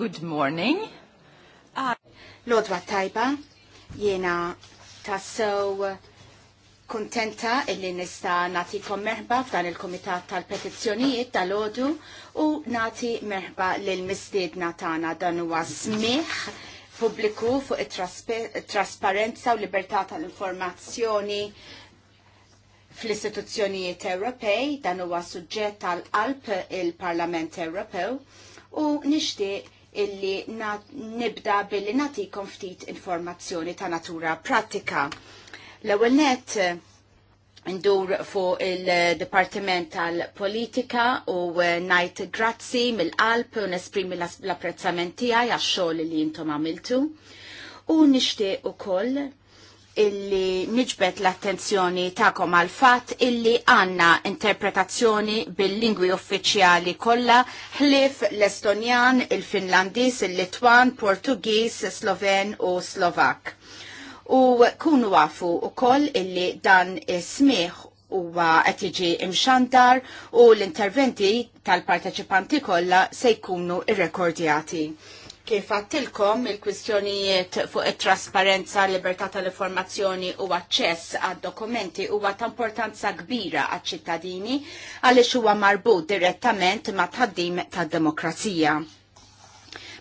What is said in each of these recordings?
Good morning. Uh, Lodwa tajba, jena tassew kontenta illi nista natikom merħba f'dan il-Komitat tal-Petizzjonijiet tal-Odu u nati merħba lil-mistiedna tagħna dan huwa smih pubbliku fuq it-trasparenza u libertà tal-informazzjoni fl-istituzzjonijiet Ewropej, dan huwa suġġett tal-qalb il-Parlament Ewropew u nixtieq illi nibda billi natikom ftit informazzjoni ta' natura pratika. L-ewwel net eh, ndur fuq il-Dipartiment tal-Politika u eh, najt grazzi mill-qalb u nesprimi l-apprezzament tiegħi għax-xogħol li jintom għamiltu. U nixtieq ukoll illi niġbet l-attenzjoni ta'kom għal fatt illi għanna interpretazzjoni bil-lingwi uffiċjali kollha ħlif l-Estonjan, il-Finlandis, il-Litwan, Portugiż, Sloven u Slovak. U kunu għafu u koll illi dan ismiħ huwa qed jiġi imxandar u l-interventi tal-parteċipanti kollha se jkunu irrekordjati kif għattilkom il-kwistjonijiet fuq it-trasparenza, libertà tal-informazzjoni u aċċess għad dokumenti huwa ta' importanza kbira għad ċittadini għaliex huwa marbut direttament ma' tħaddim tad-demokrazija.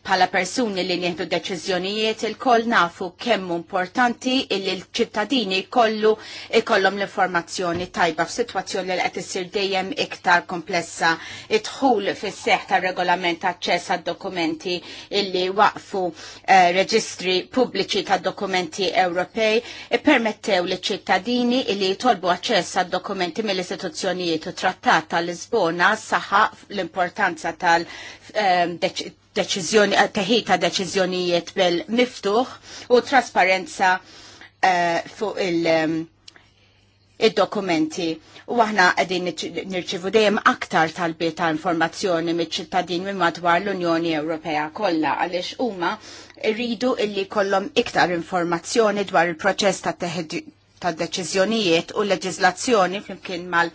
Pala persuni li nieħdu deċiżjonijiet il-koll nafu kemm importanti illi l-ċittadini kollu ikollhom l-informazzjoni tajba f'sitwazzjoni li qed issir dejjem iktar komplessa. Idħul fis-seħħ tar-regolament aċċess għad-dokumenti illi waqfu eh, reġistri pubbliċi ta' dokumenti Ewropej permettew li ċittadini illi jitolbu aċċess għad-dokumenti mill-istituzzjonijiet u trattat tal-Lisbona saħaq l-importanza tal- eh, deċizjoni, eh, teħita deċizjonijiet bil-miftuħ u trasparenza uh, fuq il- um, ehm, id-dokumenti. U aħna għedin nirċivu dejjem aktar talbiet ta' informazzjoni mit ċittadin minn madwar l-Unjoni Ewropea kollha għaliex huma rridu illi kollhom iktar informazzjoni dwar il-proċess ta' ta' deċiżjonijiet u leġiżlazzjoni flimkien mal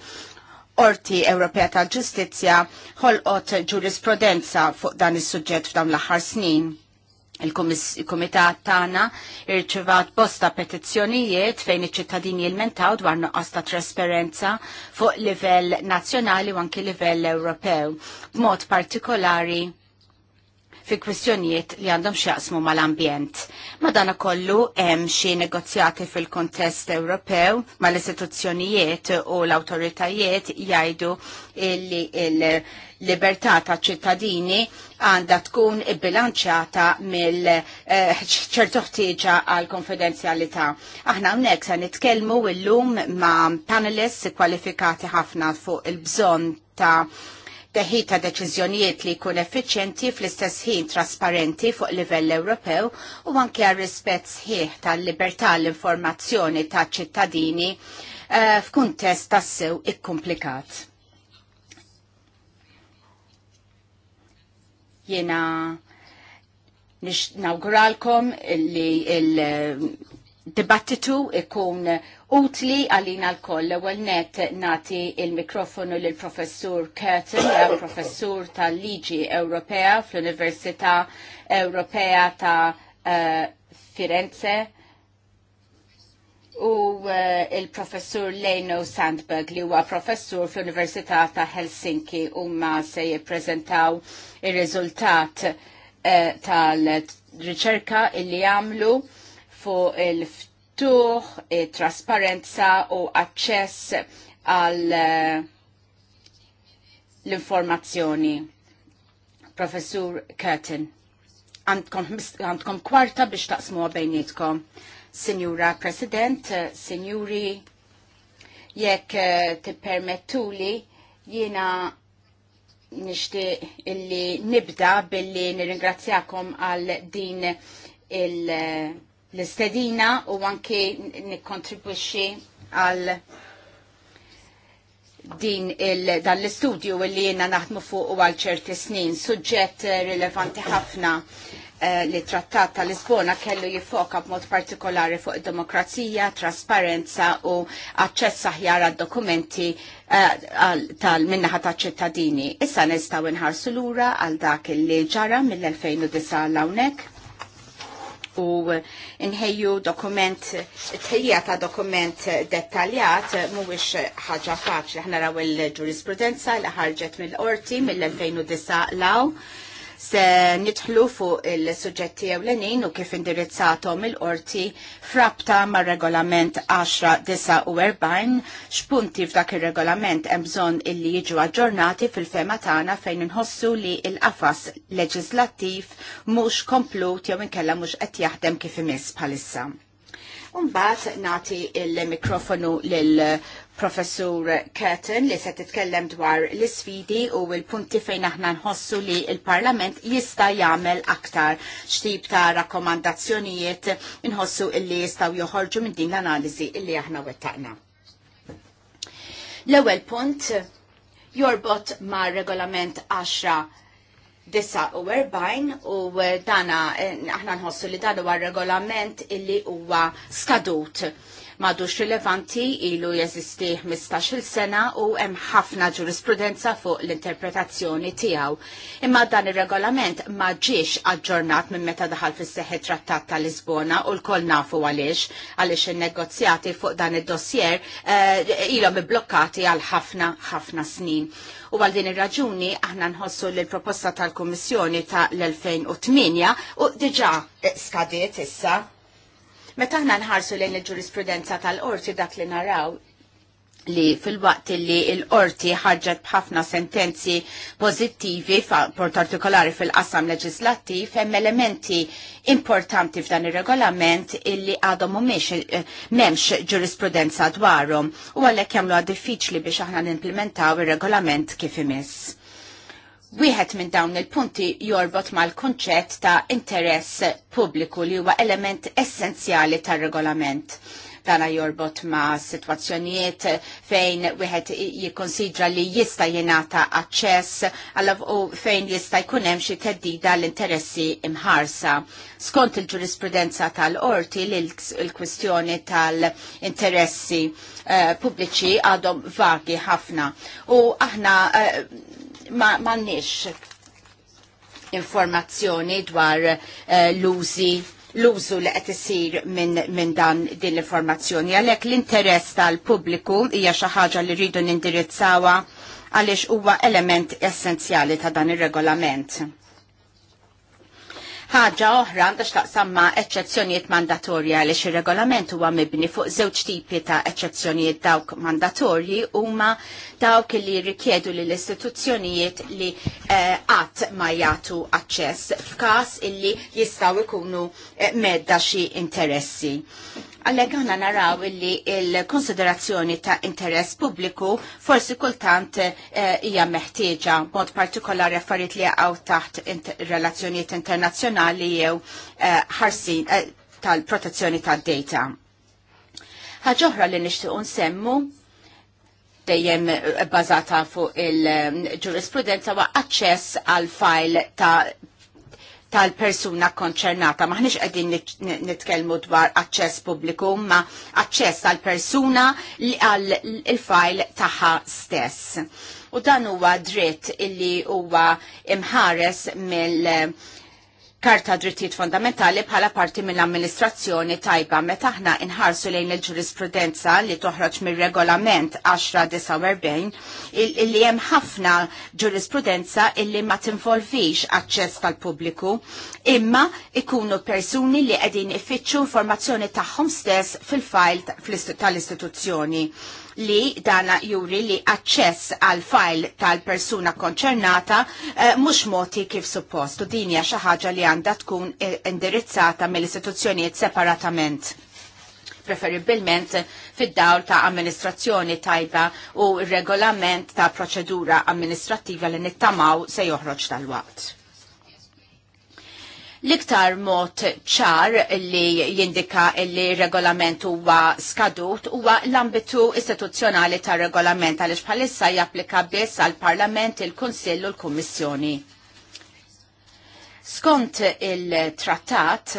Orti Ewropea tal-Ġustizzja ħolqot ġurisprudenza fuq dan is-suġġett f'dawn l-aħħar snin. Il-Kumitat tagħna irċivat bosta petizzjonijiet fejn iċ-ċittadini jilmentaw dwar nuqqas ta' trasparenza fuq livell nazzjonali u anke livell Ewropew, b'mod partikolari fi kwistjonijiet li għandhom xjaqsmu mal-ambjent. Madana kollu hemm xi negozjati fil-kontest Ewropew mal-istituzzjonijiet u l-awtoritajiet jgħidu li l-libertà ta' ċittadini għandha tkun bilanċjata mill eh, ċertu ħtieġa għal konfidenzjalità. Aħna hawnhekk se nitkellmu illum ma' panelists kwalifikati ħafna fuq il-bżonn ta' teħita deċiżjonijiet li jkun effiċjenti fl-istess ħin trasparenti fuq livell Ewropew u anke rispett sħiħ tal-libertà l-informazzjoni ta' ċittadini f'kuntest eh, f'kuntest tassew ikkumplikat. Jena nix nawguralkom li il-dibattitu eh, ikun utli għalina l-koll. Ewwel net nati il-mikrofonu l professur Curtin, professur tal-Liġi Ewropea fl-Università Ewropea ta' eh, Firenze u eh, il-professur Leno Sandberg li huwa professur fl-Università ta' Helsinki huma se jippreżentaw ir-riżultat eh, tal-riċerka illi għamlu fuq il-ftit miftuħ, e, trasparenza u aċċess għal e, l-informazzjoni. Professur Curtin, għandkom kwarta biex taqsmu għabajnietkom. Signora President, Signori, jekk e, tippermettuli jiena nixtieq illi nibda billi nirringrazzjakom għal din il- l-istedina u anke nikkontribwixxi għal din il, dan l-istudju li jena naħdmu fuq u għal ċerti snin, suġġett eh, rilevanti ħafna eh, li trattat tal-Lisbona kellu jifoka b'mod partikolari fuq demokrazija, trasparenza u aċċess aħjar għad dokumenti eh, tal-minnaħa ta' ċittadini. Issa nistaw nħarsu lura għal dak li ġara mill-2009 l-awnek u nħejju dokument, tħejja ta' dokument dettaljat mhuwiex ħaġa faċli. Aħna raw il-ġurisprudenza li ħarġet mill-qorti mill-2009 law se nidħlu fuq il-suġġetti ewlenin u kif indirizzatom il-qorti frabta mar regolament 1049 xpunti f'dak il-regolament hemm bżonn illi jiġu aġġornati fil-fema tagħna fejn inħossu li l-qafas leġislattiv mhux komplut jew inkella mhux qed jaħdem kif imiss bħalissa. Umbat nati il-mikrofonu lil professur Curtin li se titkellem dwar l-isfidi u l-punti fejn aħna nħossu li il-Parlament jista' jagħmel aktar xtib ta' rakkomandazzjonijiet inħossu illi jistgħu joħorġu minn din l-analiżi illi aħna wettaqna. L-ewwel punt jorbot ma' regolament 10 49 u dana eh, aħna nħossu li dan huwa regolament illi huwa skadut madux rilevanti ilu jeżisti 15 sena u hemm ħafna ġurisprudenza fuq l-interpretazzjoni tiegħu. Imma dan ir-regolament ma ġiex aġġornat minn meta daħal fis-seħħi trattat tal Lisbona u l-koll nafu għaliex għaliex in-negozjati fuq dan id-dossier eh, ilhom blokkati għal ħafna ħafna snin. U għal din ir-raġuni aħna nħossu li l-proposta tal-Kummissjoni ta' l-2008 u diġa eh, skadiet issa Meta ħna nħarsu lejn il-ġurisprudenza tal-qorti dak li naraw li fil-waqt li l-qorti ħarġet bħafna sentenzi pozittivi partikolari fil-qassam leġislattiv hemm elementi importanti f'dan ir-regolament illi għadhom mhumiex eh, m'hemmx ġurisprudenza dwarhom u għalhekk jagħmluha diffiċli biex aħna nimplementaw ir-regolament kif imiss. Wieħed minn dawn il-punti jorbot mal-konċett ta' interess pubbliku li huwa element essenzjali tar-regolament Tana jorbot ma situazzjonijiet fejn wieħed jikkonsidra li jista' jingħata aċċess għal u fejn jista' jkun hemm xi teddida l-interessi imħarsa. Skont il-ġurisprudenza tal-qorti li l-kwistjoni tal-interessi uh, pubbliċi għadhom vagi ħafna. U aħna uh, ma nix informazzjoni dwar eh, l-użi l-użu li qed isir minn min dan din l-informazzjoni. Għalhekk l-interess tal-pubbliku hija xi ħaġa li rridu nindirizzawha għaliex huwa element essenzjali ta' dan ir-regolament Ħaġa oħra għandha x'taqsam eċċezzjonijiet mandatorja li xi regolament huwa mibni fuq żewġ tipi ta' eċċezzjonijiet dawk mandatorji huma dawk li rikjedu li l-istituzzjonijiet eh, li qatt ma jagħtu aċċess f'każ illi jistgħu jkunu eh, medda xi interessi. Għallek għanna naraw li il-konsiderazzjoni ta' interess pubbliku forsi kultant eh, hija meħtieġa mod partikolari affarijiet li għaw taħt relazzjonijiet internazzjonali jew eh, ħarsin eh, tal-protezzjoni tad-data. Ħaġoħra li nixtiequ nsemmu dejjem bazata fuq il-ġurisprudenza wa aċċess għal file ta' tal-persuna konċernata. Maħniex qegħdin nitkellmu dwar aċċess pubbliku, ma aċċess tal-persuna għal il-fajl tagħha stess. U dan huwa dritt illi huwa imħares mill- karta drittijiet fondamentali bħala parti mill-amministrazzjoni tajba meta aħna inħarsu lejn il-ġurisprudenza li toħroġ mir-regolament 1049 illi hemm ħafna ġurisprudenza illi ma tinvolvix aċċess tal-pubbliku imma ikunu persuni li qegħdin ifittxu informazzjoni tagħhom stess fil file tal-istituzzjoni li dana juri li aċċess għal file tal-persuna konċernata eh, mhux moti kif suppost u din hija xi ħaġa li għandha tkun eh, indirizzata mill-istituzzjonijiet separatament preferibilment fid-dawl ta' amministrazzjoni tajba u regolament ta' proċedura amministrativa li nittamaw se joħroġ tal-waqt. L-iktar mod ċar li jindika li regolament huwa skadut huwa l-ambitu istituzzjonali tar regolament għaliex bħalissa japplika biss għal Parlament, il-Kunsill u l-Kummissjoni. Skont il-trattat,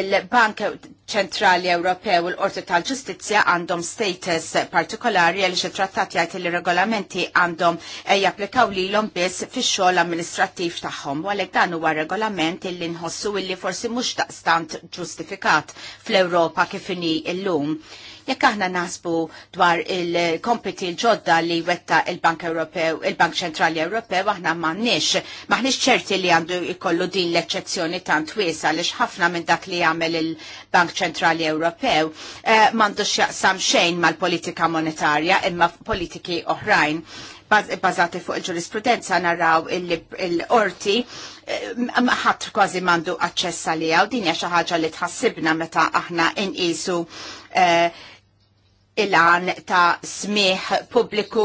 il-Bank ċentrali Ewropew u l-Qorti tal-Ġustizzja għandhom status partikolari għal xi trattat jgħid li regolamenti għandhom eh, japplikaw lilhom biss fix-xogħol amministrattiv tagħhom. U għalhekk dan huwa regolament illi nħossu illi forsi mhux daqstant ġustifikat fl-Ewropa kif inhi llum. Jekk aħna nasbu dwar il-kompiti l-ġodda li wetta il-Bank Ewropew, il-Bank Ċentrali Ewropew, aħna m'għandniex, m'aħniex ċerti li għandu jkollu din l-eċċezzjoni tant wiesa li ħafna minn dak li jagħmel il-Bank Ċentrali Ewropew eh, m'għandux jaqsam xejn mal-politika monetarja imma politiki oħrajn bazati fuq il-ġurisprudenza naraw il-orti eh, ħadd kważi mandu aċċess għalija u din hija xi ħaġa li tħassibna meta aħna inqisu eh, il-għan ta' smieħ publiku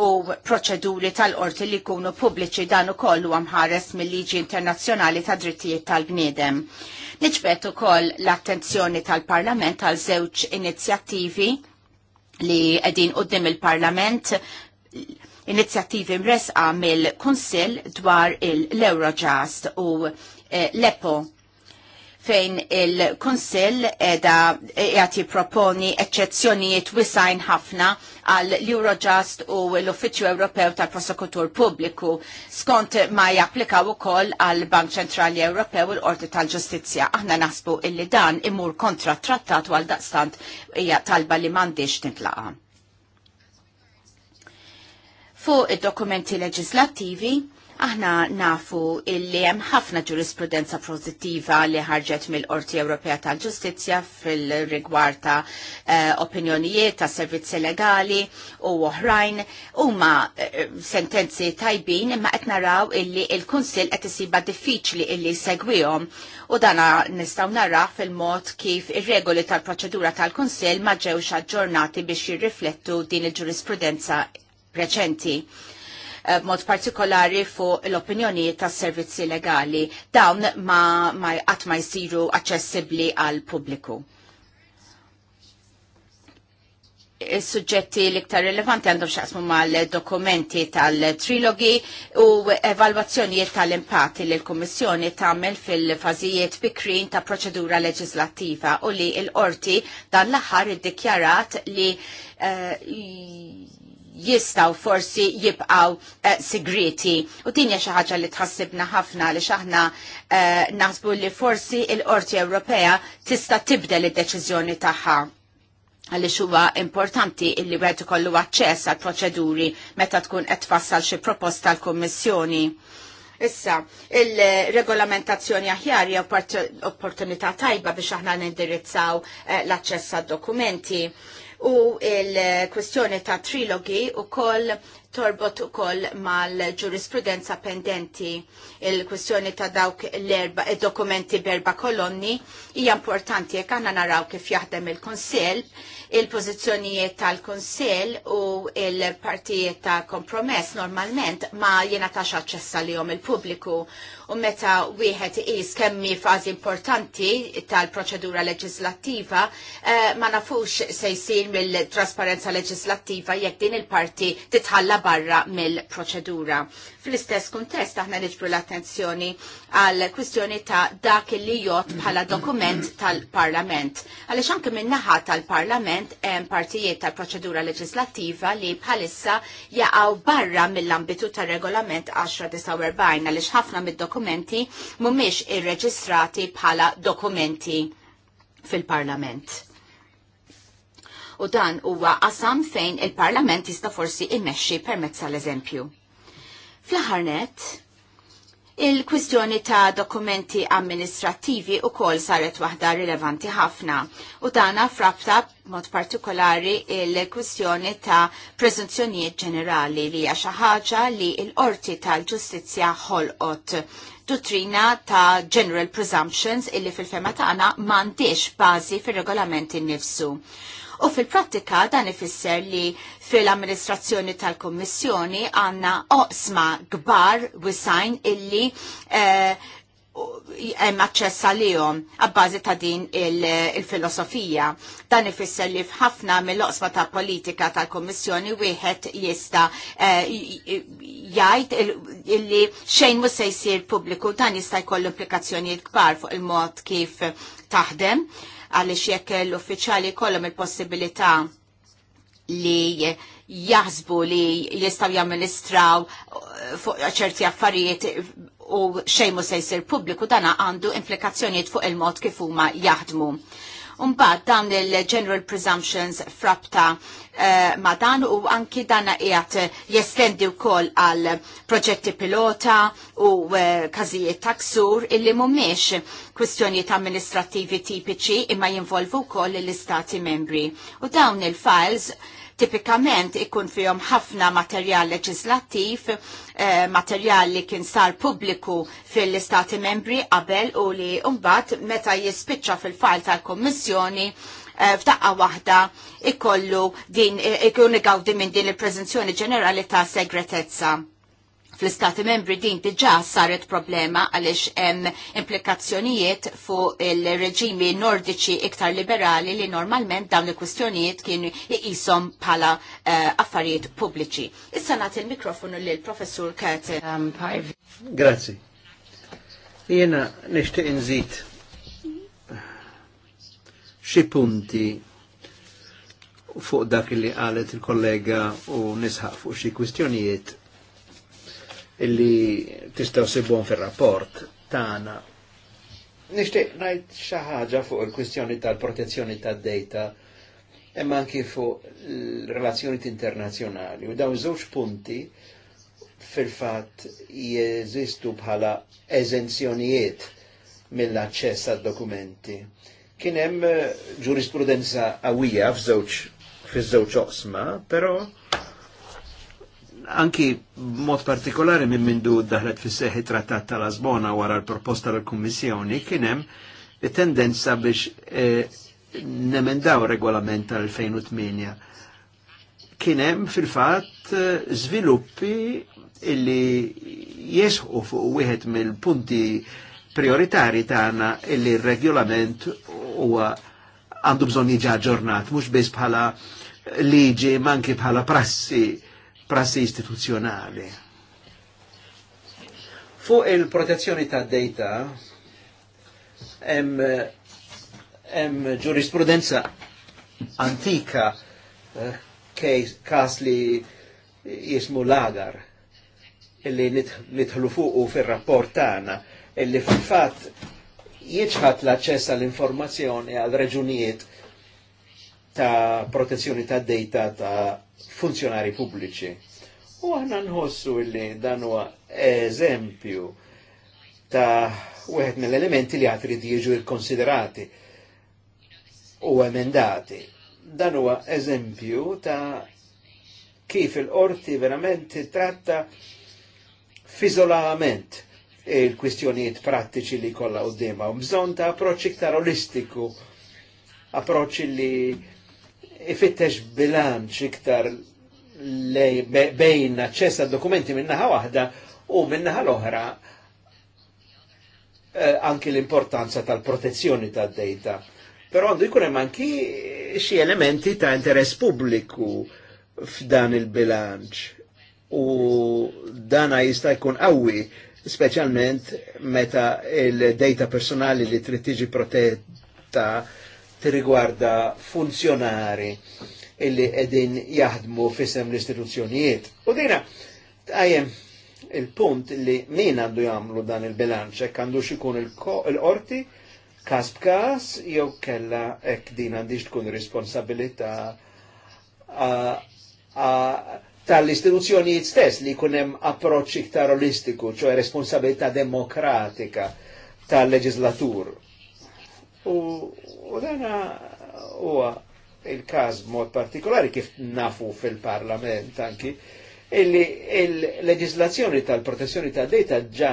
u proċeduri tal-qorti li kunu publiċi dan u kollu għamħares mill-liġi internazzjonali ta' drittijiet tal-bniedem. Niġbet koll l-attenzjoni tal-Parlament tal żewġ inizjattivi li għedin qoddim il-Parlament inizjattivi mresqa mill-Kunsil dwar il-Eurojust u eh, l-EPO fejn il-Kunsill edha jgħati proponi eccezzjonijiet wisajn ħafna għal l-Eurojust u l-Uffiċċju Ewropew tal-Prosekutur Pubbliku skont ma japplikaw ukoll għal Bank Ċentrali Ewropew u l-Qorti tal-Ġustizzja. Aħna nasbu illi dan imur kontra trattat għal daqstant hija talba li m'għandix nitlaqa. Fuq id-dokumenti leġislattivi, Aħna nafu illi hemm ħafna ġurisprudenza pozittiva li ħarġet mill-Qorti Ewropea tal-Ġustizzja fil-rigward ta' uh, opinjonijiet ta' servizzi legali u oħrajn huma uh, sentenzi tajbin imma qed naraw illi il-Kunsill qed isiba diffiċli illi segwihom u dana nistgħu naraw fil-mod kif ir-regoli tal-proċedura tal-Kunsill ma ġewx aġġornati biex jirriflettu din il-ġurisprudenza preċenti. Eh, mod partikolari fuq l-opinjoni tas servizzi legali. Dawn ma, ma, ma jisiru aċċessibbli għal pubbliku il-sujġetti l-iktar rilevanti għandhom xaqsmu mal-dokumenti tal-trilogi u evalwazzjonijiet tal-impatti li l-Kommissjoni tagħmel fil-fażijiet bikrin ta' proċedura leġislattiva u li l-qorti dan l-aħħar iddikjarat li uh, jistaw forsi jibqaw uh, eh, sigriti. U tinja xaħġa li tħassibna ħafna li xaħna uh, naħsbu li forsi il-Qorti Ewropea tista tibdel id-deċizjoni tagħha għalli xuwa importanti illi għed kollu għacċess għal proċeduri meta tkun qed tfassal xi proposta l-Kommissjoni. Issa, il-regolamentazzjoni aħjar hija opportunità tajba biex aħna nindirizzaw eh, l-aċċess għad dokumenti u il-kwestjoni ta' trilogi u koll torbot ukoll mal-ġurisprudenza pendenti il-kwestjoni ta' dawk l-erba dokumenti berba kolonni hija importanti jekk għanna naraw kif jaħdem il-Kunsill, il-pożizzjonijiet tal-Kunsill u il-partijiet ta' kompromess normalment ma jingħatax aċċessa jom il-pubbliku u meta wieħed iqis kemmi fażi importanti tal-proċedura leġislattiva eh, ma nafux se jsir mill-trasparenza leġislattiva jekk din il-parti titħalla barra mill-proċedura. Fl-istess kuntest aħna niġbru l-attenzjoni għal kwistjoni ta' dak li jot bħala dokument tal-Parlament. Għaliex anke min-naħa tal-Parlament hemm partijiet tal-proċedura leġislattiva li bħalissa jaqgħu barra mill-ambitu tar-regolament 1049 għaliex ħafna mid-dokumenti mhumiex irreġistrati bħala dokumenti fil-Parlament u dan huwa qasam fejn il-Parlament jista' forsi immexxi permezz tal-eżempju. Fl-aħħar net, Il-kwistjoni ta' dokumenti amministrativi u kol saret waħda rilevanti ħafna u dana frabta mod partikolari il-kwistjoni ta' prezunzjonijiet ġenerali li hija xi ħaġa li l-qorti tal-ġustizzja ħolqot dottrina ta' general presumptions illi fil-fema tagħna m'għandix bażi fir regolamenti nifsu. U fil-prattika dan ifisser li fil-amministrazzjoni tal-Kommissjoni għanna oqsma gbar wisajn illi eh, hemm aċċess għalihom għabbażi ta' din il-filosofija. Il Dan ifisser li f'ħafna mill-oqsma ta' politika tal-Kommissjoni wieħed jista' eh, jgħid illi xejn mhux se jsir pubbliku dan jista' jkollu implikazzjonijiet kbar fuq il-mod kif taħdem għaliex jekk l-uffiċjali kollhom il-possibilità li jaħsbu li jistaw jamministraw uh, fuq ċerti affarijiet u xejmu se jsir pubbliku dana għandu implikazzjonijiet fuq il-mod kif huma jaħdmu. Unbad dan il-General Presumptions frabta uh, ma dan u anki dan qiegħed jestendi wkoll għal proġetti pilota u uh, każijiet taksur illi mhumiex kwistjonijiet amministrattivi tipiċi imma jinvolvu wkoll l-istati membri. U dawn il-files tipikament ikun fihom ħafna materjal leġislattiv, eh, materjal li kien sar pubbliku fil-istati membri qabel u li mbagħad meta jispiċċa fil-fajl tal-Kommissjoni eh, f'daqqa waħda ikollu din eh, ikun igawdi minn din il-preżenzjoni ġenerali ta' segretezza fl-istati membri din diġa saret problema għalix hemm implikazzjonijiet fuq il-reġimi nordiċi iktar liberali li normalment dawn il-kwistjonijiet kienu jisom bħala uh, affarijiet pubbliċi. Issa nagħti il-mikrofonu l professur Curtin. Um, Grazzi. Jena nixtieq inżit xi punti fuq dak li qalet il-kollega u nisħaq fuq xi kwistjonijiet illi tistaw sibbon fil-rapport tana. Nishtiq najt xaħġa fuq il-kwistjoni tal-protezzjoni tad-data imma anki fuq il relazzjoni internazzjonali. U dawn żewġ punti fil-fatt jeżistu bħala eżenzjonijiet mill-aċċess għad dokumenti. Kien hemm eh, ġurisprudenza qawwija f'żewġ fiż-żewġ oqsma, però anki mod partikolari minn mindu daħlet fis seħi trattat tal-Azbona wara l-proposta tal-Kummissjoni kienem tendenza biex eh, nemendaw regolament tal-2008. Kienem fil-fat eh, sviluppi illi jesħu fuq wieħed mill-punti prioritari tagħna illi r-regolament huwa għandu bżonn jiġi aġġornat, mhux biss bħala liġi manki bħala prassi prassi istituzzjonali. Fu il-protezzjoni ta' data hemm hemm ġurisprudenza antika kas eh, li jismu lagar illi nitħlu fuqu fil-rapport tagħna illi fil-fatt jieċħat l-aċċess għall-informazzjoni għal reġunijiet ta' protezzjoni ta' data ta' funzjonari pubbliċi. U aħna nħossu illi dan huwa eżempju ta' wieħed mill-elementi li għatri jiġu konsiderati u emendati. Dan huwa eżempju ta' kif il-qorti verament tratta fizolament il-kwistjonijiet prattiċi li kollha qudiemha u bżonn ta' approċċi ktar olistiku, approċċ li ifittex bilanċ iktar lej bejn aċċess għad dokumenti minnaħa waħda u minnaħa l-oħra eh, anki l-importanza tal-protezzjoni tad-data. Però għandu jkun hemm anki xi elementi ta' interess pubbliku f'dan il-bilanċ. U dana jista' jkun qawwi specialment meta il-data personali li trid tiġi protetta tirigwarda funzjonari illi edin jaħdmu fissem l-istituzzjonijiet. U dina, għajem il-punt li min għandu jamlu dan il-bilanċ, ek għandu xikun il-qorti, kas b'kas, jew kella ek din għandix tkun responsabilita tal-istituzzjonijiet stess li kunem approċċi iktar olistiku, ċoħe responsabilità demokratika tal-leġislatur U l-għana huwa il-każ mod partikolari kif nafu fil-Parlament anki illi il-leġislazzjoni tal-protezzjoni tad data ġa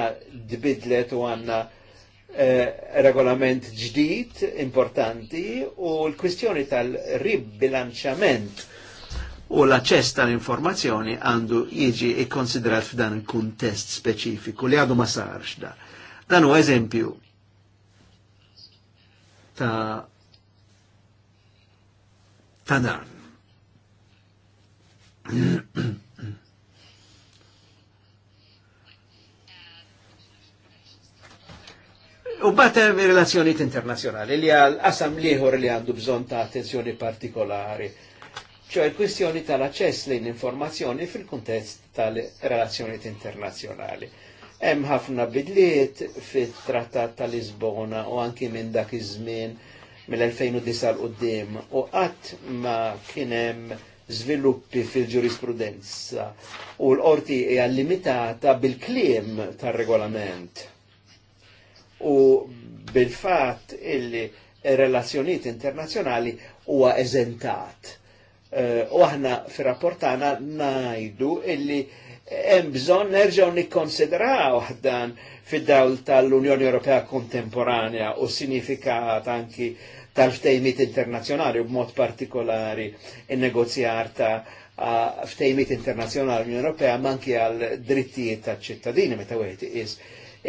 dbidlet u għanna eh, regolament ġdid importanti u l-kwistjoni tal-ribbilanċament u l-aċċess tal-informazzjoni għandu jiġi ikkonsidrat f'dan il-kuntest speċifiku li għadu ma sarx da. Dan u eżempju ta' ta' dan. U batem relazzjoniet internazjonali li għal asam liħor li għandu bżon ta' attenzjoni partikolari, ċoħe kwistjoni tal-aċess l informazzjoni fil-kontest tal-relazzjoniet internazjonali. Hemm ħafna bidliet fit-Trattat ta' Lisbona u anki minn dak iż-żmien mill-2009 qudiem u qatt ma kien hemm żviluppi fil-ġurisprudenza u l-qorti hija limitata bil-kliem tar-regolament. U bil-fatt illi relazzjonijiet internazzjonali huwa eżentat. Eh, u aħna fir-rapportana ngħidu illi hemm bżonn nerġgħu nikkonsidraw dan fid-dawl tal-Unjoni Ewropea kontemporanja u sinifikat anki tal-ftejmit internazzjonali u b'mod partikolari in-negozjar ta' ftejmit internazzjonali Unjoni Ewropea manki għal drittijiet tal-ċittadini meta wieħed is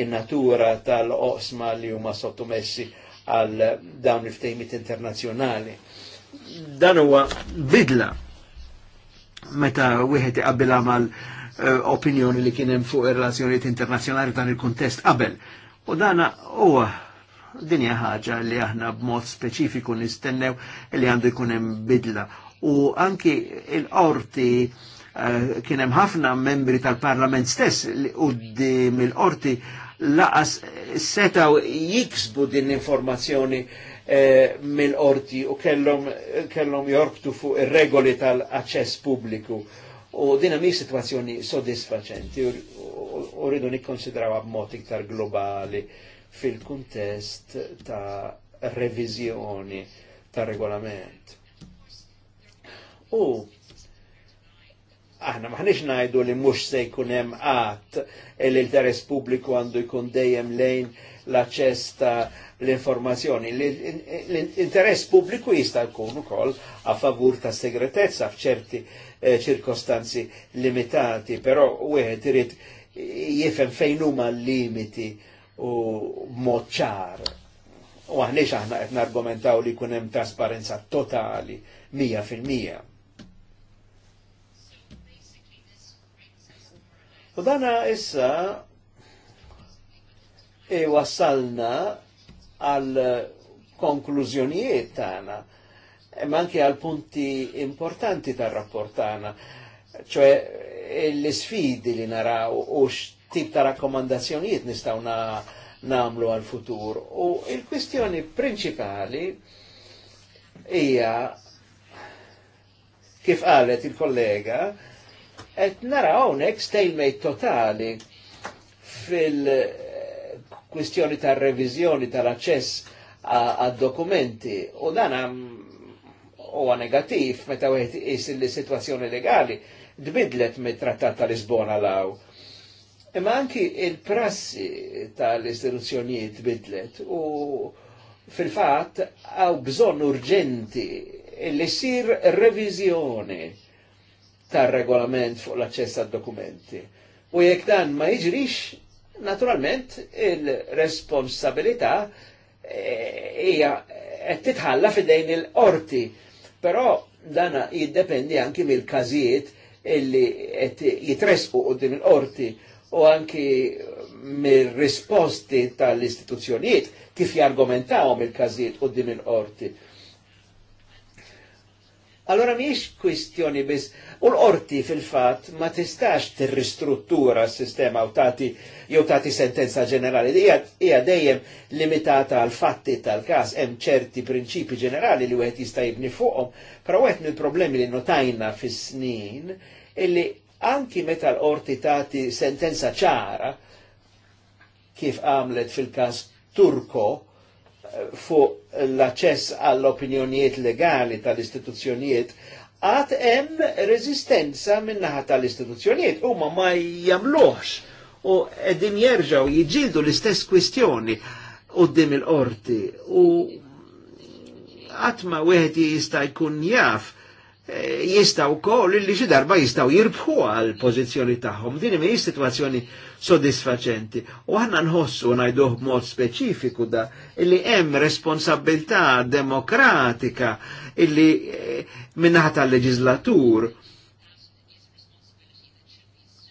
in-natura tal-oqsma li huma sottomessi għal dawn il-ftejmit internazzjonali. Dan huwa bidla meta wieħed iqabbilha mal Eh, opinjoni li kien hemm fuq ir-relazzjonijiet internazzjonali dan il-kuntest qabel. U dana huwa dinja ħaġa li aħna b'mod speċifiku nistennew li għandu jkun hemm bidla. U anki il-qorti uh, kien hemm ħafna membri tal-Parlament stess li qudiem il-qorti laqas setaw jiksbu din l-informazzjoni eh, mill-qorti u kellhom jorbtu fuq ir-regoli tal-aċċess pubbliku U dina mi situazzjoni soddisfaċenti u rridu nikkonsidrawa b'mod iktar globali fil-kuntest ta' revizjoni ta' regolament. U aħna maħniex najdu li mux se jkun hemm qatt e l-interess pubbliku għandu jkun dejjem lejn l-aċċess ta' l-informazzjoni. L-interess pubbliku jista' jkun ukoll a favur ta' segretezza f'ċerti Eh, ċirkostanzi limitati, però wieħed irid jifhem fejn huma l-limiti u moċar U għahnix aħna qed nargumentaw li jkun hemm trasparenza totali mija fil-mija. U dana issa e wassalna għal konklużjonijiet tagħna ma anche al punti importanti tar rapportana, cioè eh, le sfide li nara u tip ta' sta nistgħu namlu al futur. O il-kwistjoni principali hija kif qalet il-kollega, et naraw hawnhekk stalemate totali fil-kwistjoni tar-reviżjoni tal access a dokumenti u dan huwa negattiv meta wieħed is il-sitwazzjoni legali dbidlet mit-Trattat tal-Lisbona law. Imma anki il-prassi tal-istituzzjonijiet bidlet u fil-fatt għaw bżonn urġenti li sir revizjoni tar-regolament fuq l-aċċess għad-dokumenti. U jekk dan ma jiġrix, naturalment il-responsabilità eh, hija e, qed titħalla fidejn il-qorti Però dana jiddependi anki mill-każijiet illi qed jitresqu qudiem il-qorti u anki mill-risposti tal-istituzzjonijiet kif jargumentaw mill-każijiet qudiem il-qorti. il qorti u anki mill risposti tal istituzzjonijiet kif jargumentawhom mill każijiet qudiem din qorti il qorti Allora miex kwistjoni biss, u l orti fil-fat ma tistax tirristruttura s-sistema u tati, jew tati sentenza ġenerali, hija dejjem limitata għal fatti tal-kas, hemm ċerti prinċipi ġenerali li wieħed jista' jibni fuqhom, però wieħed mill-problemi li notajna fis-snin illi anki meta l orti tati sentenza ċara kif għamlet fil-kas Turko, fuq l-aċess għall-opinjonijiet legali tal-istituzzjonijiet għat hemm rezistenza minnaħa tal-istituzzjonijiet u ma ma jamluħx u edin jerġaw jġildu l-istess kwistjoni u d il-qorti u għatma wieħed jista' jkun jaf Eh, jistaw kol li xi darba jistaw jirbħu għal pożizzjoni tagħhom. Din mi situazzjoni sodisfaċenti. U aħna nħossu ngħiduh b'mod speċifiku da illi hemm responsabilità demokratika illi eh, minnaħa tal-leġislatur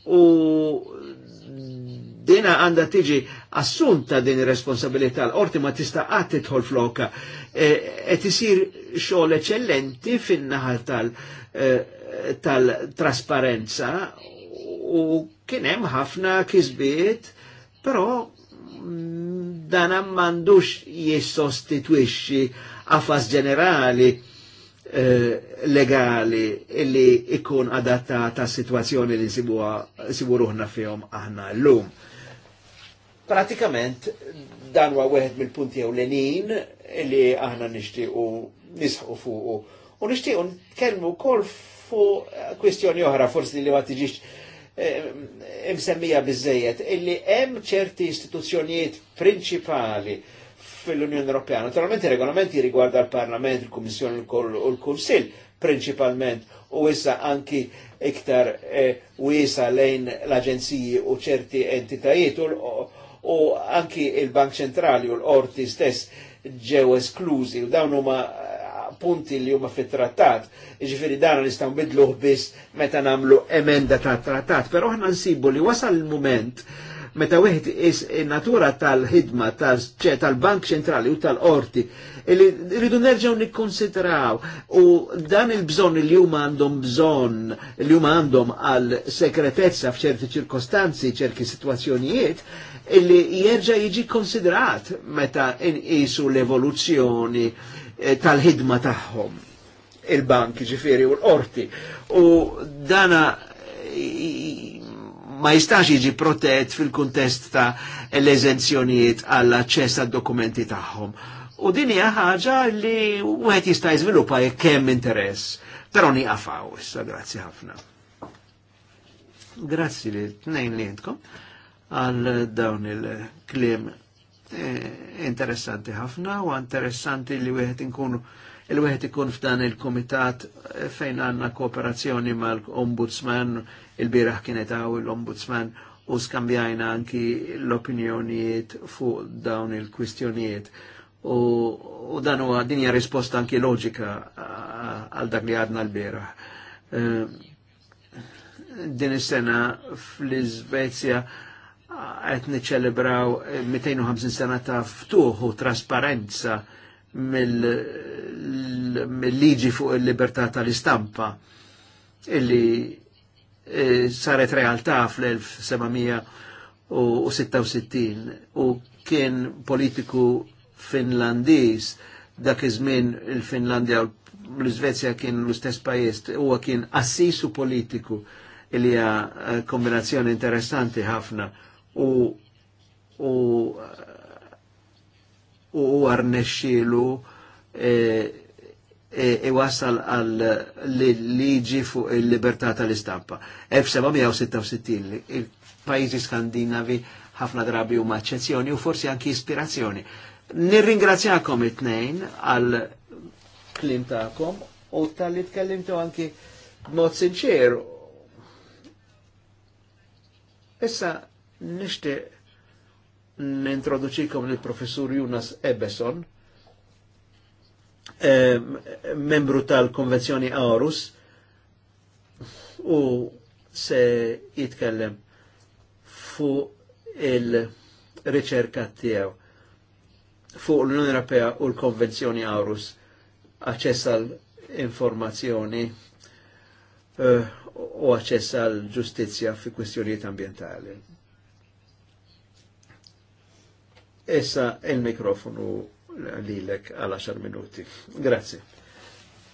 u dina għanda tiġi assunta din ir-responsabilità l orti ma tista' qatt tidħol floka qed eh, isir xogħol eċellenti fin-naħa eh, tal-trasparenza u kien hemm ħafna kisbiet, però mm, dan m'għandux jissostitwixxi affas ġenerali eh, legali illi ikun adatta ta' situazzjoni li nsibu ruħna fihom aħna l-lum. Pratikament dan huwa wieħed mill-punti ewlenin li aħna nixtiequ nisħu fuqu. U nixtiequ nitkellmu wkoll fuq kwistjoni oħra forsi li ma tiġix imsemmija eh, bizzejiet, illi hemm ċerti istituzzjonijiet prinċipali fil-Unjoni Ewropea. Naturalment ir-regolamenti rigwarda l-Parlament, il-Kummissjoni u l-Kunsill prinċipalment u issa anki iktar eh, wiesa lejn l-aġenziji u ċerti entitajiet u anki il-Bank Ċentrali u l-Orti stess ġew esklużi u dawn huma eh, punti li huma fit-trattat, ġifiri dan nistgħu nbidluh biss meta nagħmlu emenda tat-trattat, però aħna nsibu li wasal il-mument meta wieħed is natura tal-ħidma tal-Bank Ċentrali u tal qorti li rridu nerġgħu nikkonsidraw u dan il-bżonn li huma għandhom bżonn li huma għandhom għal sekretezza f'ċerti ċirkostanzi, ċerki situazzjonijiet, illi jerġa' jiġi konsidrat meta inqisu l-evoluzzjoni eh, tal-ħidma tagħhom il-bank ġifiri u l-orti. U dana eh, ma jistax jiġi protett fil-kuntest ta' l-eżenzjonijiet għall-aċċess għad dokumenti tagħhom. U din hija ħaġa li wieħed jista' jiżviluppa jekk hemm interess. Però nieqafaw issa, grazzi ħafna. Grazzi li tnejn li jentkom għal dawn il-klim eh, interessanti ħafna u interessanti li wieħed inkunu il-wieħed ikun f'dan il-komitat eh, fejn għandna kooperazzjoni mal-ombudsman, il-biraħ kienet għaw l-ombudsman u skambjajna anki l-opinjonijiet fuq dawn il-kwistjonijiet. U, u dan huwa dinja risposta anki loġika eh, għal dak li għadna l-biraħ. Uh, din is-sena fl-Iżvezja qed niċċelebraw 250 sena ta' ftuħ u trasparenza mill-liġi fuq il-libertà tal-istampa illi eh, saret realtà fl-1766 u kien politiku finlandiż dak iż-żmien il-Finlandja u l-Svezja kien l-istess pajjiż huwa kien assisu politiku illi hija eh, kombinazzjoni interessanti ħafna u u u għarnexxielu e, e, e għal liġi fuq il-libertà tal-istampa. F-766 il-pajjiżi skandinavi ħafna drabi huma eċċezzjoni u forsi anki ispirazzjoni. Nirringrazzjakom it-tnejn għal klim ta'kom u tal-li tkellimtu anki mod sinċer. Issa Nishtiq nintroduċikom l-professur Jonas Ebeson, membru tal-konvenzjoni Aarhus, u se jitkellem fu il-riċerka tiegħu fuq l-Unjoni Ewropea u l-Konvenzjoni Aarhus aċċess għal informazzjoni eh, u aċċess għal ġustizzja fi kwestjonijiet ambientali. Issa il-mikrofonu lilek għal 10 minuti. Grazie.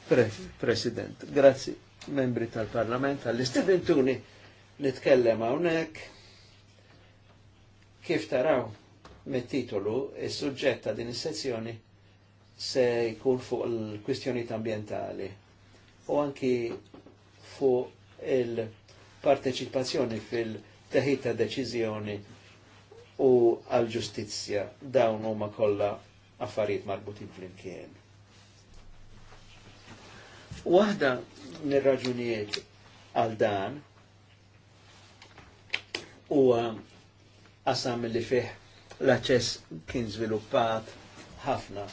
Pre President, grazie membri tal-Parlament għall-isteventuni li tkellem hawnhekk kif taraw mit-titolu is-suġġett ta' din is-sezzjoni se jkun fuq il-kwistjonijiet ambientali u anki fuq il-parteċipazzjoni fil-teħid ta' deċiżjoni u għal-ġustizzja dawn huma kollha affarijiet marbutin flimkien. Waħda nir raġunijiet għal dan huwa qasam li fih l-aċċess kien żviluppat ħafna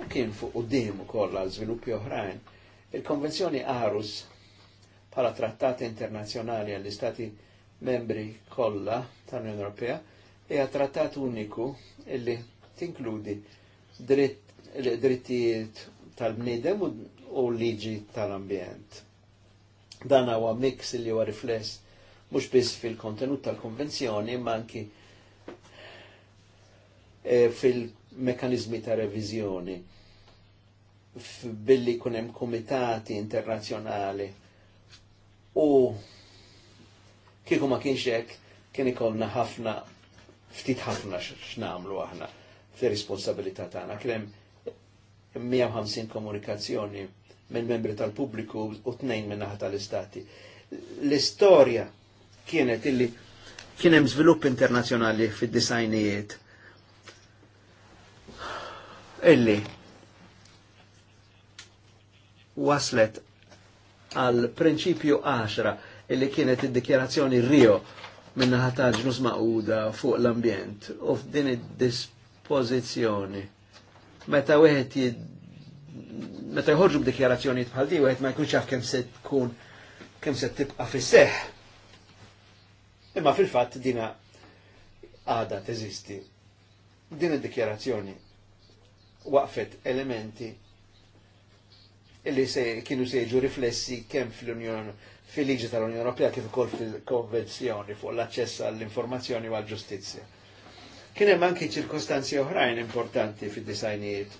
u kien fuq quddiem ukoll għal żviluppi oħrajn. Il-Konvenzjoni Arus bħala Trattati internazzjonali għall-Istati membri kollha tal-Unjoni Ewropea hija trattat uniku illi tinkludi drittijiet tal-bniedem u liġi tal-ambjent. Dan huwa mix li huwa rifless mhux biss fil-kontenut tal-konvenzjoni ma anki e, fil-mekanizmi ta' reviżjoni billi hemm komitati internazzjonali. u kieku ma kienx hekk kien ikollna ħafna ftit ħafna x'namlu aħna fir responsabilità tagħna. Kien hemm 150 komunikazzjoni minn membri tal-pubbliku u tnejn minn naħa tal-istati. L-istorja kienet illi kien hemm żvilupp internazzjonali fid-disajnijiet illi waslet għal prinċipju 10 illi kienet id-dikjarazzjoni Rio minna ħataġ nus maquda fuq l-ambjent u f'din id dispozizjoni Meta wieħed meta jħorġu b'dikjarazzjoni bħal di wieħed ma jkunx jaf kemm se tkun kemm se tibqa' fis-seħħ. Imma fil-fatt dina għada teżisti. Din id-dikjarazzjoni waqfet elementi illi se kienu se jiġu riflessi kemm fl-Unjoni fil-liġi tal-Unjoni Ewropea kif ukoll fil-konvenzjoni fuq l-aċċess għall-informazzjoni u għall-ġustizzja. Kien hemm anki ċirkostanzi oħrajn importanti fid-disajnijiet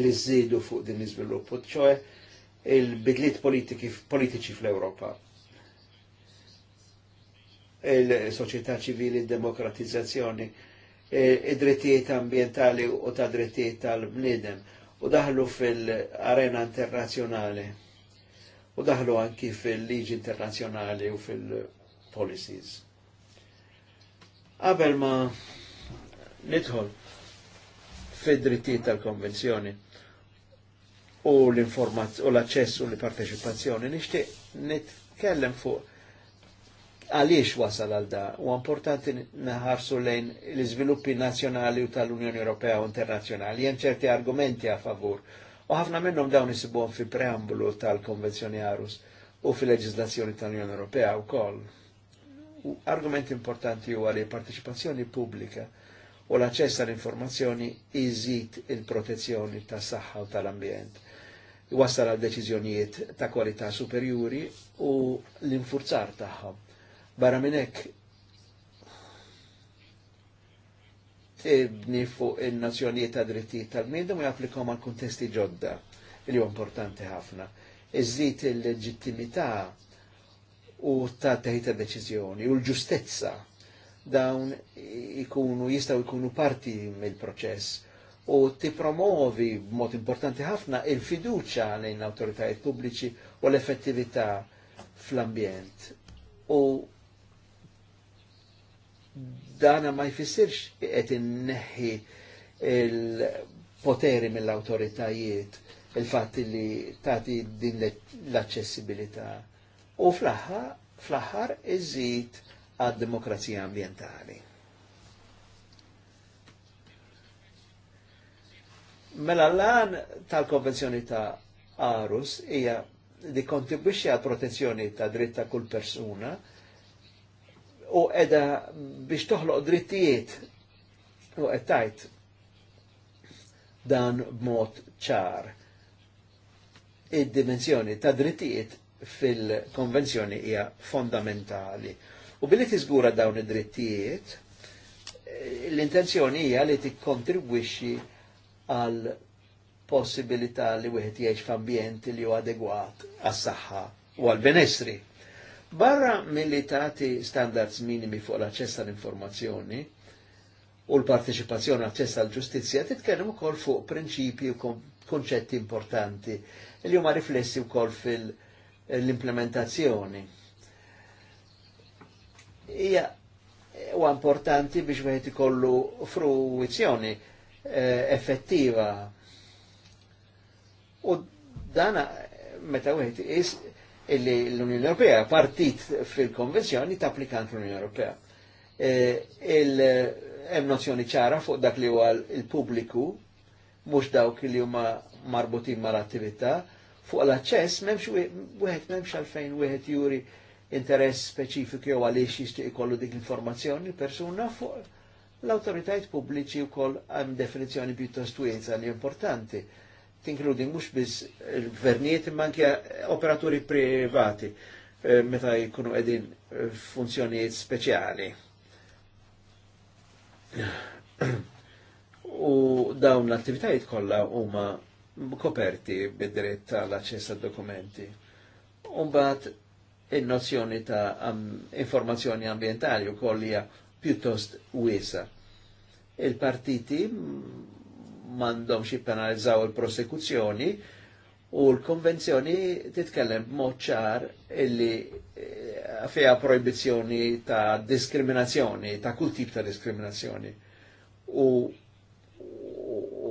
li żżidu fuq din l-iżvilupp, ċoe il-bidliet politiċi fl-Ewropa. Il-soċjetà ċivili, demokratizzazzjoni, eh, id-drittijiet ambientali u ta' drittijiet tal-bniedem u daħlu fil-arena internazzjonali u daħlu anki fil-liġi internazjonali u fil-policies. Qabel ma nidħol fid-drittijiet tal-konvenzjoni u l-informazzjoni u l-aċċess u l-parteċipazzjoni nixtieq nitkellem fuq għaliex wasal għal da u importanti naħarsu lejn l-iżviluppi nazzjonali u tal-Unjoni Ewropea u internazzjonali hemm ċerti argumenti a favur u ħafna minnhom dawn isibuhom fi preambulu tal-Konvenzjoni Arus u fil-leġislazzjoni tal-Unjoni Ewropea wkoll. Argument importanti huwa li partecipazzjoni pubblika u l-aċċess tal-informazzjoni iżid il-protezzjoni tas-saħħa u tal-ambjent. Wasal għal deċiżjonijiet ta' kwalità superjuri u l-infurzar tagħhom. Barra minn hekk tibni fuq il-nazzjonijiet ta' drittijiet tal-bniedem u japplikom għal kuntesti ġodda li huwa importanti ħafna. Iżid il-leġittimità u ta' teħita deċiżjoni u l-ġustezza dawn ikunu jistaw ikunu parti mill-proċess u tipromovi b'mod importanti ħafna il-fiduċa lejn l-autoritajiet pubbliċi u l-effettività fl-ambjent. U dana ma jfissirx qed inneħħi il-poteri mill-awtoritajiet il-fatt li tagħti din l-aċċessibilità. U fl-aħħar iżid għad-demokrazija ambientali. Mela l-għan tal-konvenzjoni ta' Arus hija li kontribwixxi għal protezzjoni ta' dritta kull persuna, u edha biex toħloq drittijiet u għettajt dan b'mod ċar. Id-dimensjoni ta' drittijiet fil-konvenzjoni hija fondamentali. U billi tiżgura dawn id-drittijiet, l-intenzjoni hija li tikkontribwixxi għal possibilità li wieħed jgħix f'ambjent li hu adegwat għas-saħħa u għal benessri Barra militati standards minimi fuq l-aċċess tal informazzjoni u l-parteċipazzjoni għall-aċċess għall-ġustizzja, titkellem ukoll fuq prinċipji u konċetti importanti li huma riflessi wkoll fil-implementazzjoni. Hija huwa importanti biex wieħed ikollu fruizzjoni eh, effettiva. U dana meta wieħed illi l-Unjoni Ewropea partit fil-konvenzjoni ta' applikant l-Unjoni Ewropea. E, hemm nozzjoni ċara fuq dak li huwa l pubbliku mhux dawk li huma marbutin mal-attività, fuq l-aċċess m'hemmx wieħed m'hemmx għalfejn wieħed juri interess speċifiku jew għaliex jixtieq ikollu dik l-informazzjoni persuna fuq l awtoritajiet pubbliċi wkoll hemm definizzjoni pjuttost wiesa li importanti tinkludi mhux biss il-gvernijiet imma anke operaturi privati eh, meta jkunu qegħdin funzjonijiet speċjali. U dawn l-attivitajiet kollha huma koperti bid-dritt tal-aċċess dokumenti U mbagħad in nozzjoni ta' informazzjoni ambientali u kollija pjuttost wiesa. Il-partiti mandom penalizzaw il-prosekuzzjoni u l-konvenzjoni titkellem moċċar illi eh, fija proibizjoni ta' diskriminazzjoni, ta' kull tip ta' diskriminazzjoni. U,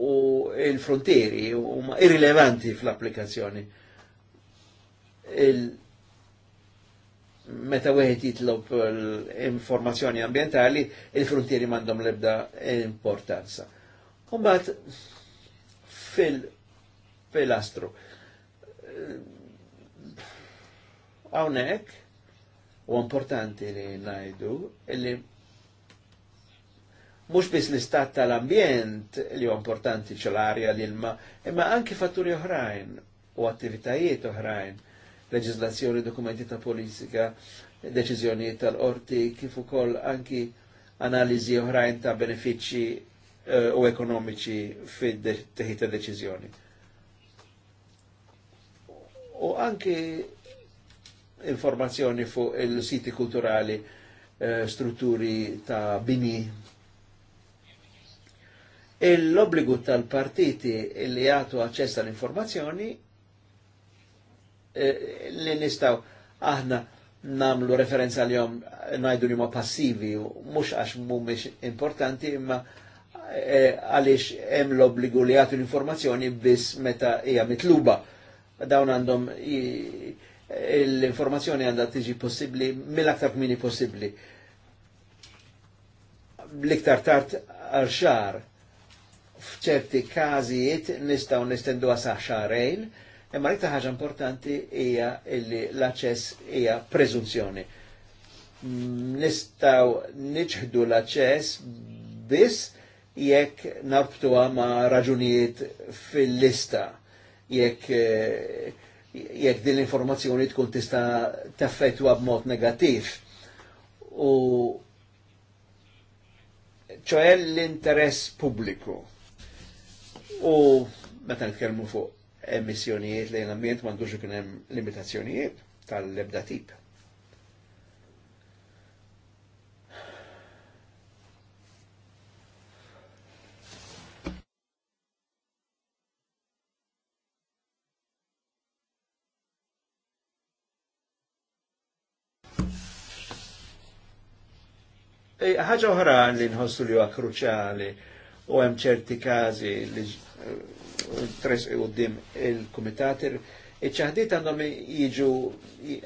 u il-frontieri huma irrilevanti fl-applikazzjoni. Il meta wieħed jitlob l-informazzjoni ambientali, il-frontieri m'għandhom l-ebda importanza. Umbat fil fil-astru. Għawnek, u importanti li najdu, illi mux bis l-istat tal-ambjent li huwa importanti ċol-arja l-ilma, imma anki fatturi oħrajn u attivitajiet oħrajn, leġizlazzjoni, dokumenti ta' politika, deċizjoni tal-orti, kif ukoll anki analizi oħrajn ta' benefiċċji Eh, u ekonomiċi fid teħit ta' deċizjoni U anki informazzjoni fuq il-siti kulturali, eh, strutturi ta' bini. L-obbligu tal-partiti li għatu għacċess tal-informazzjoni eh, li nistaw aħna namlu referenza li jom najdu li ma passivi, mux għax mumiex importanti, imma Eh, għaliex hemm l-obbligu li jagħtu l-informazzjoni biss meta hija mitluba. Dawn għandhom l-informazzjoni għandha tiġi possibbli mill-aktar mini possibbli. L-iktar tard għal xar f'ċerti każijiet nistgħu nistendu għasa xarejn, imma l-iktar ħaġa importanti hija li l-aċċess hija preżunzjoni. Mm, nistgħu niċħdu l-aċċess biss jekk nabtuha ma' raġunijiet fil-lista, jekk eh, jekk din l-informazzjoni tkun tista' taffettwa b'mod negattiv. U ċoħe l-interess pubbliku. U meta nitkellmu fuq emissjonijiet lejn ambjent m'għandux ikun hemm limitazzjonijiet tal-ebda tip. Eh, ħaġa oħra li nħossu li huwa kruċali u hemm ċerti każi li eh, tres qudiem il-kumitat iċ-ċaħdiet għandhom jiġu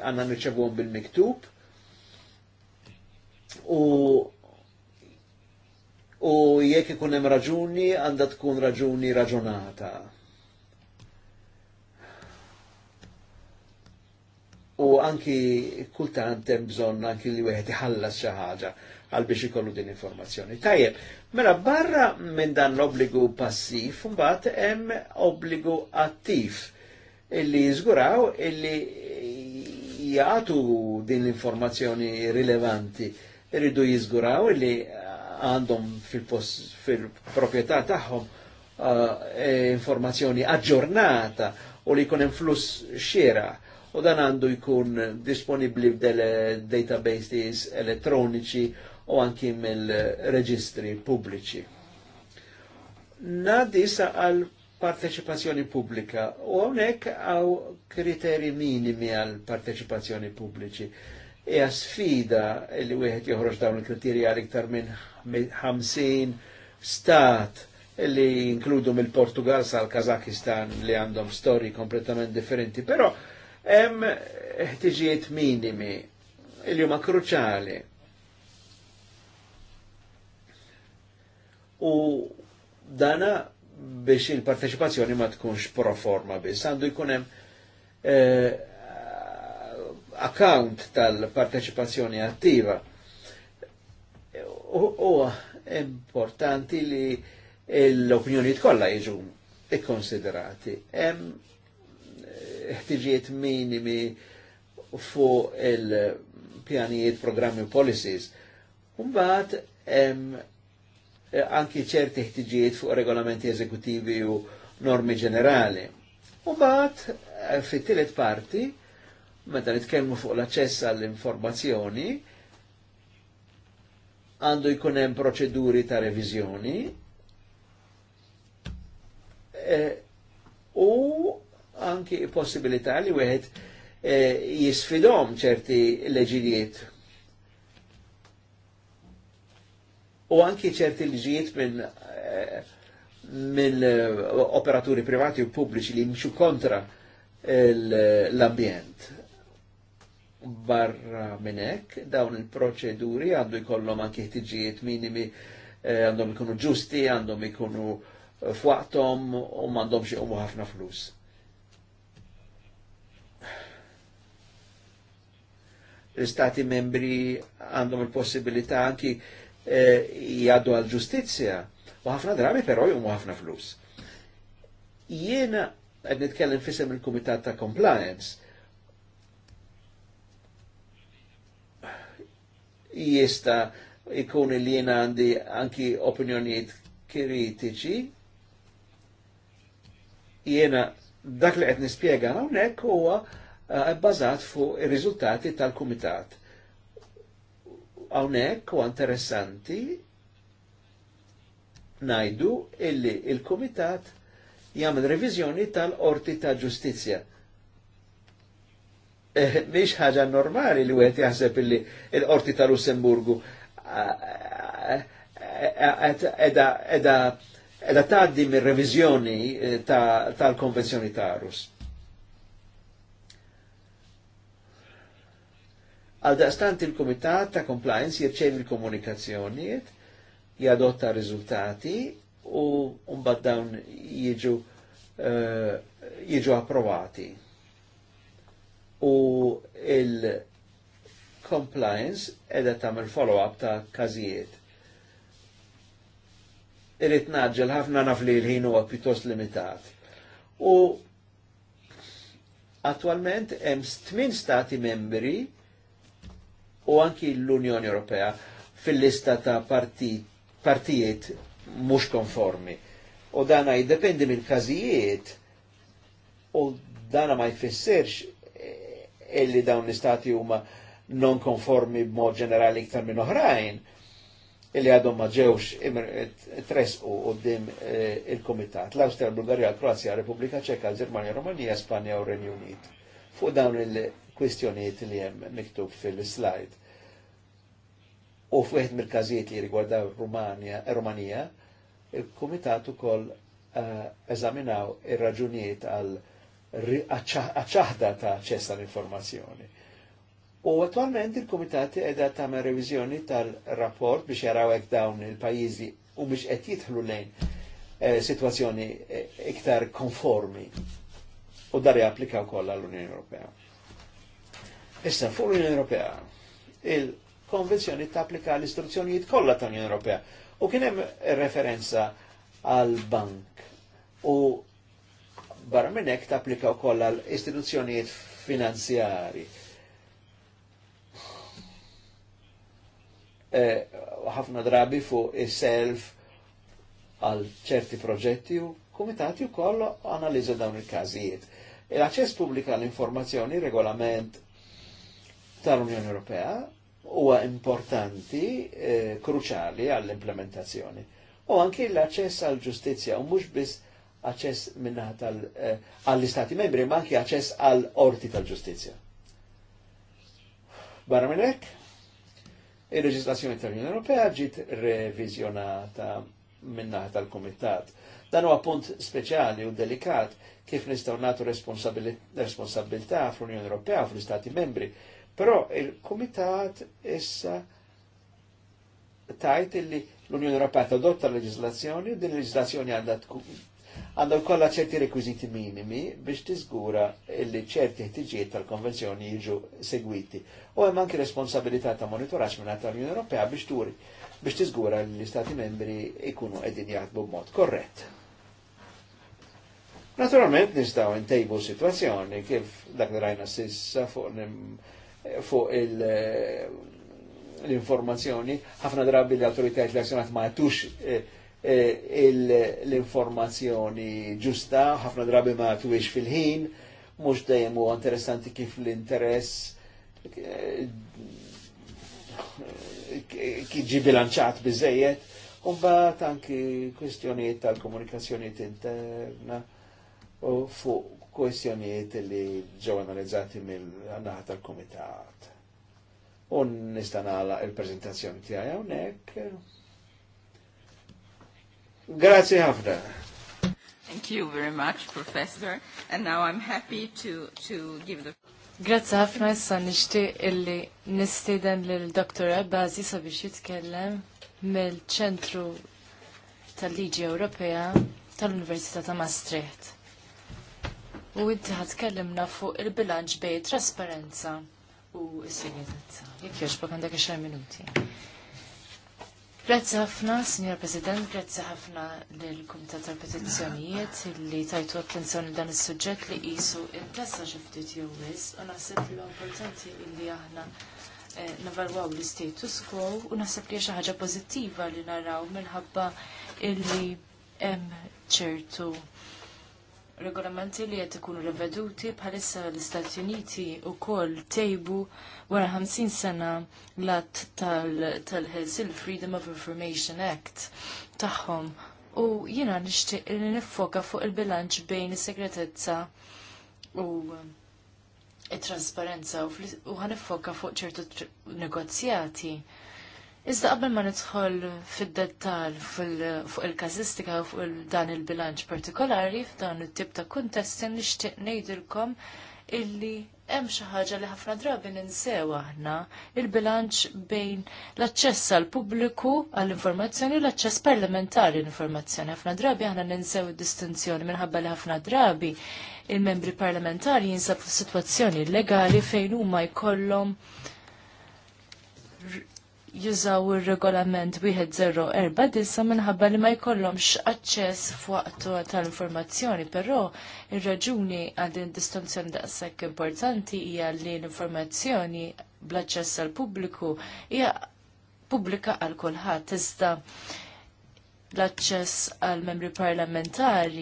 għandna nirċevuhom bil-miktub u u jekk ikun hemm raġuni għandha tkun raġuni raġunata. u anki kultant hemm bżonn anki li wieħed iħallas xi ħaġa għal biex ikollu din informazzjoni. Tajjeb, mela barra minn dan l-obbligu passiv, mbagħad hemm obbligu attiv illi jiżguraw illi jgħatu din l-informazzjoni rilevanti. Irridu jiżguraw illi għandhom fil proprjetà fil tagħhom uh, informazzjoni aġġornata u li jkun fluss xiera u dan għandu jkun disponibli b'dele database elettroniċi u anki mill-reġistri pubbliċi. Nadi sa għal parteċipazzjoni pubblika u għonek għaw kriteri minimi għal parteċipazzjoni pubbliċi. Hija sfida li wieħed joħroġ dawn il kriteri għal iktar minn 50 stat li inkludu mill-Portugal sal-Kazakistan li għandhom storji kompletament differenti, però hemm ħtiġijiet minimi li huma kruċali u dana biex il-parteċipazzjoni ma tkunx proforma biex għandu jkunem eh, account tal-parteċipazzjoni attiva. U importanti li l-opinjoni tkolla jiġu ikkonsiderati. Hemm eh, ħtiġiet minimi fuq il-pjanijiet, programmi policies. Mbagħad hemm Eh, anki ċerti ħtiġijiet fuq regolamenti eżekutivi u normi ġenerali. U bat, eh, fit-tielet parti, meta nitkellmu fuq l-aċċess għall-informazzjoni, għandu jkun hemm proċeduri ta' reviżjoni e, u anki possibilità li wieħed e, jisfidhom ċerti leġijiet u anki ċerti li ġiet minn eh, min eh, operaturi privati u pubbliċi li mxu kontra l-ambjent. Barra minnek, dawn il-proċeduri għandu jkollhom anki ħtiġijiet minimi eh, għandhom ikunu ġusti, għandhom ikunu fuqtom u m'għandhomx iqumu ħafna flus. l-istati membri għandhom il-possibilità anki Eh, jaddu għal ġustizzja u ħafna drabi però jum ħafna flus. Jiena qed nitkellem fissem il-Kumitat ta' Compliance jista ikun li jiena għandi anki opinjonijiet kritiċi jiena dak li qed nispjega hawnhekk huwa eh, bbażat fuq ir-riżultati tal-kumitat hawnhekk u interessanti najdu illi il-Kumitat jagħmel reviżjoni tal orti ta' Ġustizzja. Eh, Mhix ħaġa normali li wieħed jaħseb illi l-Qorti tal ta' Lussemburgu eh, eh, eh, edha tgħaddi mir-reviżjoni tal-Konvenzjoni ta' Arus. Ta Għal daqstant il-Komitat ta' Compliance jirċevi l-komunikazzjonijiet, jadotta riżultati u mbagħad dawn jiġu eh, jiġu approvati. U il-compliance edha tagħmel follow-up ta' każijiet. Irrid naġġel ħafna naf li l-ħin huwa pjuttost limitat. U attualment hemm stmin stati membri u anki l-Unjoni Ewropea fil-lista ta' partijiet mhux konformi. U dana jiddependi mill każijiet u dana ma jfissirx eh, illi dawn l-istati huma non konformi b'mod ġenerali iktar minn oħrajn illi għadhom ma ġewx eh, tresqu qudiem eh, il-Kumitat l-Awstrija, Bulgarija, l Kroazja, Repubblika Ċeka, l Ġermanja, Romanija, Spanja u Renju Unit. Fuq dawn il- kwistjonijiet li hemm miktub fil-slide. U f'wieħed mill-każijiet li rigwardaw eh, Rumanija, il-Kumitat ukoll eh, eżaminaw ir-raġunijiet għal għacċaħda ta' ċesta tal-informazzjoni. U attualment il kumitat edha tagħmel reviżjoni tal-rapport biex jaraw hekk dawn il-pajjiżi u biex qed jidħlu lejn eh, situazzjoni iktar konformi u dar japplika wkoll għall-Unjoni Ewropea. Issa, fuq l-Unjoni Ewropea, il-konvenzjoni tapplika l-istruzzjonijiet kollha tal-Unjoni Ewropea u kien hemm referenza għal bank u barra minn hekk tapplika wkoll għal istituzzjonijiet finanzjari. E, ħafna drabi fuq is-self għal ċerti proġetti u kumitati u koll analizza dawn il-każijiet. L-aċċess pubblika l informazzjoni regolament tal-Unjoni Ewropea huwa importanti, eh, kruċali għall-implementazzjoni. U anki l-aċċess għall-ġustizzja u mhux biss aċċess minnaħat eh, għall-Istati membri, ma anki aċċess għall-orti tal-ġustizzja. Barra minn hekk, il-leġislazzjoni tal-Unjoni Ewropea ġiet revizjonata minnaħat tal-Kumitat. Dan huwa punt speċjali u delikat kif nistgħu nagħtu responsabilità fl-Unjoni Ewropea u fl-Istati membri Però il-Kumitat issa tajt illi l-Unjoni Ewropea adotta leġislazzjoni u din leġislazzjoni għandha għandha jkollha ċerti rekwiżiti minimi biex tiżgura li ċerti ħtiġijiet tal-konvenzjoni jiġu segwiti. U hemm anki responsabilità ta' monitoraġġ mingħajr tal-Unjoni Europea biex turi biex tiżgura li l-Istati membri ikunu qegħdin jaħdmu b'mod korrett. Naturalment nistgħu ntejbu sitwazzjoni kif dak li rajna sissa fuq fuq eh, l-informazzjoni, ħafna drabi l autoritajt l-azzjonat ma jatux eh, eh, l-informazzjoni ġusta, ħafna drabi ma jatux fil-ħin, mux dejjem u interessanti kif l-interess kif bilanċat bizzejiet, Umbat anki kwestjoniet tal-komunikazzjoniet interna u fuq kwestjonijiet li ġew analizzati mill-naħa tal-Kumitat. U nista' nagħlaq il-preżentazzjoni tiegħi hawnhekk. Grazzi ħafna. Thank you very much, Professor. And now I'm happy to, to give the... Grazzi ħafna issa nixtieq illi nistieden lil Dr. Abbasi sabiex jitkellem mill-ċentru tal-Liġi Ewropea tal-Università ta' Maastricht. U inti ħatkellimna fuq il-bilanċ bej trasparenza u s-segretezza. Jekk jogħġbok għandek 10 minuti. Grazzi ħafna, Signor President, grazzi ħafna lill-Kumitat tal-Petizzjonijiet li tajtu attenzjoni dan is-suġġett li qisu intessa xi ftit jew wis, u naħseb li importanti li aħna eh, navalwaw l-status quo u naħseb li xi ħaġa pożittiva li naraw minħabba illi hemm ċertu regolamenti li qed ikunu riveduti bħalissa l-Istati Uniti wkoll tejbu wara 50 sena l-att tal il Freedom of Information Act tagħhom u jiena nixtieq li niffoka fuq il-bilanċ bejn is-segretezza u it-trasparenza u ħanifoka fuq ċertu negozjati Iżda qabel ma nidħol fid-dettal fuq il-kazistika u fuq dan il-bilanċ partikolari f'dan it-tip ta' kuntest nixtieq ngħidilkom illi hemm xi ħaġa li ħafna drabi ninsew aħna il-bilanċ bejn l-aċċess għal pubbliku għall-informazzjoni u l-aċċess parlamentari l-informazzjoni. Ħafna drabi aħna ninsew id-distinzjoni minħabba li ħafna drabi il-membri parlamentari jinsab f'sitwazzjoni legali fejn huma jkollhom jużaw il-regolament disa minħabba li ma jkollhomx aċċess fuqtu tal-informazzjoni, però il raġuni għal din distinzjoni daqshekk importanti hija li l-informazzjoni bl-aċċess għal pubbliku hija pubblika għal kulħadd iżda l-aċċess għal membri parlamentari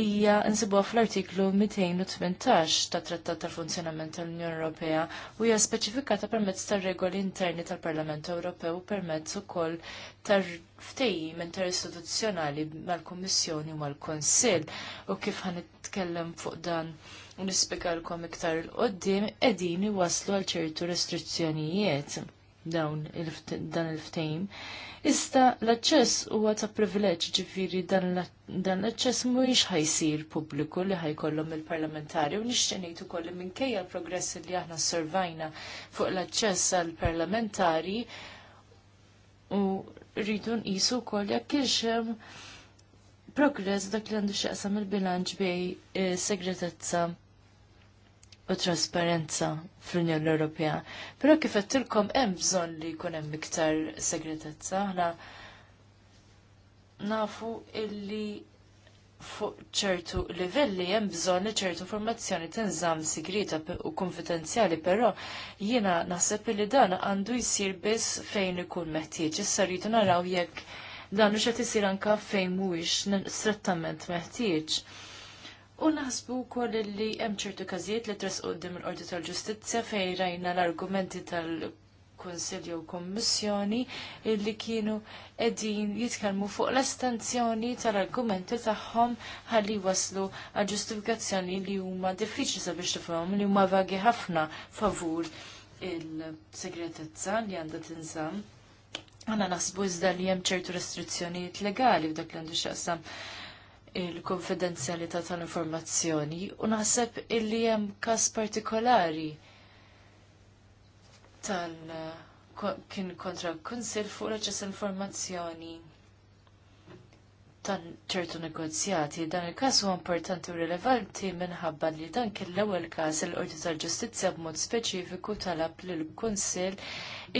hija nsibuha fl-artiklu 218 ta' Trattat tal-Funzjonament tal-Unjoni Ewropea u hija speċifikata permezz tar-regoli interni tal-Parlament Ewropew permezz ukoll tar-ftejjim interistituzzjonali mal-Kummissjoni u mal-Konsill u kif ħanitkellem fuq dan u nispjegalkom iktar il-qoddim qegħdin waslu għal ċertu restrizzjonijiet dawn il dan il-ftejjim. il il ftejjim Iżda l-aċċess huwa ta' privileġġ ġifieri dan l-aċċess mhuwiex ħajsir pubbliku li ħajkollhom il-parlamentari u nixtieq ngħid ukoll minkejja l-progress li aħna sorvajna fuq l-aċċess għall-parlamentari u rridu nqisu wkoll jekk kienx progress dak li għandu xieqsam il-bilanċ bej eh, segretezza u trasparenza fl-Unjoni Ewropea. Però kif qedtilkom hemm bżonn li jkun hemm iktar segretezza, aħna nafu illi fuq ċertu livelli hemm bżonn li ċertu informazzjoni tinżamm sigrita u konfidenzjali, però jiena naħseb li dan għandu jsir biss fejn ikun meħtieġ. Issa rridu naraw jekk dan xed isir anke fejn mhuwiex strettament meħtieġ. U naħsbu kol li hemm ċertu każijiet li tres qoddim il-Qorti tal-Ġustizzja fej rajna l-argumenti tal-Konsilju u Kommissjoni li kienu qegħdin jitkellmu fuq l estensjoni tal-argumenti tagħhom ħalli waslu għal ġustifikazzjoni li huma diffiċli sabiex tifhom li huma vagi ħafna favur il-segretezza li għandha tinżamm. Għana nasbu iżda li hemm ċertu restrizzjonijiet legali f'dak li għandu xaqsam il-konfidenzjalità tal-informazzjoni u naħseb illi hemm każ partikolari tal kien kontra kunsil fuq l-aċċess informazzjoni tan ċertu negozjati. Dan il-każ huwa importanti u rilevanti minħabba li dan kien l-ewwel każ il-Qorti tal-Ġustizzja b'mod speċifiku talab lil kunsill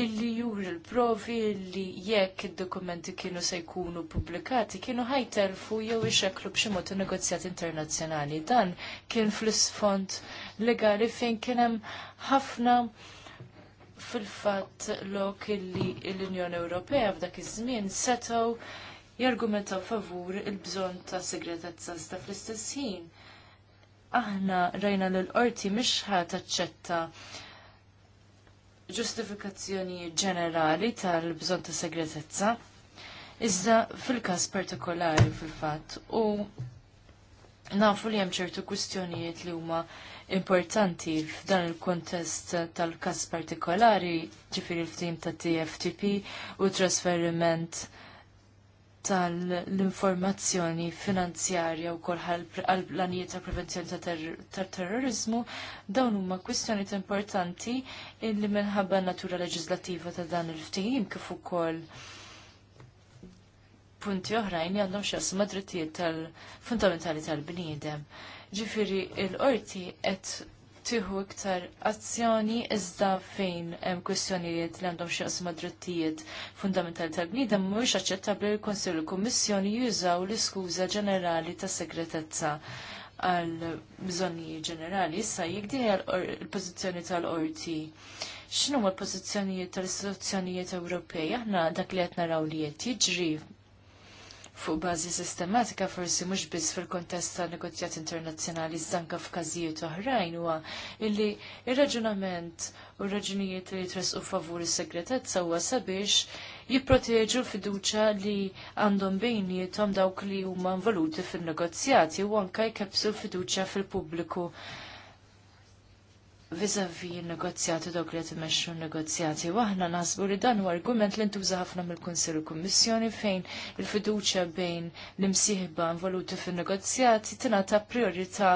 illi jur il-provi li jekk id-dokumenti kienu se jkunu pubblikati kienu ħajtelfu jew ixekklu b'xi mod negozjati internazzjonali. Dan kien fl-isfond legali fejn kien hemm ħafna fil-fatt lok illi l-Unjoni Ewropea f'dak iż-żmien setgħu jargumentaw favur il bżon ta' segretezza sta fl-istess ħin. Aħna rajna l qorti mhix ħadd aċċetta ġustifikazzjoni ġenerali tal bżon ta' segretezza. Iżda fil-każ partikolari fil-fatt u nafu li hemm ċertu kwistjonijiet li huma importanti f'dan il-kontest tal-każ partikolari, ġifieri l-ftim ta' TFTP u trasferiment tal-informazzjoni finanzjarja u kol għal-planijiet ta' prevenzjoni ta' terrorizmu, dawn huma kwistjoni importanti illi minħabba natura leġislativa ta' dan il ftijim kif ukoll punti oħrajn li għandhom x'jasma drittijiet tal-fundamentali tal-bniedem. Ġifiri, il-qorti qed tieħu iktar azzjoni iżda fejn hemm kwistjonijiet li għandhom xi qisma drittijiet fundamentali tal-bniedem mhuwiex aċċettabbli l konsil u l-Kummissjoni jużaw l-iskuża ġenerali ta' segretezza għal bżonni ġenerali. Issa jekk din il-pożizzjoni tal-qorti X'inhuma l-pożizzjonijiet tal-istituzzjonijiet Ewropej aħna dak li qed naraw li qed jiġri fuq bażi sistematika forsi mhux biss fil-kontest ta' negozjat internazzjonali żanka f'każijiet oħrajn huwa illi ir-raġunament u r-raġunijiet li jitresqu favur is-segretezza huwa sabiex jipproteġu fiduċa li għandhom bejnietom dawk li huma involuti fin-negozjati u anke jkebsu fiduċa fil-pubbliku vizavi il-negozjati dok li jtimexxu negozjati Waħna nasbu li dan huwa argument li ntuża ħafna mill-Kunsill u Kummissjoni fejn il-fiduċja bejn l-imsieħba involuti fin-negozjati tingħata priorità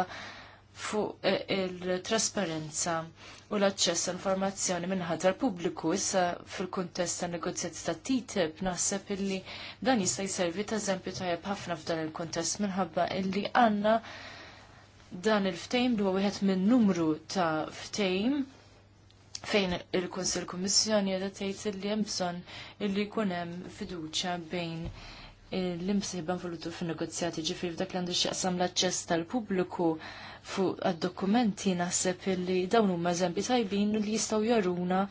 fuq e, il-trasparenza u l-aċċess informazzjoni minħata l-pubbliku issa fil-kuntest ta' negozjati ta' TTIP naħseb illi dan jista' jservi ta' eżempju tajjeb ħafna f'dan il-kuntest minħabba illi għandna dan il-ftejm li wieħed minn numru ta' ftejm fejn il-Kunsill Kummissjoni qiegħda tgħid li hemm bżonn illi jkun hemm fiduċja bejn l-imsiħba involutu fin-negozjati ġifir f'dak li għandu x'jaqsam l-aċċess tal-pubbliku fuq għad-dokumenti naħseb li dawn huma eżempji tajbin li jistgħu jaruna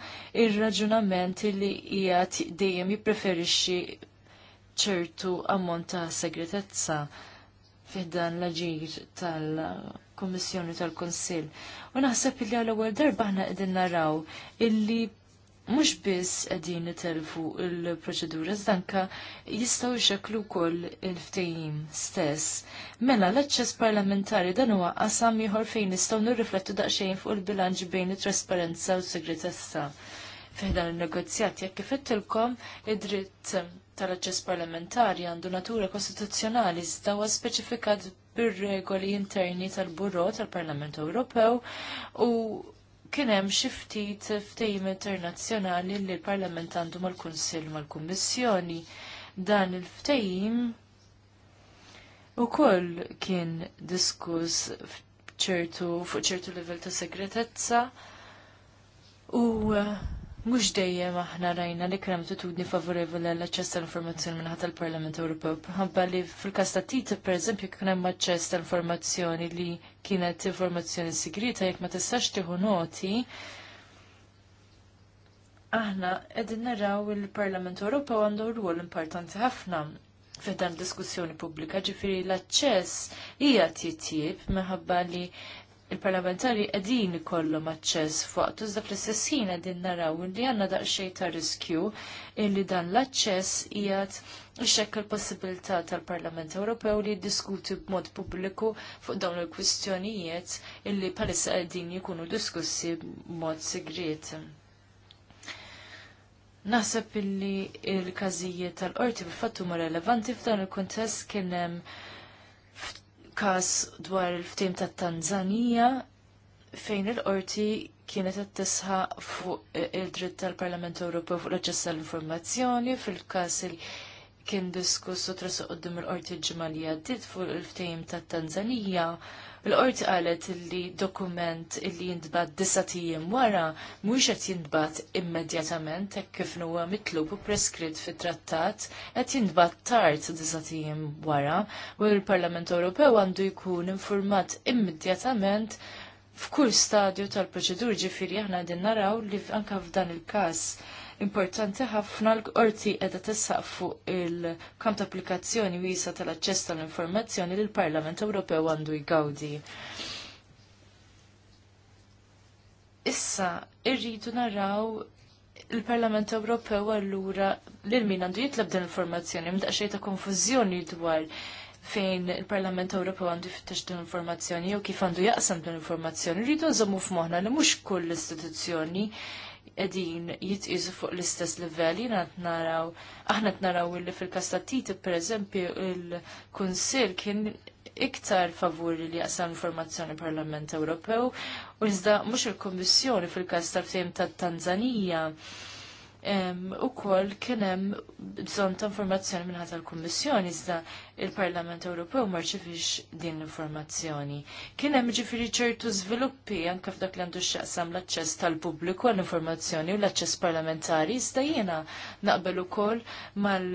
ir-raġunament li hija dejjem jippreferixxi ċertu ammont ta' segretezza fiħdan l-ġir tal-Kommissjoni tal-Konsil. U naħseb li għal ewwel darba aħna qegħdin naraw illi mhux biss qegħdin nitelfu il-proċedura żdanka jistgħu jxeklu wkoll il-ftehim stess. Mela l-aċċess parlamentari dan huwa qasam ieħor fejn nistgħu nirriflettu daqsxejn fuq il-bilanċ bejn it-trasparenza u s-segretezza. Fiħdan il-negozjat jekk kif ittilkom id-dritt tal-aċċess parlamentari għandu natura kostituzzjonali iżda speċifikat bir-regoli interni tal-Buro tal-Parlament Ewropew u kien hemm xi ftit ftehim internazzjonali li l-Parlament għandu mal-Kunsill mal-Kummissjoni. Dan il-ftehim ukoll kien diskuss fuq ċertu livell ta' segretezza u uh, Mux dejjem aħna rajna li krem tutudni favorevoli għall aċċess tal-informazzjoni minnħat tal-Parlament Ewropew. Ħabba li fil-kas ta' TTIP, per eżempju, hemm aċċess tal-informazzjoni li kienet informazzjoni segreta jekk ma tistax tieħu noti. Aħna qegħdin naraw il-Parlament Ewropew għandu rwol importanti ħafna fidan diskussjoni pubblika ġifiri l-aċċess hija titjib minħabba li il-parlamentari qegħdin ikollhom aċċess fuq iżda fl istessin għedin qegħdin naraw li għandna daqxej ta' riskju illi dan l-aċċess qiegħed ixekk il-possibilità tal-Parlament Ewropew li jiddiskuti b'mod pubbliku fuq dawn il-kwistjonijiet illi palissa qegħdin jikunu diskussi b'mod segret. Naħseb illi il-każijiet tal-qorti fil-fattu ma relevanti f'dan il-kuntest kien hemm każ dwar il-ftim tat tanzania fejn il-qorti kienet qed tisħaq fuq il-dritt tal-Parlament Ewropew fuq l-aċċess tal-informazzjoni fil-każ li kien diskuss u trasuq qudiem il-qorti ġimgħa li għaddiet fuq il ftim tat tanzania Il-qorti qalet li dokument li jintbat disa tijiem wara mhux qed jintbat immedjatament hekk kif nuwa mitlub u preskritt fit-trattat qed jindbat tard disa tijiem wara u l-Parlament Ewropew għandu jkun infurmat immedjatament f'kull stadju tal-proċedur ġifieri aħna din naraw li anke f'dan il-każ importanti ħafna l-qorti edha tessaq fuq il-kamp applikazzjoni wisa tal-aċċess tal-informazzjoni li l-Parlament Ewropew għandu jgawdi. Issa, irridu naraw il-Parlament Ewropew allura lil min għandu jitlab din informazzjoni, mdaq xejn ta' konfużjoni dwar fejn il-Parlament Ewropew għandu jfittex din informazzjoni jew kif għandu jaqsam din informazzjoni. Rridu nżommu f'moħħna li mhux kull istituzzjoni edin jitqizu fuq l-istess livell, jina naraw, aħna naraw illi fil kastatiti per eżempju, il-Kunsil kien iktar favur li jaqsam informazzjoni Parlament Ewropew, u iżda mux il-Kommissjoni fil kastatiti ta' Tanzania u kol kienem bżon ta' informazzjoni minn ħata l-Kommissjoni, iżda il-Parlament Ewropew marċifix din l-informazzjoni. Kienem ġifiri ċertu sviluppi anka f'dak li għandu xaqsam l-access tal-pubbliku għall-informazzjoni u l-access parlamentari, iżda jena naqbel u kol mal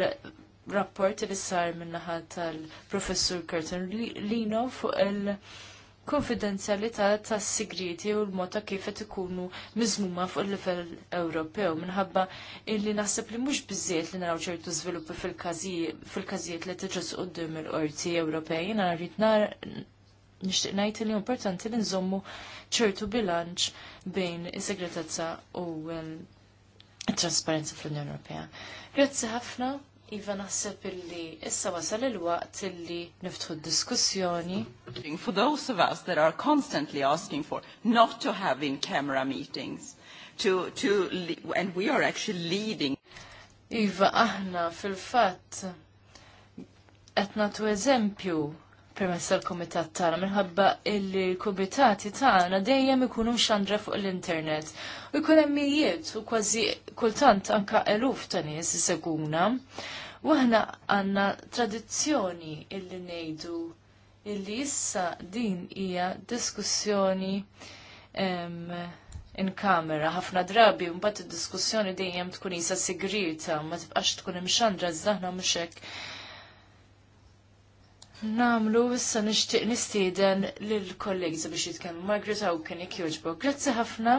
rapport li sar minnaħat tal-professur Curtin Lino fuq il- konfidenzjalità tas-sigriti u l mota kif qed ikunu miżmuma fuq il-livell Ewropew minħabba illi naħseb li mhux biżżejjed li naraw ċertu żviluppi fil-każijiet li tiġus quddiem il-qorti Ewropej. Jiena rrid nar nixtieq ngħid li importanti li nżommu ċertu bilanċ bejn is-segretezza u t-trasparenza fl-Unjoni Ewropea. Grazzi ħafna. Iva naħseb illi issa wasal il-waqt illi niftħu diskussjoni. For those of us that are constantly asking for not to have in-camera meetings, to, to, and we are actually leading. Iva aħna fil-fat, etna tu eżempju permessa tal-komitat tagħna minħabba il l-komitati tagħna dejjem ikunu xandra fuq l-internet. U jkun hemm mijiet u kważi kultant anka eluf ta' nies U aħna għandna tradizzjoni illi ngħidu illi issa din hija diskussjoni in kamera ħafna drabi mbagħad id-diskussjoni dejjem tkun isa sigrita ma tibqax tkun imxandra zaħna mxek hekk namlu issa nixtieq nistieden lill kollegi sabiex jitkellmu. Margaret Hawken jogħġbok. Grazzi ħafna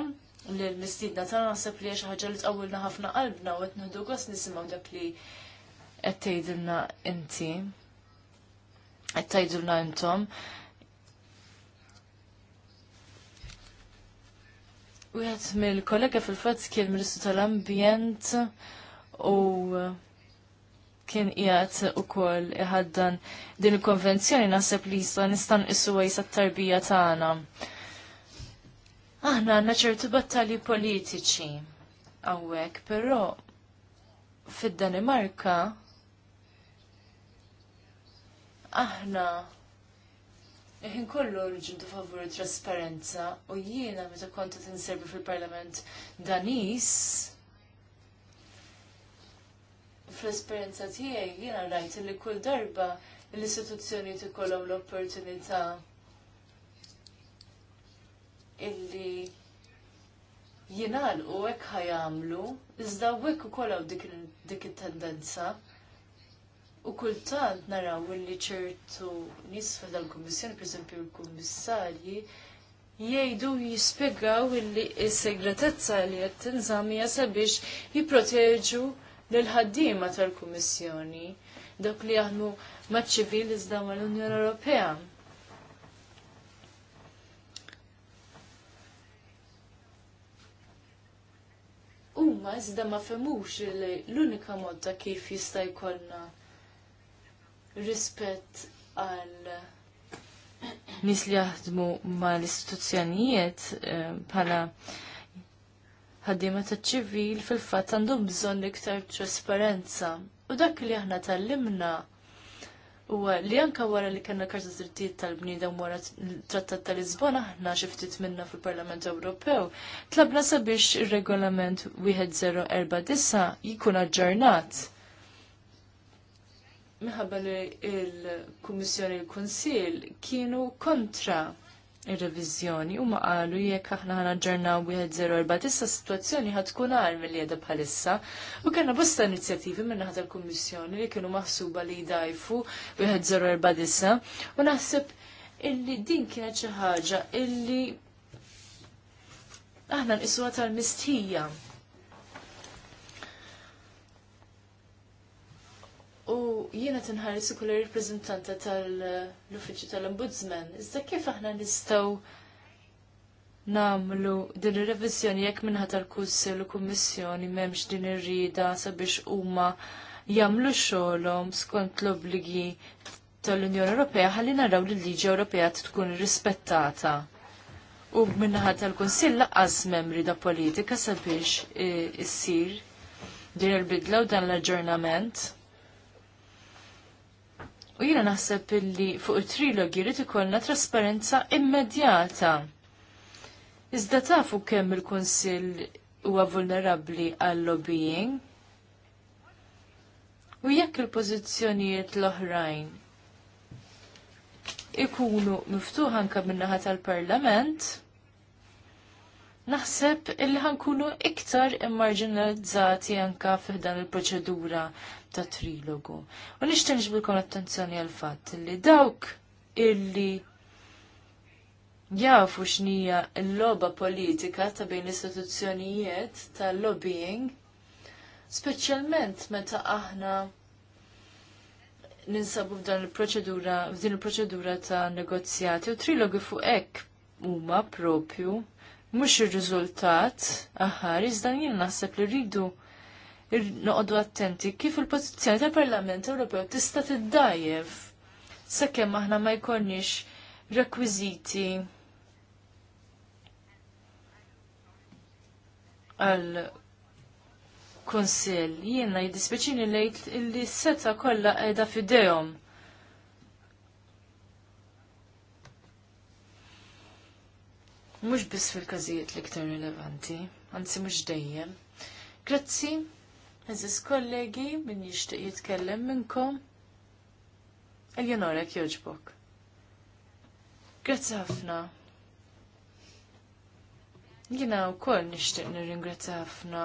l mistiedna ta' naħseb li xi ħaġa li tqawwilna ħafna qalbna u qed nieħdu gost nisimgħu dak li qed tgħidilna inti. Qed tgħidulna intom. Wieħed mill-kollega fil-fatt kien Ministru tal-Ambjent u kien qiegħed ukoll iħaddan din il-konvenzjoni naħseb li jista' nista' nqisu wejsa t-tarbija tagħna. Aħna għandna ċertu battalji politiċi hawnhekk, però fid-Danimarka aħna Iħin kollu rġintu favur trasparenza u jiena meta kontu tinserbi fil-parlament danis fl-esperjenza tiegħi jiena rajt li kull darba l-istituzzjoni ikollhom l-opportunità illi jingħalqu hekk ħajamlu, iżda hekk ukoll hawn dik it-tendenza. U kultant naraw li ċertu nies fil-kummissjoni, pereżempju l-kummissarji, jgħidu jispjegaw illi s segretezza li qed tinżamm hija sabiex jipproteġu l-ħaddiema tal-Kummissjoni dak li jaħdmu maċ iżda mal-Unjoni Ewropea. Umma iżda ma femux li l-unika mod ta' kif jista' jkollna rispett għal nis li jaħdmu mal istituzzjonijiet eh, bħala eh, ħaddiema ta' ċivil fil-fatt għandu bżonn iktar trasparenza. U dak li aħna tallimna u li anka wara li kellna karta drittijiet tal bnidem wara trattat tal-Lisbona aħna xi ftit minna fil-Parlament Ewropew, tlabna sabiex ir-regolament 1049 jkun aġġornat. Minħabba li l-Kummissjoni l-Kunsil kienu kontra ir revizjoni huma qalu jekk aħna ħana ġernaw 104 tista' sitwazzjoni ħad tkun għal milli qiegħda bħalissa u kellna bosta inizjativi minn naħa tal-Kummissjoni li kienu maħsuba li jdajfu 104 disa u naħseb illi din kienet xi ħaġa illi aħna nqisuha tal-mistija U jiena tinħares ukoll ir tal-Uffiċċju tal-Ombudsman. Iżda kif aħna nistgħu nagħmlu din ir-reviżjoni jekk minħa tal-Kunsill u Kummissjoni m'hemmx din ir-rida sabiex huma jagħmlu xogħolhom skont l-obbligi tal-Unjoni Ewropea ħalli naraw li l-liġi Ewropea tkun rispettata. U minnaħat tal-Kunsill laqqas membri rida politika sabiex eh, issir din il-bidla u dan l-aġġornament. U jiena naħseb illi fuq it-trilogi rrit ikollna trasparenza immedjata. Iżda tafu kemm il-Kunsill huwa vulnerabbli għal lobbying. U jekk il-pożizzjonijiet l-oħrajn ikunu miftuħ anke min-naħa tal-Parlament, naħseb illi ħankunu iktar immarġinalizzati anka f'dan il-proċedura ta' trilogu. U nishtin ġbilkom attenzjoni għal-fat illi dawk illi jafu xnija l-loba politika ta' bejn istituzzjonijiet ta' lobbying, specialment meta aħna ninsabu f'dan il-proċedura, f'din il-proċedura ta' negozjati u trilogu fuq hekk huma propju mhux ir-riżultat aħar iżda jien naħseb li rridu noqogħdu attenti kif il-pożizzjoni tal-Parlament Ewropew tista' tiddajjef sakemm aħna ma jkollniex rekwiżiti għal konsil jiena jiddispjaċini lejt li seta kollha qiegħda f'idejhom. mhux biss fil-każijiet l-iktar rilevanti, anzi mhux dejjem. Grazzi, eżis kollegi min jixtieq jitkellem minnkom. Eljonorek jogħġbok. Grazzi ħafna. Jina wkoll nixtieq nirringrazzja ħafna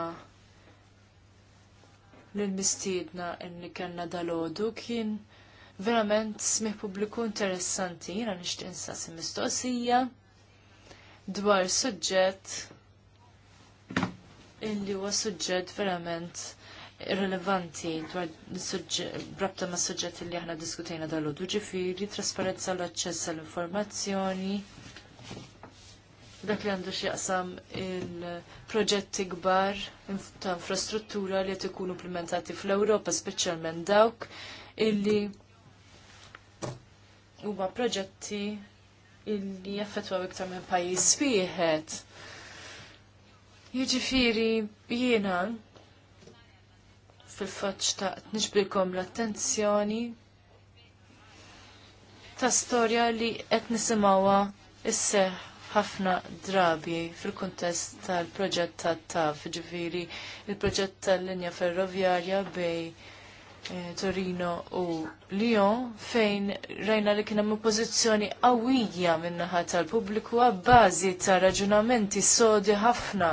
l-mistiedna enni kellna dal-ħodu kien verament smih pubbliku interessanti, jina nixtieq insaqsi mistoqsija dwar suġġett illi huwa suġġett verament irrelevanti dwar rabta ma' suġġett li aħna diskutejna dal-għodu ġifiri, trasparenza l-aċċess għall-informazzjoni, dak li għandu xieqsam il-proġetti gbar ta' infrastruttura li qed ikunu implementati fl-Ewropa, speċjalment dawk illi huma proġetti illi jaffetwa iktar minn pajis wieħed. Jiġifieri jiena fil-faċ ta' nixbilkom l-attenzjoni ta' storja li qed nisimgħuha isseħ ħafna drabi fil-kuntest tal-proġett ta' taf, ġifieri il-proġett tal-linja ferroviarja bej Eh, Torino u Lyon fejn rajna li kien hemm pozizjoni qawwija min-naħa tal-pubbliku għabbażi ta' raġunamenti sodi ħafna.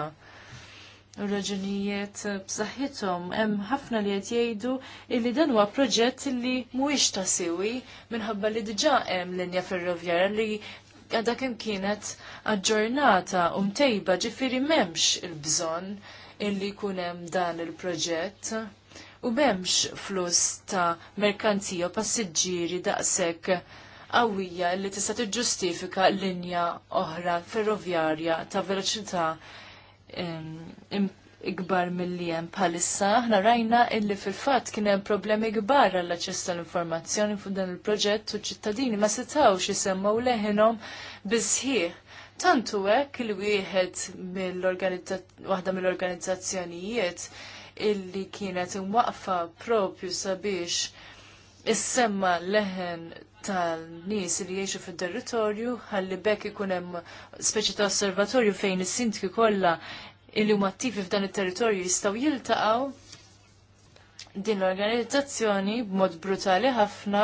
u Raġunijiet b'saħħithom hemm ħafna li qed jgħidu li dan huwa proġett li mhuwiex ta' siwi minħabba li diġà hemm linja ferroviarja li għadha kemm kienet aġġornata u mtejba ġifieri m'hemmx il-bżonn illi jkun hemm dan il-proġett u bemx flus ta' merkanzija u passiġġieri daqshekk għawija li tista' tiġġustifika linja oħra ferrovjarja ta' veloċità ikbar mill hemm bħalissa, aħna rajna illi fil-fatt kien hemm problemi kbar għall aċċess tal-informazzjoni fuq dan il-proġett u ċittadini ma setgħux isemmaw leħinhom bisħieħ. Tantu hekk il wieħed mill-waħda mill-organizzazzjonijiet illi kienet imwaqfa propju sabiex issemma leħen tal-nies li jiexu fil-territorju, ħalli bekk ikun hemm speċi ta' osservatorju fejn is-sintki kollha illi huma attivi f'dan it-territorju jistgħu jiltaqgħu din l-organizzazzjoni b'mod brutali ħafna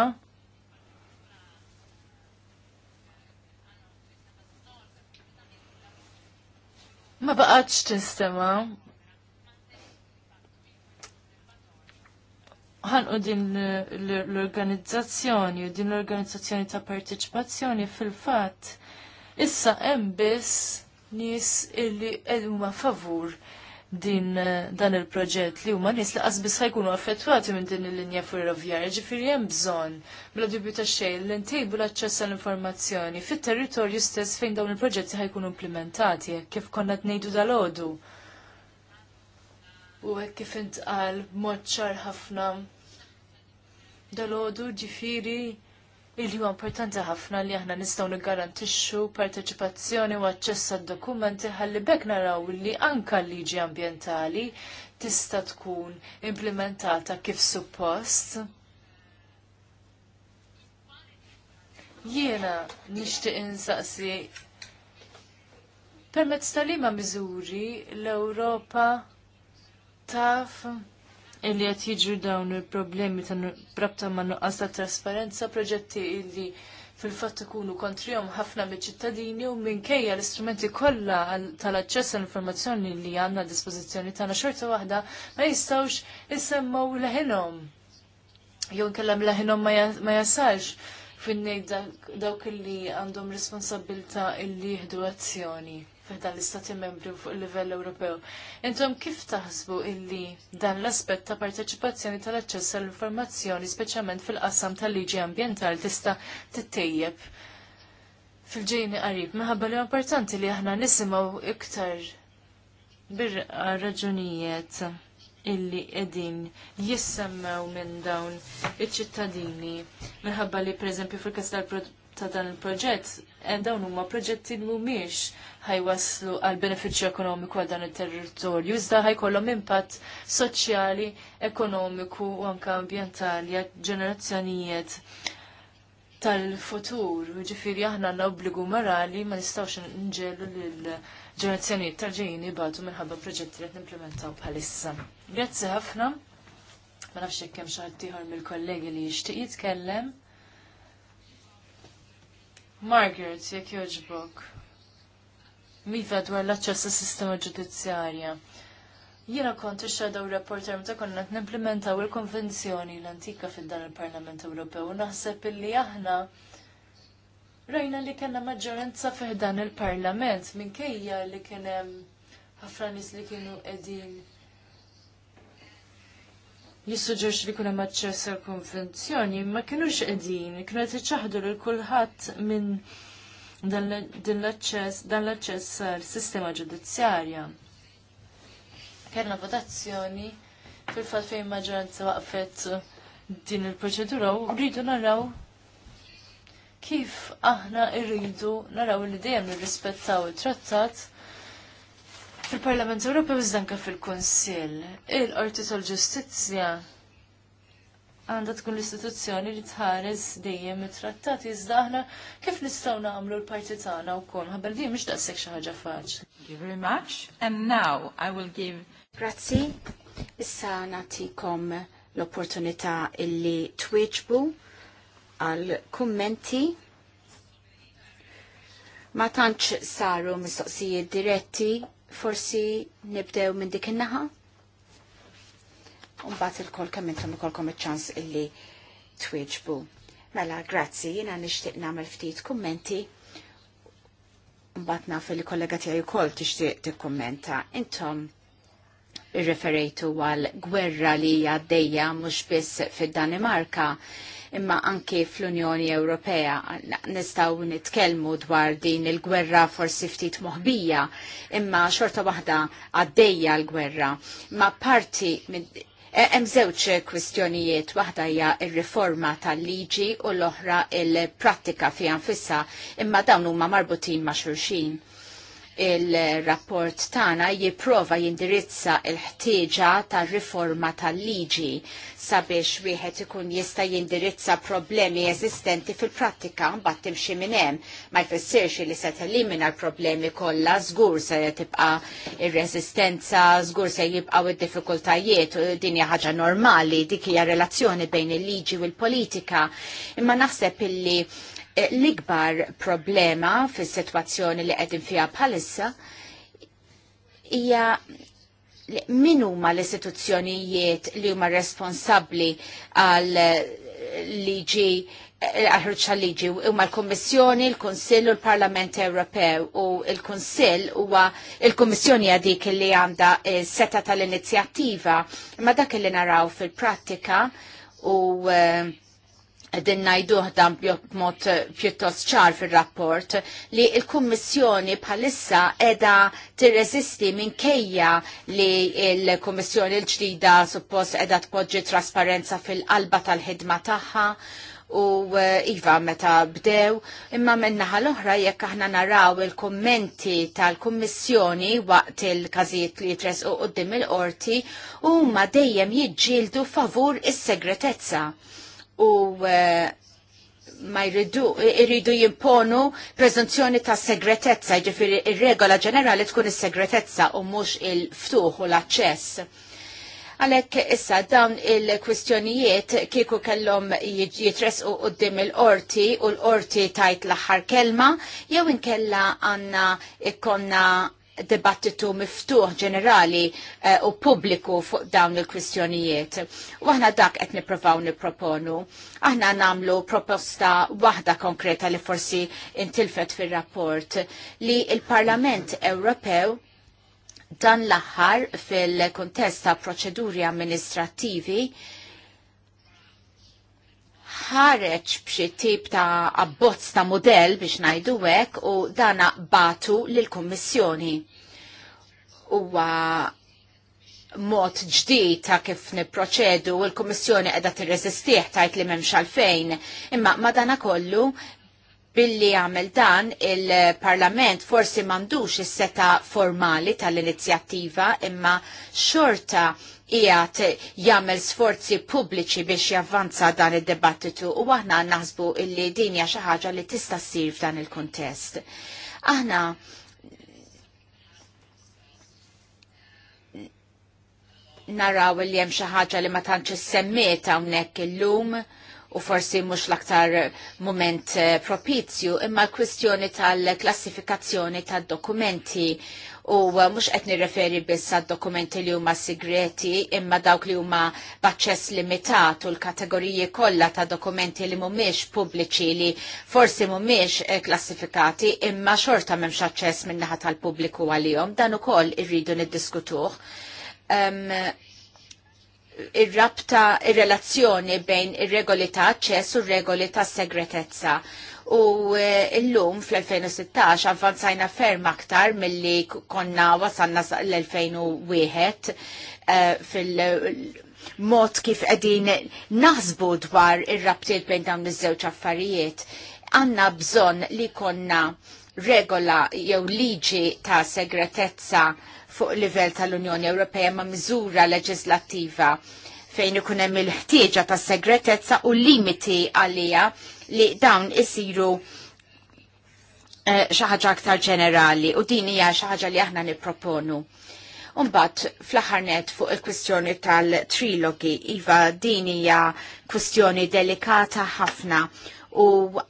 ma baqgħetx tinstema' ħanqu din l-organizzazzjoni u din l-organizzazzjoni ta' parteċipazzjoni fil-fatt issa hemm biss nies illi huma favur din dan il-proġett li huma nies li qasbis ħajkunu affettwati minn din il-linja ferrovjar, ġifieri hemm bżonn bla dubju ta' xejn li ntejbu l-aċċess għall-informazzjoni fit-territorju stess fejn dawn il-proġetti ħajkunu implementati kif konna tnejdu dal-għodu. U hekk kif intqal b'mod ċar ħafna dalodu ġifiri il huwa importanti ħafna li aħna nistgħu niggarantixxu parteċipazzjoni u aċċess għad-dokumenti ħalli bekk naraw li anka l-liġi ambjentali tista' tkun implementata kif suppost. Jiena nixtieq insaqsi permezz tal-ima miżuri l-Ewropa taf illi qed jiġru dawn il-problemi ta' rabta ma' nuqqas ta' trasparenza, proġetti illi fil-fatt ikunu kontrihom ħafna me ċittadini u minkejja l-istrumenti kollha tal-aċċess għall-informazzjoni li għandna a dispożizzjoni tagħna xorta waħda ma jistgħux issemmaw leħinhom. Jew nkellem leħinhom ma jasalx fin dawk illi għandhom responsabilità illi jieħdu azzjoni f'dan l-Istati membri fuq il-livell Ewropew. Intom kif taħsbu illi dan l-aspett ta' parteċipazzjoni tal-aċċess għall-informazzjoni, speċjalment fil-qasam tal-liġi ambjentali tista' tittejjeb fil-ġejni qarib, minħabba li importanti li aħna nisimgħu iktar bir raġunijiet illi edin jissemmew minn dawn iċ-ċittadini minħabba li per fil-kas ta' dan il-proġett eh, dawn huma proġetti li mhumiex ħajwaslu għal benefiċċju ekonomiku għal dan it-territorju, iżda ħajkollhom impatt soċjali, ekonomiku u anke ambjentali għal ġenerazzjonijiet tal-futur. Ġifiri aħna għandna obbligu morali ma nistgħux nġelu lil ġenerazzjonijiet tal-ġejjin ibatu minħabba proġetti li qed nimplementaw bħalissa. Grazzi ħafna. Ma nafx hekk hemm xi ħadd ieħor mill-kollegi li jixtieq jitkellem. Margaret, jekk joġbok miva dwar l-aċċess għas sistema ġudizzjarja. Jiena kont ix-shadow reporter meta konna qed nimplementaw il-konvenzjoni l-antika fil-dan il-Parlament Ewropew u naħseb illi aħna rajna li kellna maġġoranza fih dan il-Parlament minkejja li kien hemm ħafna nies li kienu qegħdin jissuġġerx li kuna maċċess għall konvenzjoni ma kienux qegħdin, kienu qed iċaħdu lil kulħadd minn dan l-aċċess għal-sistema ġudizzjarja. Kerna votazzjoni fil-fat fejn maġġoranza waqfet din il-proċedura u rridu naraw kif aħna rridu naraw li dejjem nirrispettaw it-trattat fil-Parlament Ewropew iżdanka fil-Kunsill. Il-Qorti tal-Ġustizzja għandha tkun l-istituzzjoni li tħares dejjem it-trattat iżda aħna kif nistgħu nagħmlu l-parti tagħna wkoll ħabel din mhux daqshekk xi ħaġa faċli. Thank you very much. And now I will give Grazzi. Issa nagħtikom l-opportunità illi twieġbu għal kummenti ma tantx saru mistoqsijiet diretti, forsi nibdew minn dik in-naħa? Umbat il-kol kemm intom ikolkom iċ-ċans illi twieġbu. Mela, grazzi, jiena nixtieq nagħmel ftit kummenti. Mbagħad naf li kollega tiegħi tishtiq tixtieq tikkummenta. Intom irreferejtu għal gwerra li jaddeja għaddejja mhux biss fid-Danimarka imma anke fl-Unjoni Ewropea nistaw nitkellmu dwar din il-gwerra forsi ftit moħbija imma xorta waħda għaddejja l-gwerra. Ma parti E, hemm żewġ kwistjonijiet, waħda hija r-riforma tal-liġi u l-oħra il-prattika fi anfissa, imma dawn huma marbutin ma' xulxin il-rapport tana jiprofa jindirizza il-ħtieġa tal riforma tal-liġi sabiex wieħed ikun jista' jindirizza problemi eżistenti fil-prattika mbagħad timxi minn hemm ma jfissirx li se telimina l-problemi kollha żgur se tibqa' ir-reżistenza, żgur se jibqgħu id-diffikultajiet u din hija ħaġa normali dik hija relazzjoni bejn il-liġi u l-politika. Imma naħseb illi l-ikbar problema fis situazzjoni li qegħdin fija bħalissa hija min huma l-istituzzjonijiet li huma responsabbli għal liġi eh, ħarċa liġi huma l-Kommissjoni, l-Konsill u l-Parlament Ewropew u l-Konsill huwa l-Kommissjoni għadik li għandha eh, seta tal-inizjattiva imma dak li naraw fil-prattika u uh, din najduħ dan mod eh, pjuttost ċar fil-rapport li il-Kummissjoni bħalissa edha tirreżisti minkejja li il-Kummissjoni l-ġdida suppost edha tpoġġi trasparenza fil-qalba tal-ħidma tagħha u eh, iva meta bdew imma minnaħa l-oħra jekk aħna naraw il-kommenti tal-Kummissjoni waqt il-każijiet li jitres u qoddim il-qorti huma dejjem jiġġieldu favur is-segretezza u eh, ma jridu, jridu jimponu prezenzjoni ta' segretezza, ġifiri il-regola ġenerali tkun il-segretezza u mux il-ftuħ u l aċċess Għalek issa dawn il-kwistjonijiet kieku kellom jitres u uddim il-orti u l-orti tajt l-axar kelma, jew inkella għanna ikkonna dibattitu miftuħ ġenerali eh, u pubbliku fuq dawn il-kwistjonijiet. U aħna dak qed nipprovaw nipproponu. Aħna namlu proposta waħda konkreta li forsi intilfet fir-rapport li il-Parlament Ewropew dan l-aħħar fil kontesta ta' proċeduri amministrativi ħareġ b'xi tip ta' abbozz ta' model biex ngħidu hekk u dana batu lill-Kummissjoni. Huwa mod ġdid ta' kif nipproċedu u l-Kummissjoni qiegħda tirreżistih tajt li memx għalfejn. Imma dana kollu billi għamel dan il-Parlament forsi mandux is-seta formali tal-inizjattiva imma xorta ijat jagħmel sforzi pubbliċi biex javvanza dan id debattitu u aħna naħsbu illi din hija xi ħaġa li tista' ssir f'dan il-kuntest. Aħna naraw li hemm xi ħaġa li ma tantx semmiet hawnhekk illum u forsi mhux l-aktar mument eh, propizju imma l-kwistjoni tal-klassifikazzjoni tad-dokumenti u uh, mhux qed nirreferi biss għad dokumenti li huma segreti imma dawk li huma b'aċċess limitat u l-kategoriji kollha ta' dokumenti li mhumiex pubbliċi li forsi mhumiex eh, klassifikati imma xorta m'hemmx aċċess min-naħa tal-pubbliku għalihom dan ukoll irridu niddiskutuh. Um, ir-rabta, ir-relazzjoni bejn ir-regoli ta' aċċess u r-regoli ta' segretezza u eh, illum fl-2016 avvanzajna ferm aktar milli konna wasanna l-2001 eh, fil- mod kif qegħdin naħsbu dwar ir-rabtiet bejn dawn iż-żewġ affarijiet. Għandna bżonn li konna regola jew liġi ta' segretezza fuq livell tal-Unjoni Ewropea ma' miżura leġislattiva fejn ikun hemm il-ħtieġa ta' segretezza u limiti għalija li dawn isiru eh, xaħġa aktar ġenerali u din hija xaħġa li aħna nipproponu. Umbat, fl-aħħar net fuq il-kwistjoni tal-trilogi, iva din hija kwistjoni delikata ħafna u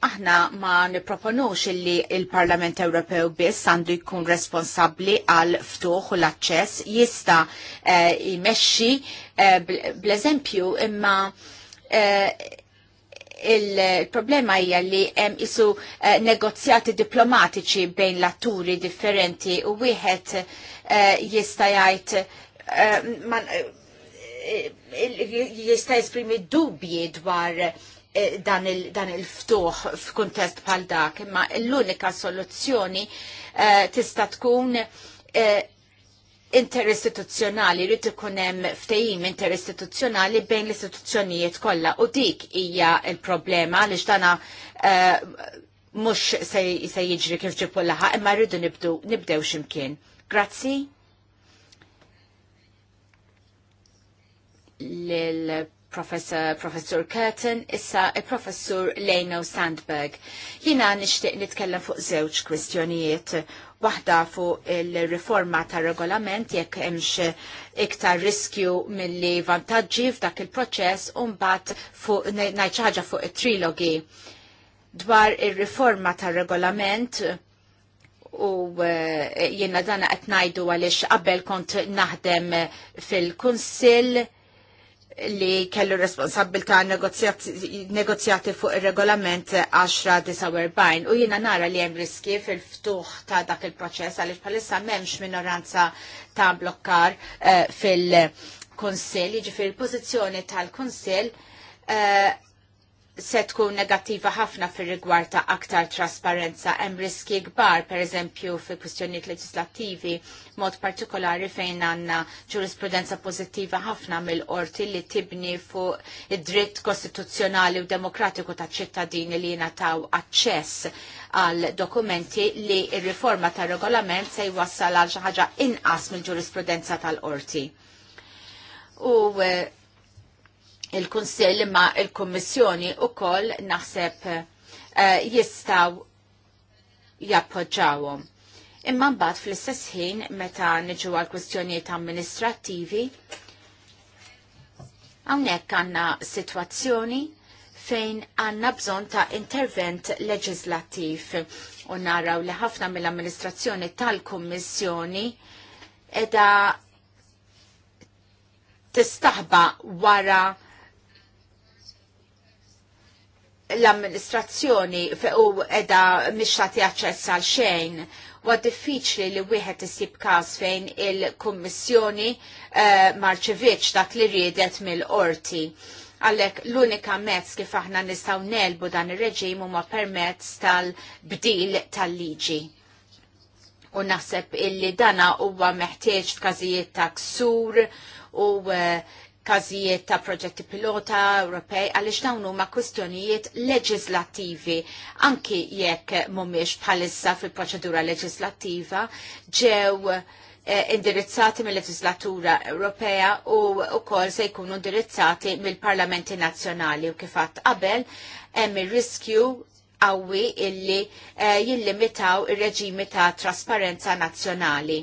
aħna ma niproponux illi il-Parlament Ewropew biss għandu jkun responsabli għal ftuħ u l-aċċess jista eh, jmexxi eh, bl-eżempju imma il-problema hija li hemm isu eh, negozjati diplomatiċi bejn l-atturi differenti u wieħed eh, jista' jgħid eh, jista' jesprimi dubji dwar dan il-ftuħ f'kuntest bħal dak, imma l-unika soluzzjoni tista' tkun interistituzzjonali rrid ikun hemm ftehim interistituzzjonali bejn l-istituzzjonijiet kollha u dik hija l-problema għaliex dana eh, mhux se jiġri kif ġipu laħa imma rridu nibdu nibdew x'imkien. Grazzi. Lil professor, professor Curtin, issa il-professor Leno Sandberg. Jina nishtiq nitkellem fuq żewġ kwistjonijiet waħda fuq il-riforma ta' regolament jekk hemmx iktar riskju milli vantaġġi f'dak il-proċess u mbagħad fuq ngħid xi ħaġa fuq it-trilogi dwar ir-riforma ta' regolament u eh, jiena dana qed ngħidu għaliex qabel kont naħdem fil-Kunsill li kellu responsabilta negozjati fuq il-regolament 10-49 u jina nara li jem riski fil-ftuħ ta' dak il-proċess għalix palissa memx minoranza ta' blokkar eh, fil-konsil, jġi fil pozizjoni tal-konsil eh, se tkun negattiva ħafna fir rigward ta' aktar trasparenza hemm riski kbar pereżempju fi kwistjonijiet leġislattivi mod partikolari fejn għandna ġurisprudenza pożittiva ħafna mill-qorti li tibni fuq id-dritt kostituzzjonali u demokratiku ta' ċittadini li jingħataw aċċess għal dokumenti li r-riforma tar regolament se jwassal għal xi ħaġa inqas mill-ġurisprudenza tal-qorti. U eh, il-Kunsell imma il-Kommissjoni u koll naħseb uh, jistaw jappoġġawhom. Imma mbagħad fl-istess ħin meta niġu għal kwistjonijiet amministrattivi hawnhekk għandna sitwazzjoni fejn għanna bżon ta' intervent leġislattiv u naraw li ħafna mill-amministrazzjoni tal-Kummissjoni edha tistaħba wara l-amministrazzjoni u edha mhix tagħti aċċess għal xejn huwa diffiċli li wieħed isib każ fejn il-Kummissjoni uh, eh, marċeviċ dak li riedet mill-qorti. Għallek l-unika mezz kif aħna nistgħu nelbu dan ir-reġim huma permezz tal-bdil tal-liġi. U naħseb illi dana huwa meħtieġ f'każijiet ta' ksur u uh, każijiet ta' proġetti pilota Ewropej għaliex dawn huma kwistjonijiet leġislattivi anki jekk mhumiex bħalissa fil-proċedura leġislattiva ġew eh, indirizzati mill-leġislatura Ewropea u wkoll se jkunu indirizzati mill-parlamenti nazzjonali u kif qatt qabel hemm ir-riskju qawwi illi eh, jillimitaw ir-reġimi ta' trasparenza nazzjonali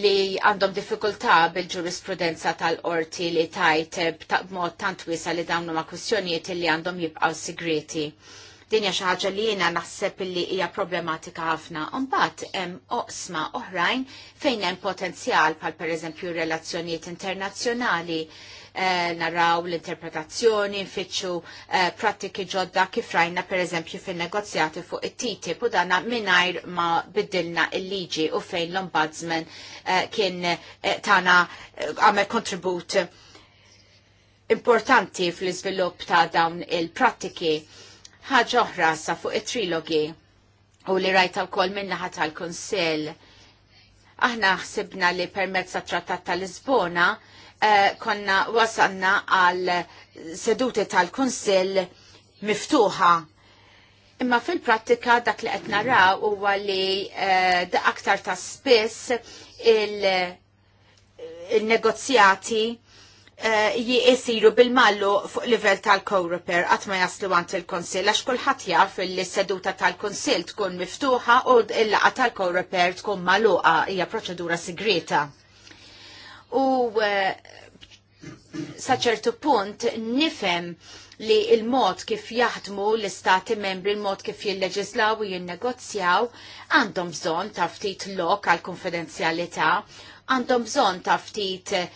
li għandhom diffikultà bil-ġurisprudenza tal-qorti li tajt eh, b'mod tant wiesa li dawn huma kwistjonijiet li għandhom jibqgħu segreti. Din hija xi ħaġa li jiena naħseb li hija problematika ħafna. Imbagħad hemm oqsma oħrajn fejn hemm potenzjal bħal pereżempju relazzjonijiet internazzjonali Eh, naraw l-interpretazzjoni, nfittxu eh, prattiki ġodda kif rajna per eżempju fin-negozjati fuq it-TTIP u dana mingħajr ma biddilna il-liġi u fejn l-Ombudsman eh, kien tana għamel kontribut importanti fl-izvilupp ta' dawn il-prattiki ħaġa oħra sa fuq it-trilogi u li rajta wkoll minnaħa tal-Kunsill. Aħna ħsibna li permezz tat-Trattat tal-Lisbona Eh, konna wasanna għal seduti tal-Kunsill miftuħa Imma fil-prattika dak li qed naraw huwa li eh, da aktar ta' spiss il-negozjati il eh, jisiru bil-mallu fuq livell tal-Coreper qatt ma jaslu għand il-Konsil għax kulħadd jaf il-seduta tal-Konsil tkun miftuħa u l-laqa tal-Coreper tkun magħluqa hija proċedura segreta u eh, saċertu punt nifem li il-mod kif jaħdmu l-istati membri, il-mod kif jilleġislaw u jinnegozjaw, għandhom bżon ta' ftit lok għal konfidenzjalità, għandhom bżon ta' ftit eh,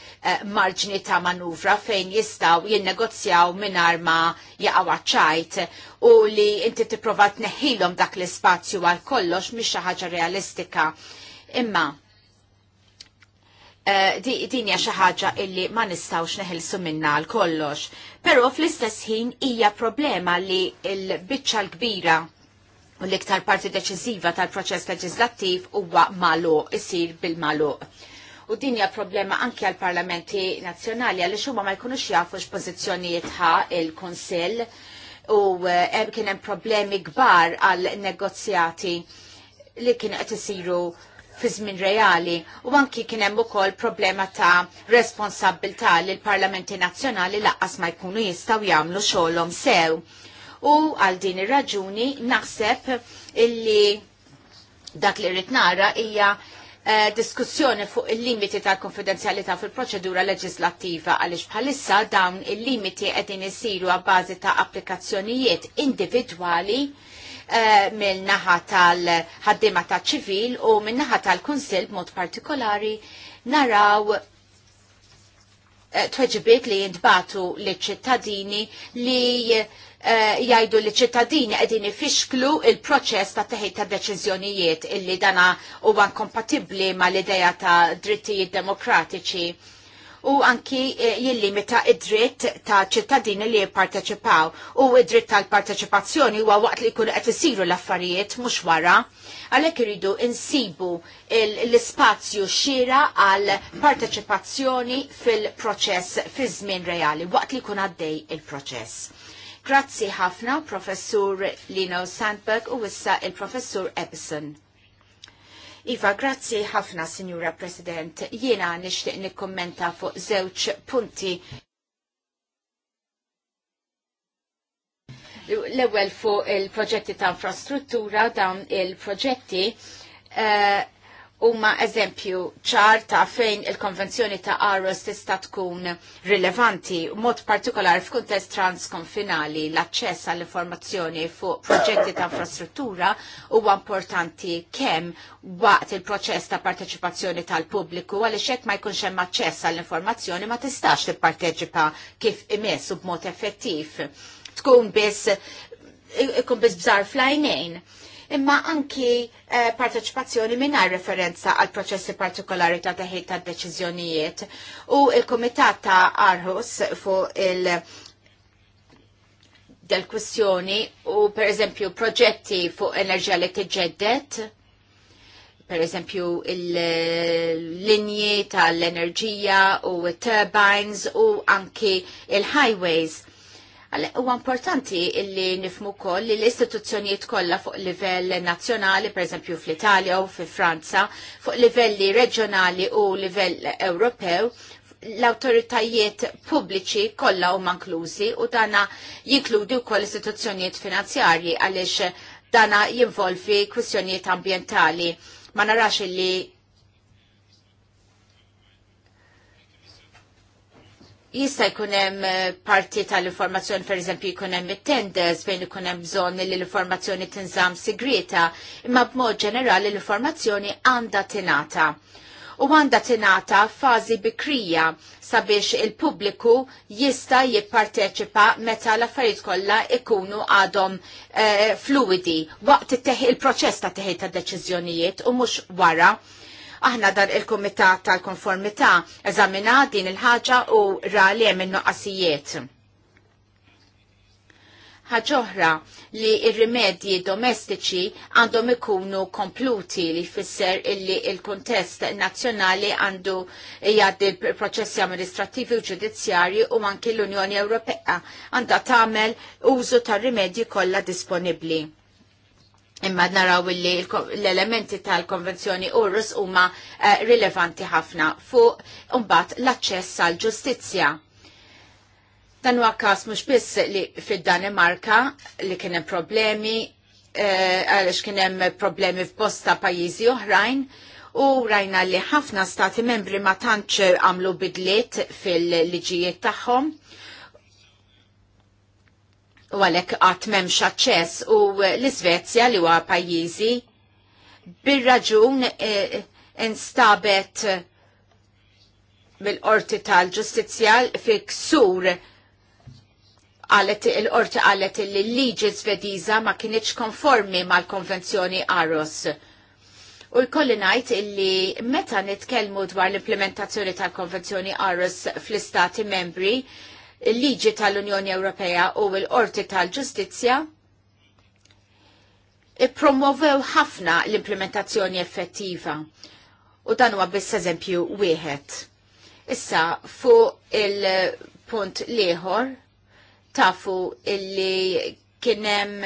marġni ta' manuvra fejn jistaw jinnegozjaw minar ma jaqaw ċajt u li inti tipprova neħilom dak l-ispazju għal kollox mish xi ħaġa realistika. Imma Eh, din hija xi ħaġa illi ma nistgħux neħilsu minna għal kollox. Però fl-istess ħin hija problema li l-biċċa l-kbira u l-iktar parti deċiżiva tal-proċess leġislattiv huwa malu, isir bil-maluq. U din hija problema anke għal parlamenti nazzjonali għaliex huma ma jkunux jafu x'pożizzjonijiet ħa il-Kunsill u hemm eh, kien hemm problemi kbar għal negozjati li kienu qed isiru fi żmien reali u anki kien hemm ukoll problema ta' responsabilità li l-Parlamenti Nazzjonali laqqas ma jkunu jistgħu jagħmlu xogħolhom sew. U għal din ir-raġuni naħseb illi dak li rrid nara hija eh, diskussjoni fuq il-limiti tal-konfidenzjalità fil-proċedura leġislattiva għaliex bħalissa dawn il-limiti qegħdin isiru għabbażi ta' applikazzjonijiet individwali Eh, mill-naħa tal-ħaddima ta' ċivil u mill-naħa tal-Kunsil b'mod partikolari naraw eh, tweġibiet li jintbatu li eh, ċittadini li jajdu li ċittadini għedin ifixklu il-proċess ta' teħi ta' deċizjonijiet illi dana huwa kompatibli ma' l-ideja ta' drittijiet demokratiċi u anki eh, jillimita id-dritt ta' ċittadini li jipparteċipaw u id-dritt tal-parteċipazzjoni huwa waqt li jkunu qed isiru l-affarijiet mhux wara. Għalhekk iridu insibu l-ispazju xira għal parteċipazzjoni fil-proċess fi żmien reali waqt li jkun għaddej il-proċess. Grazzi ħafna, professur Lino Sandberg u issa il-professur Epson. Iva, grazzi ħafna, Signora President. Jiena nixtieq nikkommenta fuq żewġ punti l-ewel fuq il-proġetti ta' infrastruttura dawn il-proġetti uh, huma eżempju ċar ta' fejn il-konvenzjoni ta' Aros tista' tkun rilevanti, mod partikolar f'kuntest transkonfinali l-aċċess għall informazzjoni fuq proġetti ta' infrastruttura huwa importanti kemm waqt il-proċess ta' parteċipazzjoni tal-pubbliku għaliex hekk ma jkunx hemm aċċess għall informazzjoni ma tistax tipparteċipa kif imess u b'mod effettiv. Tkun biss ikun biss bżar flajnejn imma anki eh, parteċipazzjoni mingħajr referenza għal proċessi partikolari ta' teħi ta' deċiżjonijiet u il-Kumitat ta' Arhus fuq il- del kwestjoni u per eżempju proġetti fuq enerġija li tiġġeddet per eżempju il-linji tal-enerġija u turbines u anki il-highways. Huwa importanti illi nifmu koll li l-istituzzjonijiet kollha fuq livell nazzjonali, pereżempju fl-Italja u fi Franza, fuq livelli reġjonali u livell Ewropew, l-autoritajiet pubbliċi kollha huma inklużi u dana jinkludi wkoll istituzzjonijiet finanzjarji għaliex dana jinvolvi kwistjonijiet ambjentali. Ma narax li Jista' jkun hemm eh, parti tal-informazzjoni per jkun hemm it-tenders fejn ikun hemm bżonn li l-informazzjoni tinżam segreta, imma b'mod ġenerali l-informazzjoni għandha tingħata. U għandha tingħata fazi bikrija sabiex il-pubbliku jista' jipparteċipa meta l-affarijiet kollha ikunu għadhom eh, fluidi waqt il-proċess ta' teħid ta' deċiżjonijiet u mhux wara Aħna dan il-Kumitat tal-Konformità eżamina din il-ħaġa u ra li hemm noqqasijiet Ħaġoħra li ir-rimedji domestiċi għandhom ikunu kompluti li jfisser illi il-kontest nazzjonali għandu jgħaddi l-proċessi amministrativi u ġudizzjarji u anki l-Unjoni Ewropea għandha tagħmel użu tar-rimedji kollha disponibbli imma naraw li l-elementi tal-konvenzjoni urrus huma eh, rilevanti ħafna fuq mbagħad l-aċċess għal ġustizzja. Dan huwa każ mhux biss li fid-Danimarka li kien hemm problemi eh, għaliex kien hemm problemi f'bosta pajjiżi oħrajn u rajna li ħafna stati membri ma tantx għamlu bidliet fil-liġijiet tagħhom u għalek għat memx aċċess u eh, l-Svezja li huwa pajjiżi bil raġun eh, instabet eh, mill-qorti tal-ġustizja fi ksur għalet il-qorti għalet li l-liġi svediża ma kienieċ konformi mal-konvenzjoni Aros. U jkolli najt illi meta nitkellmu dwar l-implementazzjoni tal-konvenzjoni Aros fl-istati membri, il-liġi tal-Unjoni Ewropea u l-Qorti tal-Ġustizzja ippromovew ħafna l-implementazzjoni effettiva. U dan huwa biss eżempju wieħed. Issa fuq il-punt liħor tafu illi kienem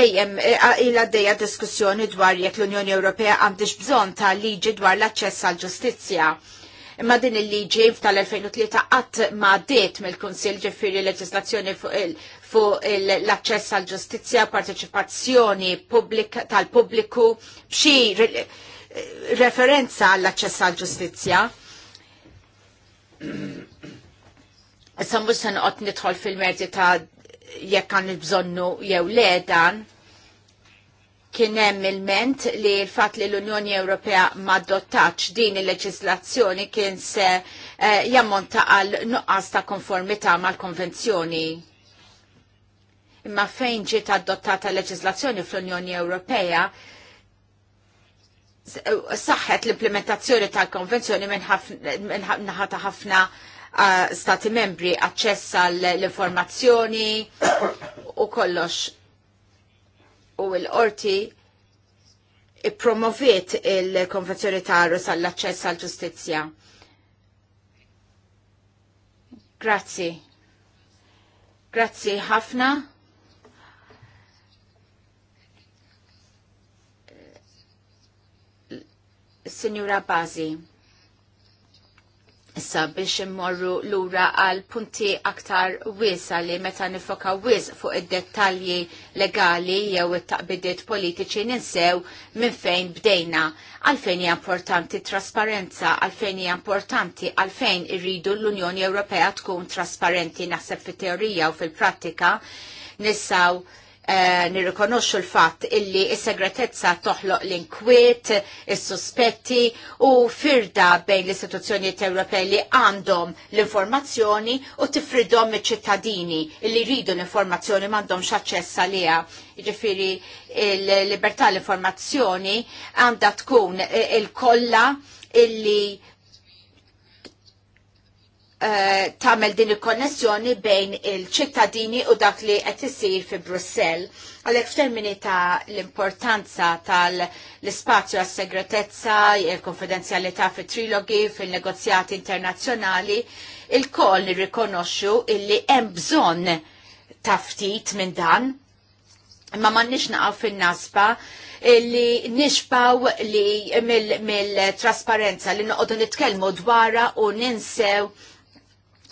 dejjem eh, ila dejja diskussjoni dwar jekk l-Unjoni Ewropea għandix bżonn ta' liġi dwar l-aċċess għall ġustizzja Imma din il-liġi tal-2003 qatt ma ddiet mill-Kunsill ġifieri leġislazzjoni fuq l-aċċess għal ġustizzja, partecipazzjoni tal-pubbliku b'xi referenza għall-aċċess għal ġustizzja. Issa mhux se noqgħod nidħol fil-merdi ta' jekk għan bżonnu jew le dan kien hemm il-ment li l-fatt li l-Unjoni Ewropea ma dottax din il-leġislazzjoni kien se eh, jammonta għal nuqqas ta' konformità mal-konvenzjoni. Imma fejn ġiet adottata leġislazzjoni fl-Unjoni Ewropea eh, saħħet l-implementazzjoni tal-konvenzjoni minnaħa ta' ħafna eh, stati membri aċċess għall informazzjoni u kollox u l-qorti ippromoviet il-Konvenzjoni ta' Arus għall-aċċess għall-ġustizzja. Grazzi. Grazzi ħafna. Signora Bazi. Issa biex immorru lura għal punti aktar wisa li meta nifoka wis fuq id-dettalji legali jew it-taqbidiet politiċi ninsew minn fejn bdejna, għalfejn hija importanti trasparenza, għalfejn hija importanti għalfejn irridu l-Unjoni Ewropea tkun trasparenti naħseb fit-teorija u fil-prattika nisaw Eh, nirrikonoxxu l-fatt illi is-segretezza toħloq l-inkwiet, is-suspetti u firda bejn l-istituzzjonijiet Ewropej li għandhom l-informazzjoni u tifridhom iċ-ċittadini illi jridu l-informazzjoni m'għandhomx aċċess għaliha. Jiġifieri l-libertà l-informazzjoni għandha tkun il-kollha illi tamel din il-konnessjoni bejn il-ċittadini u dak li qed isir fi Brussell. Għalhekk f'termini ta' l-importanza tal-ispazju għas-segretezza, il-konfidenzjalità fi trilogi, fil-negozjati internazzjonali, il-koll nirrikonoxxu illi hemm bżonn ta' ftit minn dan. Imma m'għandniex naqgħu fin-nasba li nixbaw li mill-trasparenza li noqogħdu nitkellmu dwarha u ninsew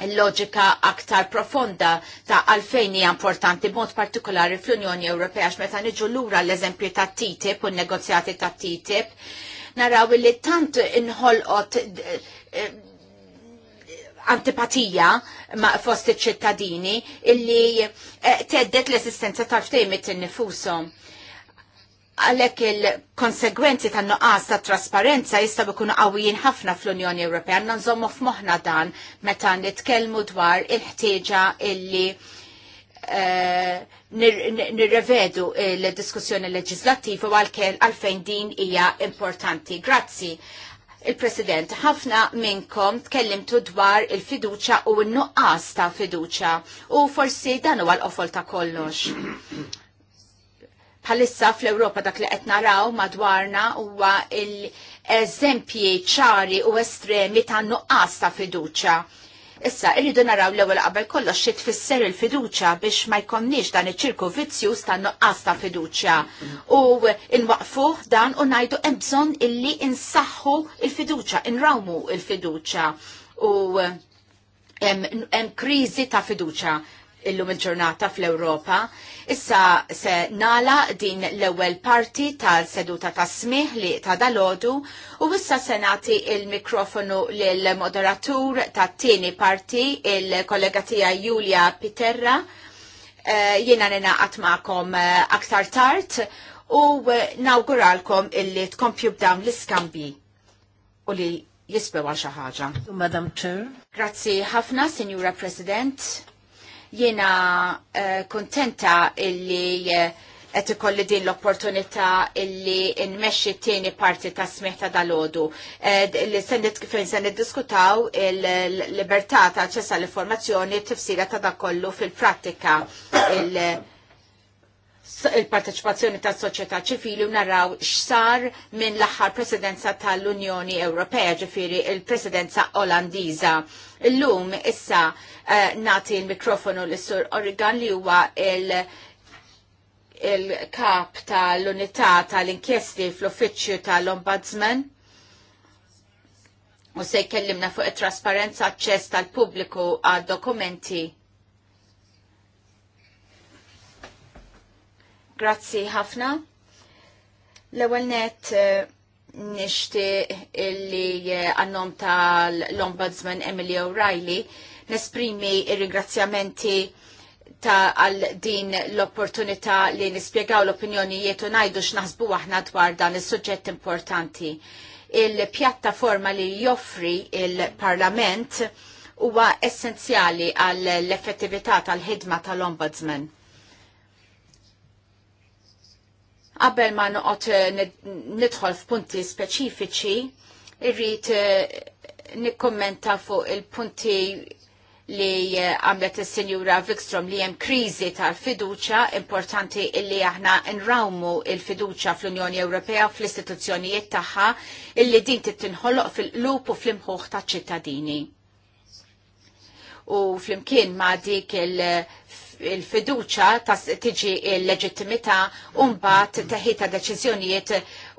il loġika aktar profonda ta' għalfejn hija importanti mod partikolari fl-Unjoni Ewropea għax meta niġu lura l-eżempju ta' TTIP u n-negozjati ta' TTIP naraw li tant inħolqot eh, eh, antipatija ma' fost iċ-ċittadini illi eh, teddet l-esistenza tal-ftejmit t nifusom għalek il-konsegwenzi tan nuqqas ta' trasparenza jistaw ikunu għawijin ħafna fl-Unjoni Ewropea, għanna nżommu f'moħna dan meta nitkellmu dwar il-ħtieġa illi eh, nirrevedu il-diskussjoni leġislattiva għalfejn din hija importanti. Grazzi. Il-President, ħafna minnkom tkellimtu dwar il-fiduċa u n-nuqqas ta' fiduċa u forsi dan huwa l-qofol ta' kollox. Palissa fl-Europa dak li qed naraw madwarna huwa l-eżempji ċari u estremi ta' nuqqas ta' fiduċa. Issa, irridu naraw l-ewwel qabel kollox xi tfisser il-fiduċja biex ma jkollniex dan iċ-ċirku vizzjuż ta' nuqqas ta' fiduċja. U nwaqfuh dan u ngħidu hemm bżonn illi insaħħu il-fiduċja, inrawmu il-fiduċja. U hemm kriżi ta' fiduċa illum il-ġurnata fl-Ewropa. Issa se nala din l-ewwel parti tal-seduta ta' smih li ta' dalodu u issa se nagħti il-mikrofonu lill-moderatur tat-tieni parti il-kollega tiegħi Julia Piterra. Uh, jiena ninaqat eh, aktar tard u eh, nawguralkom illi tkompju b'dawn l-iskambi u li jisbewa għal xi ħaġa. Madam Chair. Grazzi ħafna, Signora President. Jena eh, kontenta illi eh, qed ikolli din l-opportunità illi nmexxi t-tieni parti ta' smih ta' dalodu. Eh, li se fejn se niddiskutaw il-libertà ta' ċessa l-informazzjoni tifsira ta' dakollu fil-prattika il-parteċipazzjoni ta' soċjetà ċivili u naraw x'sar minn l-aħħar presidenza tal-Unjoni Ewropea, ġifieri il-presidenza Olandiża Illum issa eh, nati l-mikrofonu l-sur Oregon li huwa il- il-kap tal-unità tal-inkjesti fl-uffiċċju tal-ombudsman u se jkellimna fuq it-trasparenza ċess tal-pubbliku għad dokumenti. Grazzi ħafna. L-ewwel net uh, nishti illi eh, għannom tal-Ombudsman Emily O'Reilly nesprimi ir-ringrazzjamenti ta' għal din l-opportunità li nispiegaw l-opinjonijiet u najdu x'naħsbu aħna dwar dan is-suġġett importanti. Il-pjattaforma li joffri il-Parlament huwa essenzjali għall effettività tal-ħidma tal-Ombudsman. Qabel ma noqgħod eh, nidħol f'punti speċifiċi, irrid eh, nikkommenta fuq il-punti li eh, għamlet il-Sinjura Vikstrom li hemm kriżi tal-fiduċa importanti illi aħna nrawmu il-fiduċa fl-Unjoni Ewropea fl-istituzzjonijiet tagħha illi din tinħoloq fil qlub u fl-imħuħ ta' ċittadini. U fl-imkien ma' dik il- il-fiduċa tiġi il-leġittimità umbat teħita deċizjonijiet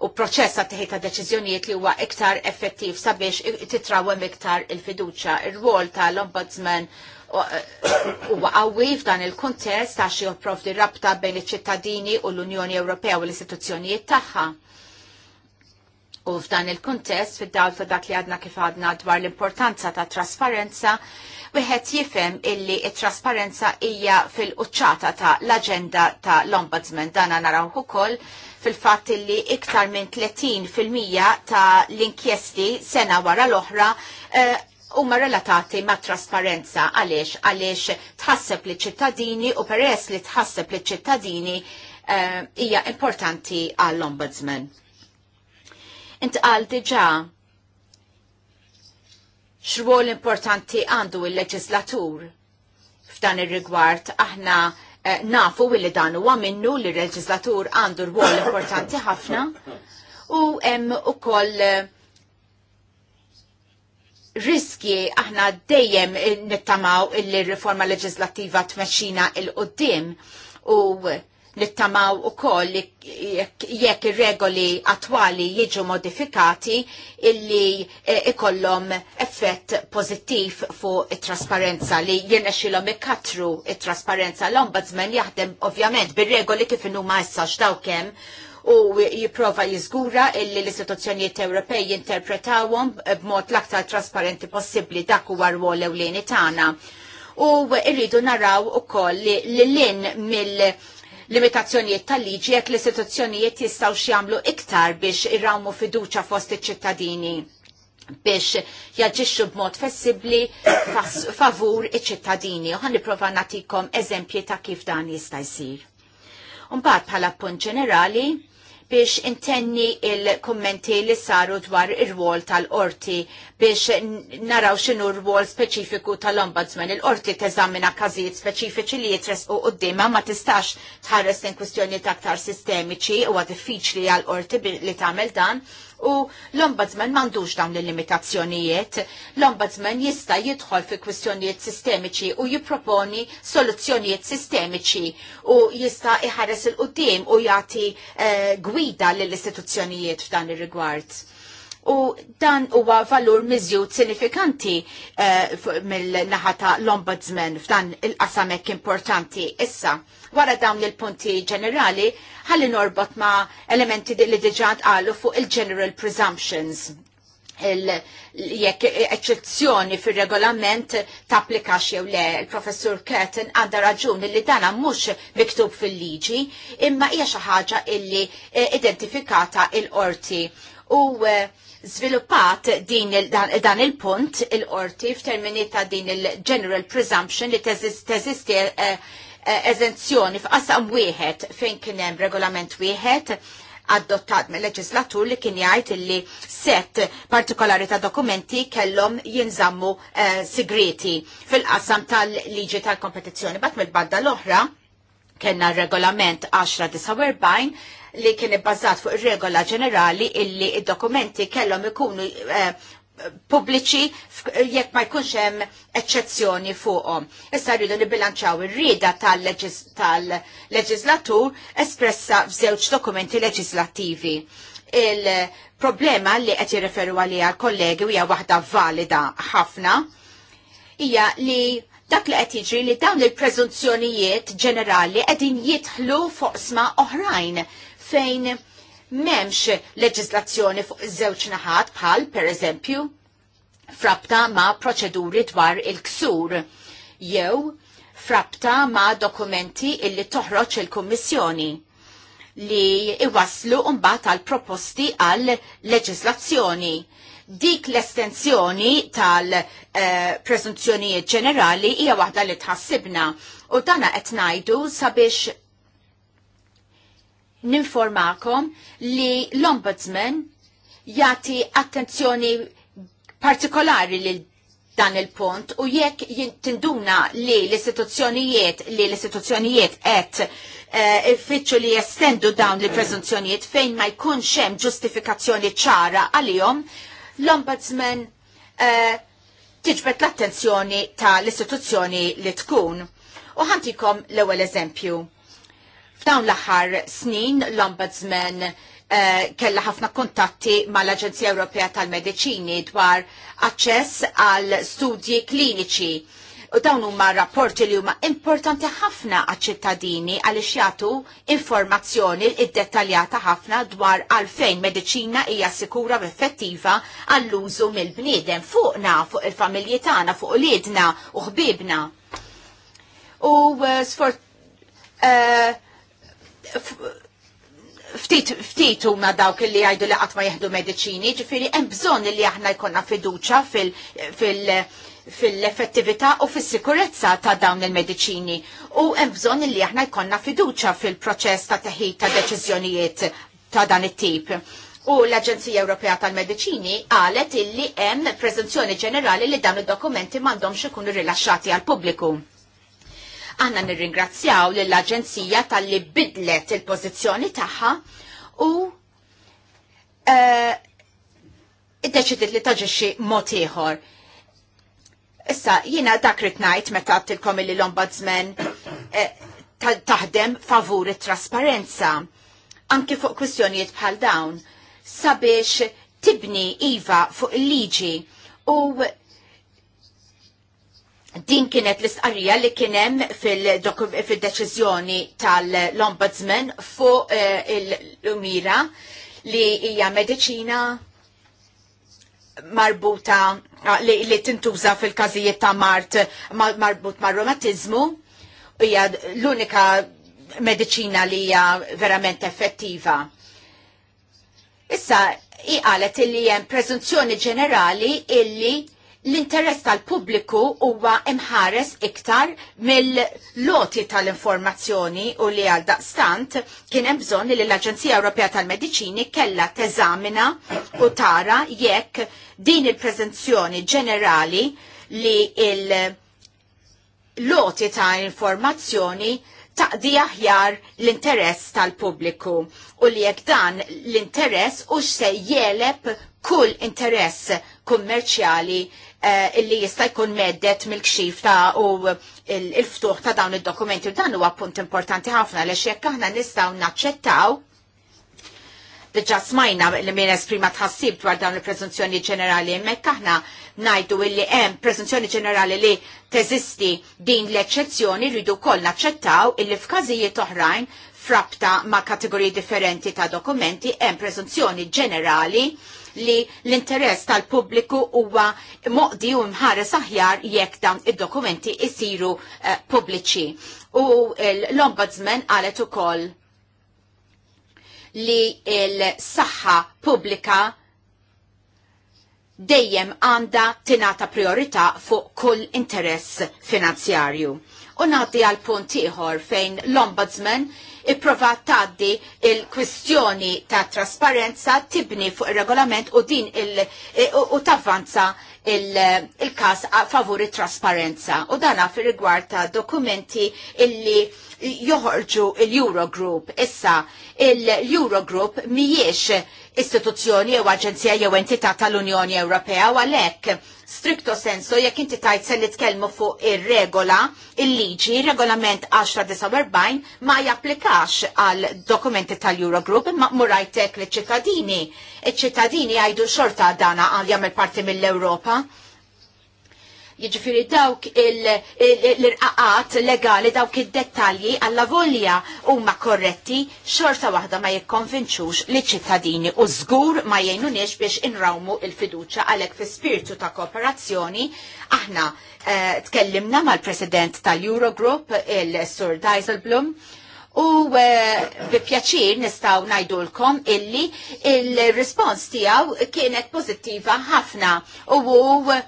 u proċessa teħita deċizjonijiet li huwa iktar effettiv sabiex titrawem iktar il-fiduċa. Ir-rwol tal-ombudsman uh, uh, huwa qawwi f'dan il-kuntest għax di rabta bejn iċ-ċittadini u l-Unjoni Ewropea u l-istituzzjonijiet tagħha. U f'dan il-kuntest, fid-dawl ta' dak li għadna kif għadna dwar l-importanza ta' trasparenza, wieħed jifhem illi t-trasparenza hija fil-quċċata ta' l-aġenda ta' l-Ombudsman dana naraw ukoll fil-fatt illi iktar minn 30% fil-mija ta' l-inkjesti sena wara l-oħra uh, huma relatati ma' trasparenza għaliex għaliex tħasseb li ċittadini u peress li tħasseb li ċittadini eh, hija uh, importanti għall-Ombudsman. Intqal diġa' x'rwol importanti għandu il-leġislatur. F'dan ir-rigward aħna eh, nafu li dan huwa minnu li l-leġislatur għandu rwol importanti ħafna u hemm ukoll eh, riski aħna dejjem eh, nittamaw il-riforma leġislattiva tmexxina il-qoddim u nittamaw u koll jekk regoli attwali jiġu modifikati illi e, ikollhom effett pozittiv fuq it-trasparenza li jirnexilhom xilom ikkatru trasparenza l-ombudsman jaħdem ovvjament bir-regoli kif huma issa x'dawk u jiprofa jizgura illi l-istituzzjonijiet Ewropej jinterpretawhom b'mod l-aktar trasparenti possibbli dak huwa rwol ewlieni tagħna. U rridu naraw ukoll li l-lin mill- limitazzjonijiet tal-liġi jekk l-istituzzjonijiet jistgħu jagħmlu iktar biex irrawmu fiduċja fost iċ-ċittadini biex jaġixxu b'mod fessibbli favur iċ-ċittadini. U ħanniprofa nagħtikom eżempji ta' kif dan jista' jsir. bħad bħala punt ġenerali, biex intenni il-kommenti li saru dwar ir wol tal-orti biex naraw xinu r wol speċifiku tal-ombudsman. Il-orti teżamina kazijiet speċifiċi li u qoddima ma tistax tħares in kwistjoni taktar sistemiċi u għad diffiċli għal-orti li tagħmel dan u l-ombudsman mandux dawn il-limitazzjonijiet. L-ombudsman jista' jidħol fi kwistjonijiet sistemiċi u jipproponi soluzzjonijiet sistemiċi u jista' iħares il-qudiem u jagħti eh, gwida lill-istituzzjonijiet f'dan ir-rigward u dan huwa valur miżjud sinifikanti eh, mill-naħa ta' l-ombudsman f'dan il qasamek importanti. Issa, wara dawn il-punti ġenerali ħalli norbot ma' elementi li diġà qalu fuq il-general presumptions jekk eccezzjoni fil-regolament ta' applikax jew le il-professur Curtin għanda raġun li dana mhux miktub fil-liġi imma hija xi ħaġa illi eh, identifikata il-qorti u eh, żviluppat din dan il-punt il-qorti f'termini ta' din il-general presumption li teżisti eh, Eh, eżenzjoni f'qasam wieħed fejn kien hemm regolament wieħed adottat mill leġislatur li kien jgħid li set partikolari ta' dokumenti kellhom jinżammu eh, segreti sigreti fil-qasam tal-liġi tal-kompetizzjoni. Bat mill-badda l-oħra kellna regolament 10-49 li kien ibbażat fuq ir-regola ġenerali illi id-dokumenti kellhom ikunu eh, pubbliċi jekk ma jkunx hemm eċċezzjoni fuqhom. Issa rridu nibbilanċaw ir-rieda tal-leġislatur espressa f'żewġ dokumenti leġislattivi. Il-problema li qed jirreferu għaliha l-kollegi hija waħda valida ħafna hija li dak li qed jiġri li dawn il-preżunzjonijiet ġenerali qegħdin jidħlu foqsma oħrajn fejn memx leġislazzjoni fuq iż-żewġ naħat bħal, per eżempju, frabta ma' proċeduri dwar il-ksur, jew frabta ma' dokumenti illi toħroġ il-Kummissjoni li iwaslu mbagħad għal proposti għal leġislazzjoni. Dik l-estensjoni tal-presunzjonijiet eh, ġenerali hija waħda li tħassibna u dana qed ngħidu sabiex ninformakom li l-Ombudsman jati attenzjoni partikolari lil dan il-punt u jekk tinduna li l-istituzzjonijiet li l-istituzzjonijiet qed iffiċċu eh, li jestendu dawn li preżunzjonijiet fejn ma jkunx hemm ġustifikazzjoni ċara għalihom, l-Ombudsman eh, tiġbed l-attenzjoni tal istituzzjoni li tkun. U ħantikom l-ewwel eżempju. F'dawn l-aħħar snin l-Ombudsman kellha kella ħafna kontatti mal-Aġenzija Ewropea tal-Mediċini dwar aċċess għal studji kliniċi. U dawn huma rapporti li huma importanti ħafna għaċ-ċittadini għaliex jagħtu informazzjoni iddettaljata ħafna dwar għalfejn mediċina hija sikura u effettiva għall-użu mill-bniedem fuqna, fuq il-familji tagħna, fuq uliedna u ħbiebna. U eh, sfort uh, ftit ftit huma dawk li jgħidu li qatt ma jeħdu mediċini, ġifieri hemm bżonn li aħna jkollna fiduċja fil-effettività u fis-sikurezza ta' dawn il-mediċini u hemm bżonn li aħna jkollna fiduċja fil-proċess ta' teħid ta' deċiżjonijiet ta' dan it-tip. U l-Aġenzija Ewropea tal-Mediċini qalet illi hemm prezenzjoni ġenerali li dawn id-dokumenti m'għandhomx ikunu rilaxxati għal pubbliku. Għanna nirringrazzjaw l-Aġenzija tal-li bidlet il-pozizjoni tagħha u eh, id-deċidit li taġiċi motiħor. Issa, jina dak ritnajt meta għattilkom li l-ombudsman eh, taħdem favur trasparenza anki fuq kwistjonijiet bħal dawn sabiex tibni iva fuq il-liġi u Din kienet l-istqarrija li kienem fil-deċizjoni fil deċizjoni tal ombudsman fuq l eh, il li hija medicina marbuta ah, li, li tintuża fil-każijiet ta' mart marbut mar romatizmu hija l-unika medicina li hija verament effettiva. Issa, i qalet illi hemm preżunzjoni ġenerali illi l-interess tal-pubbliku huwa imħares iktar mill-loti tal-informazzjoni u li għal daqstant kien hemm bżonn li l-Aġenzija Ewropea tal-Mediċini kellha teżamina u tara jekk din il-preżenzjoni ġenerali li il-loti ta' informazzjoni taqdi aħjar l-interess tal-pubbliku u li jekk dan l-interess u se jeleb kull interess kummerċjali Eh, illi jista' jkun meddet mill-kxif ta' u il-ftuħ ta' dawn id-dokumenti u dan huwa punt importanti ħafna għaliex jekk aħna nistgħu naċċettaw Diġà smajna li minn esprima tħassib dwar dawn il-prezunzjoni ġenerali, mekk aħna najdu illi hemm prezunzjoni ġenerali li teżisti din l-eċċezzjoni rridu koll naċċettaw illi f'każijiet oħrajn frabta ma' kategoriji differenti ta' dokumenti hemm prezunzjoni ġenerali li l-interess tal-pubbliku huwa moqdi u mħares aħjar jekk dawn id-dokumenti isiru uh, pubbliċi. U l-Ombudsman qalet ukoll li l-saħħa pubblika dejjem għanda tinata priorità fuq kull interess finanzjarju. U naddi għal punt ieħor fejn l-Ombudsman ipprova taddi il-kwistjoni ta' trasparenza tibni fuq il-regolament u din il- u tavvanza il-kas il favuri trasparenza u dana fil rigward ta' dokumenti illi joħorġu l-Eurogroup. Issa, l-Eurogroup miex istituzzjoni jew aġenzija jew entità tal-Unjoni Ewropea u għalhekk strikto senso jekk inti tajt se nitkellmu fuq ir-regola, il-liġi, regolament 1049 ma japplikax għal dokumenti tal-Eurogroup imma murajtek li ċittadini. Iċ-ċittadini għajdu xorta dana għal jagħmel parti mill-Ewropa Jiġifieri dawk l-irqaqat legali dawk id-dettalji għalla volja huma korretti xorta waħda ma jikkonvinċux li ċittadini u żgur ma jgħinuniex biex inrawmu il-fiduċa għalhekk fi spiritu ta' kooperazzjoni aħna eh, tkellimna mal-President tal-Eurogroup il-Sur Dijsselblum u eh, bi pjaċir nistaw najdulkom illi il-respons tijaw kienet pozittiva ħafna u eh,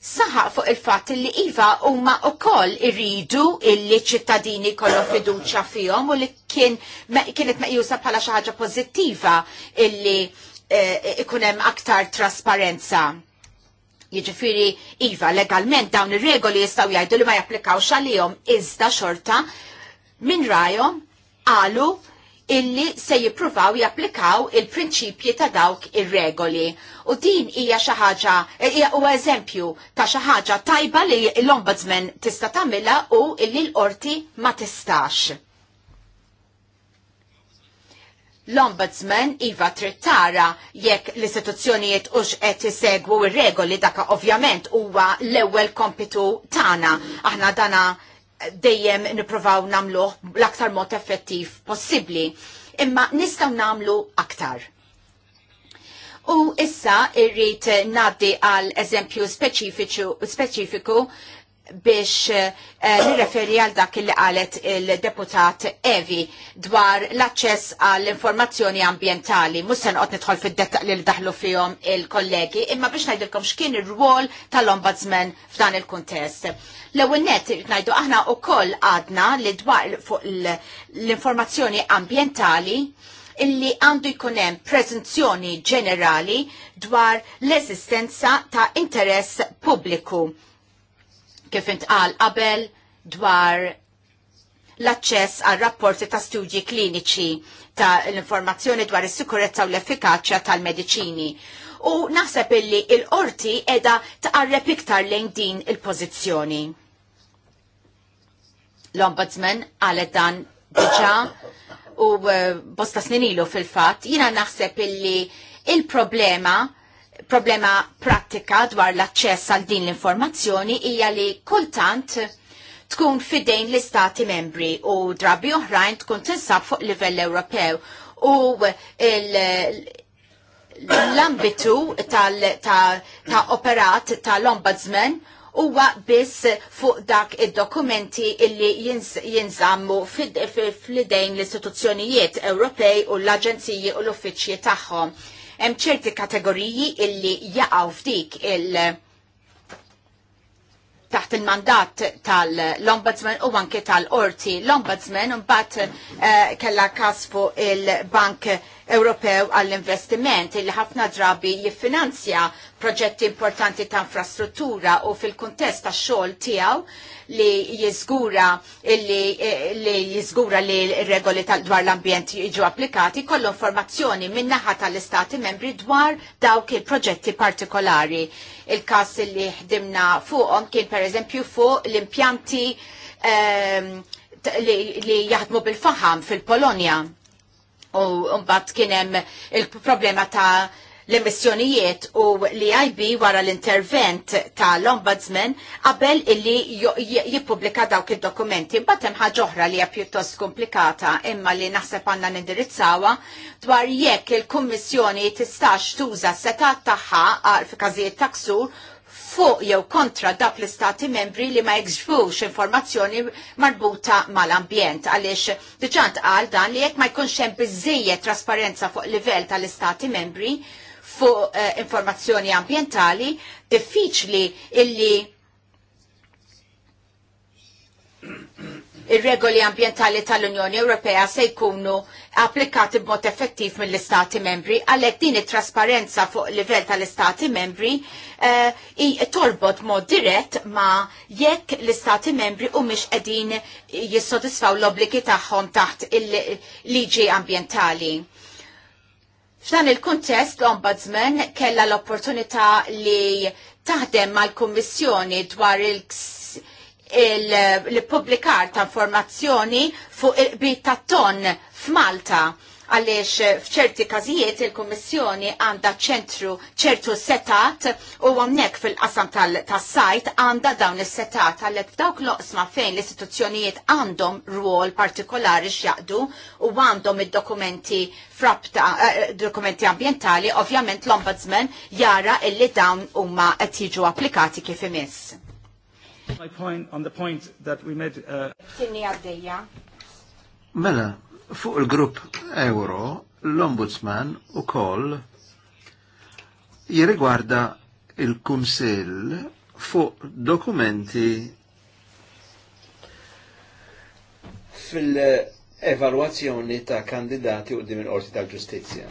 saħaq fuq il fat li iva huma wkoll irridu illi ċittadini kollu fiduċja fihom u li kien kienet meqjusa bħala xi ħaġa pożittiva illi eh, ikun hemm aktar trasparenza. Jiġifieri iva legalment dawn ir-regoli jistgħu jgħidu li ma japplikawx għalihom iżda xorta minn rajhom qalu illi se jippruvaw japplikaw il-prinċipji ta' dawk ir-regoli. U din hija xi ħaġa e, u eżempju ta' xi ħaġa tajba li l-Ombudsman tista' tagħmilha u li l-qorti ma tistax. L-Ombudsman iva trid tara jekk l-istituzzjonijiet hux qed isegwu ir-regoli dakka ovvjament huwa l-ewwel kompitu tagħna. Aħna dana dejjem nipprovaw namluh l-aktar mod effettiv possibbli. Imma nistgħu namlu aktar. U issa irrit naddi għal eżempju speċifiku biex eh, nirreferi għal dak li qalet il-deputat Evi dwar l-aċċess għall informazzjoni ambientali. Mhux se nitħol nidħol fid li li daħlu fihom il-kollegi, imma biex ngħidilkom x'kien ir-rwol tal-ombudsman f'dan il-kuntest. L-ewwel nett ngħidu aħna wkoll għadna li dwar fuq l-informazzjoni ambientali illi għandu jkunem prezenzjoni ġenerali dwar l-esistenza ta' interess pubbliku. Kif intqal qabel dwar l-aċċess għal rapporti ta' studji kliniċi ta' l-informazzjoni dwar is-sikurezza u l-effikaċja tal-mediċini. U naħseb illi il-qorti edha taqarreb iktar lejn din il-pożizzjoni. L-Ombudsman għalet dan diġa u bosta sninilu fil-fat, jina naħseb illi il-problema problema pratika dwar l-aċċess għal din l-informazzjoni hija li kultant tkun fidejn l-istati membri u drabi oħrajn tkun tinsab fuq livell Ewropew u l-ambitu tal-operat tal-ombudsman huwa biss fuq dak id-dokumenti illi jinżammu fl-idejn l-istituzzjonijiet Ewropej u l-aġenziji u l uffiċċji tagħhom. Hemm ċerti kategoriji illi jaqgħu f'dik il- taħt il-mandat tal-Ombudsman u anke tal-Orti. L-Ombudsman mbagħad kellha kella kasfu il-Bank Ewropew għall-investiment li ħafna drabi jiffinanzja proġetti importanti ta' infrastruttura u fil-kuntest ta' xogħol tiegħu li jiżgura li jiżgura li regoli dwar l-ambjent jiġu applikati kollu informazzjoni min-naħa tal-istati membri dwar dawk il-proġetti partikolari. Il-każ li ħdimna fuqhom kien pereżempju fuq l-impjanti ehm, li jaħdmu bil-faħam fil-Polonja U mbagħad kien hemm il-problema ta' l-emissjonijiet u li IB wara l-intervent ta' l-Ombudsman qabel illi jippubblika dawk id-dokumenti. Mbagħad hemm ħaġa oħra li hija pjuttost komplikata imma li naħseb għandna nindirizzawha dwar jekk il-Kummissjoni tistax tuża setat tagħha għal ah, każijiet ta' ksur fuq jew kontra dak l-istati membri li ma jgżbux informazzjoni marbuta mal-ambjent għaliex diġant għal dan li jekk ma jkunx hemm biżejjed trasparenza fuq livell tal-istati membri fuq eh, informazzjoni ambientali diffiċli illi ir-regoli ambientali tal-Unjoni Ewropea se jkunu applikati b'mod effettiv mill-Istati membri, għalhekk din it-trasparenza fuq livell tal-Istati membri uh, torbot mod dirett ma jekk l-Istati membri u mhix qegħdin jissodisfaw l-obbligi tagħhom taħt il-liġi ambientali. F'dan il-kuntest l-Ombudsman kella l-opportunità li taħdem mal-Kummissjoni dwar il-ks il-publikar ta' informazzjoni fuq il-bit ta' ton f'Malta għaliex fċerti kazijiet il-Kommissjoni għanda ċentru ċertu setat u għamnek fil-qasam tal-sajt għanda dawn is-setat għallek f'dawk loqsma fejn l-istituzzjonijiet għandhom ruol partikolari x'jaqdu u għandhom id-dokumenti frapta, eh, dokumenti ambientali, ovvjament l-Ombudsman jara illi dawn huma qed jiġu applikati kif imiss. My point on the point that we made. Uh, Tinni Mela, fuq il-grupp Euro, l-Ombudsman u koll jirigwarda il-Kumsil fuq dokumenti fil-evaluazzjoni ta' kandidati u dimin orti tal-ġustizja.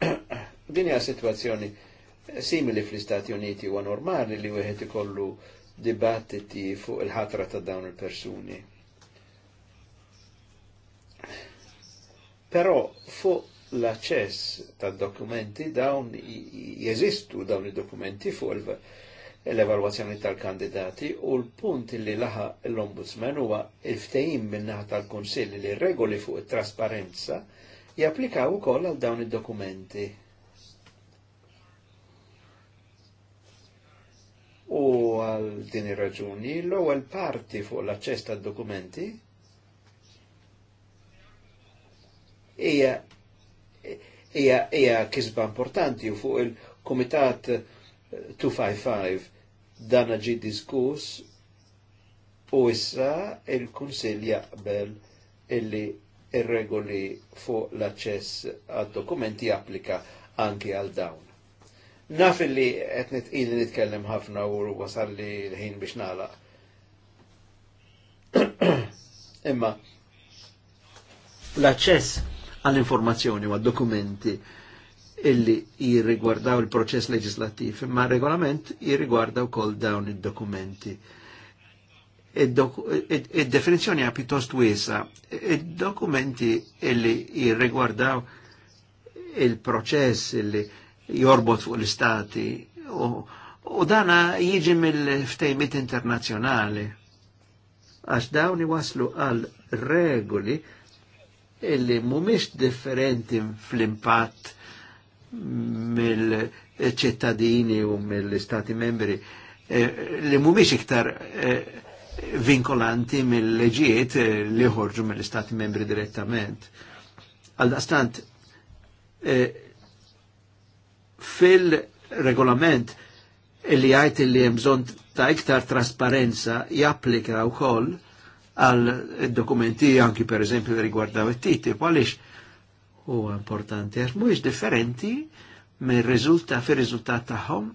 Din hija situazzjoni simili fl-Istati Uniti u normali li wieħed ikollu dibattiti fuq il-ħatra ta' dawn il-persuni. Però fuq l-aċċess ta' dokumenti dawn jeżistu dawn il dokumenti fuq l-evalwazzjoni tal-kandidati u l-punt li laħa l-ombudsman huwa il-ftehim minnaħa naħa tal-Kunsill li regoli fuq it-trasparenza japplikaw ukoll għal dawn id-dokumenti U għal din ir-raġuni l-ewwel parti fuq l-aċċess tad-dokumenti hija hija hija kisba importanti u fuq il-Kumitat 255 dan ġi diskuss u issa il-Kunsill jaqbel illi ir-regoli fuq l-aċċess għad-dokumenti applika anki għal dawn. Naf li qed nitqili nitkellem ħafna u wasal li l-ħin biex nagħlaq. Imma l-aċċess għall-informazzjoni u għad-dokumenti illi jirrigwardaw il-proċess leġislattiv, imma regolament jirrigwardaw kol dawn id-dokumenti. Id-definizjoni għapi pjuttost wisa, id-dokumenti illi jirrigwardaw il-proċess illi jorbot fuq l-istati u dana jiġi mill-ftejmit internazjonali għax dawn waslu għal regoli illi mumiex differenti fl-impatt mill-ċittadini u mill-istati membri eh, li mumiex iktar eh, vinkolanti mill-leġijiet eh, li ħorġu mill-istati membri direttament. Għal-dastant, fil-regolament illi għajt illi jemżont ta' iktar trasparenza japplika u koll għal dokumenti anki per eżempju rigwardaw it-titip, għalix u importanti, għax mux differenti me rizulta fir rizultat tagħhom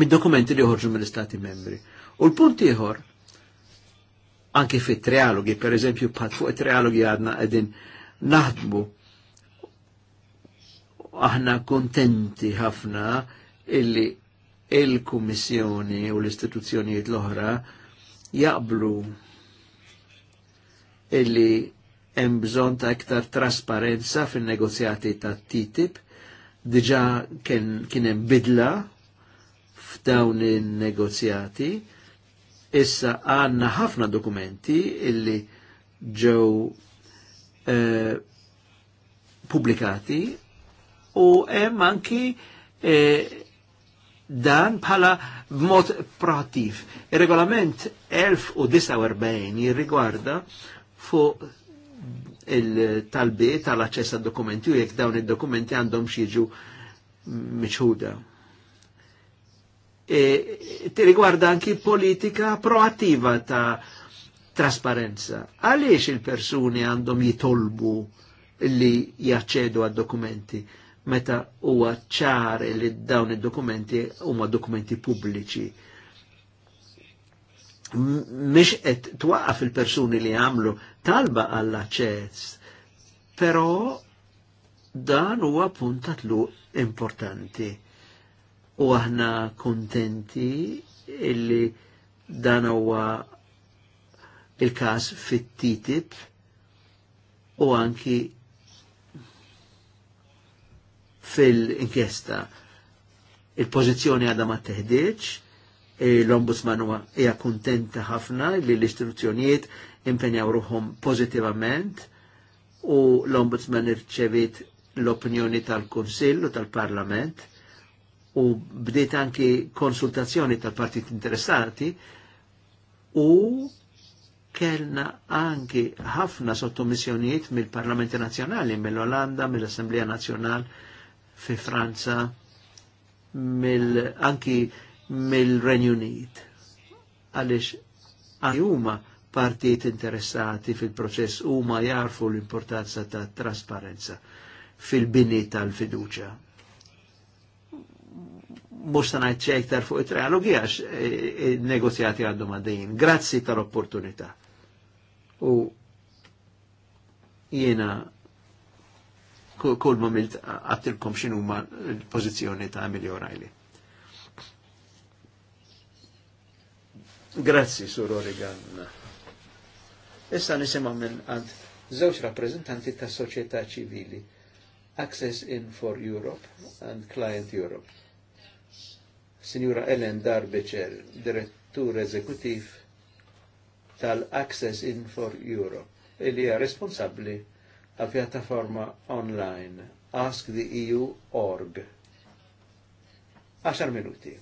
mid dokumenti li uħorġu mill-Istati membri. U l-punt iħor, anki fit trialogi per eżempju, pat fuq trialogi għadna għedin naħdmu Aħna kontenti ħafna illi il-Kummissjoni u l-istituzzjonijiet l-oħra jaqblu illi hemm bżonn ta' iktar trasparenza fin-negozjati ta' TTIP diġà kien hemm bidla f'dawn in-negozjati. Issa għandna ħafna dokumenti illi ġew eh, pubblikati u hemm anki eh, dan bħala b'mod proattiv. Il-regolament 1049 jirrigwarda fuq il-talbiet tal-aċċess għad dokumenti u jekk dawn id-dokumenti għandhom xieġu miċħuda. E, ti rigwarda anki politika proattiva ta' trasparenza. Għaliex il-persuni għandhom jitolbu li jaċċedu għad dokumenti? meta huwa ċar li dawn id-dokumenti huma dokumenti pubbliċi. Mhix qed twaqaf il-persuni li għamlu talba għall aċċess però dan huwa punt tatlu importanti. U aħna kontenti illi dan huwa il-każ fit-TTIP u anki fil-inkjesta. Il-pożizzjoni għadha ma teħdiċ, l-ombudsman hija kuntenta ħafna li l-istituzzjonijiet impenjaw ruħhom pożittivament u l-ombudsman irċevit l-opinjoni tal-Kunsill u tal-Parlament u bdiet anki konsultazzjoni tal-partit interessati u kellna anki ħafna sottomissjonijiet mill-Parlamenti Nazzjonali, mill-Olanda, mill-Assemblea Nazzjonali fi Franza mill anki mill-Renju Unit. Għaliex huma partijiet interessati fil-proċess huma jarfu l-importanza ta' trasparenza fil-bini tal-fiduċa. Mux ta' najt ċejtar fuq it-trialogi għax e, e, negozjati għaddu maddejn. Grazzi tal-opportunità. U jena kol moment għattilkom xinu ma l-pozizjoni ta' Emily O'Reilly. Grazzi, Sur Oregan. Issa nisema minn għand zewċ rappresentanti ta' soċieta ċivili, Access in for Europe and Client Europe. Signora Ellen Darbecer, direttur eżekutiv tal-Access in for Europe, illi hija responsabbli għal pjattaforma online asktheeu.org. 10 minuti.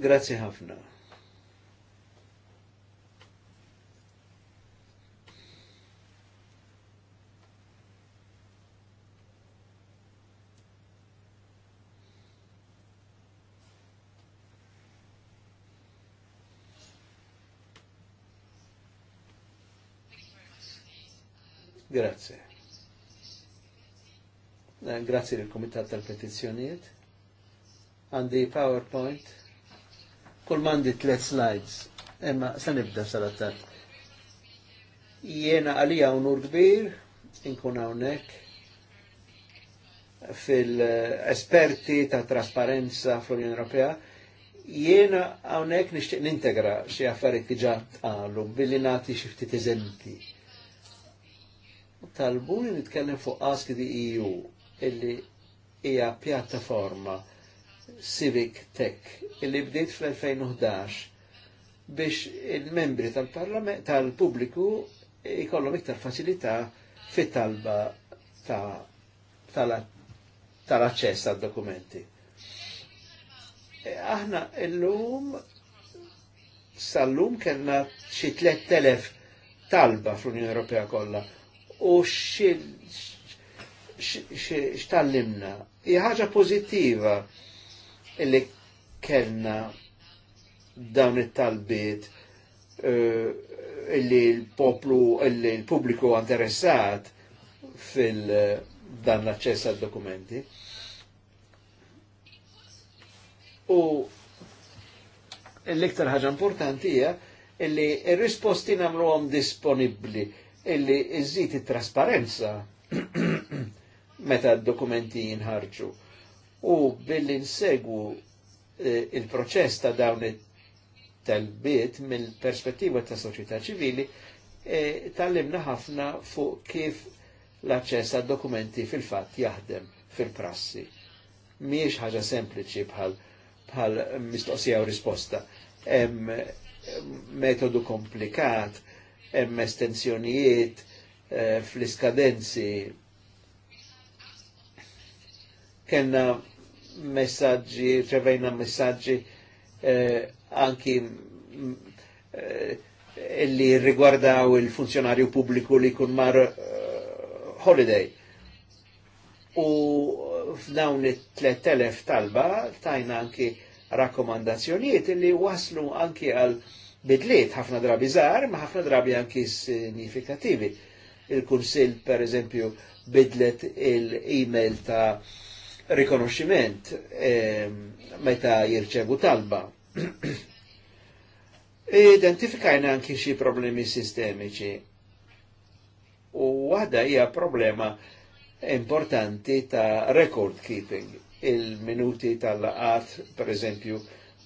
Grazie ħafna. Grazie. Eh, grazie lill Comitato tal-Petizzjonijiet. Għandi PowerPoint. Kull mandi tliet slides. Emma se nibda sal-attat. Jiena għalija unur kbir, inkun hawnhekk fil-esperti ta' trasparenza fl-Unjoni Ewropea, jiena hawnhekk nixtieq nintegra xi affarijiet diġà għalu, billi nagħti xi ftit eżempji talbuni nitkellem fuq Ask the EU illi hija pjattaforma Civic Tech illi bdiet fl-2011 biex il-membri tal-parlament tal-pubbliku ikollhom iktar faċilità fit-talba tal-aċċess ta għad-dokumenti. E aħna illum sal-lum kellna xi 3000 talba fl-Unjoni Ewropea kollha u x'tallimna. Hija ħaġa pożittiva illi kellna dawn it-talbiet uh, illi l-poplu, illi l-pubbliku interessat fil dan l-aċċess għal dokumenti. U l-iktar ħaġa importanti hija illi il-risposti namlu għom disponibli illi iżżid it-trasparenza meta d-dokumenti jinħarġu u billi nsegwu eh, il-proċess ta' dawn it-talbiet mill-perspettiva ta' soċjetà ċivili e, tal-limna ħafna fuq kif l-aċċess għad dokumenti fil-fatt jaħdem fil-prassi. Miex ħaġa sempliċi bħal bħal mistoqsija u risposta. metodu komplikat hemm estensjonijiet eh, fl-iskadenzi. Kenna messaġġi, ċevejna messaġġi eh, anki eh, li rigwardaw il-funzjonarju pubbliku li kun mar holiday. U f'dawn it-3000 talba tajna anki rakkomandazzjonijiet li waslu anki għal bidliet ħafna drabi żgħar ma ħafna drabi anki signifikativi. Il-Kunsill per eżempju bidlet il-email ta' rikonoxximent ehm, meta jirċevu talba. Identifikajna anki xi problemi sistemiċi. U għada hija problema importanti ta' record keeping. Il-minuti tal-laqat, per eżempju,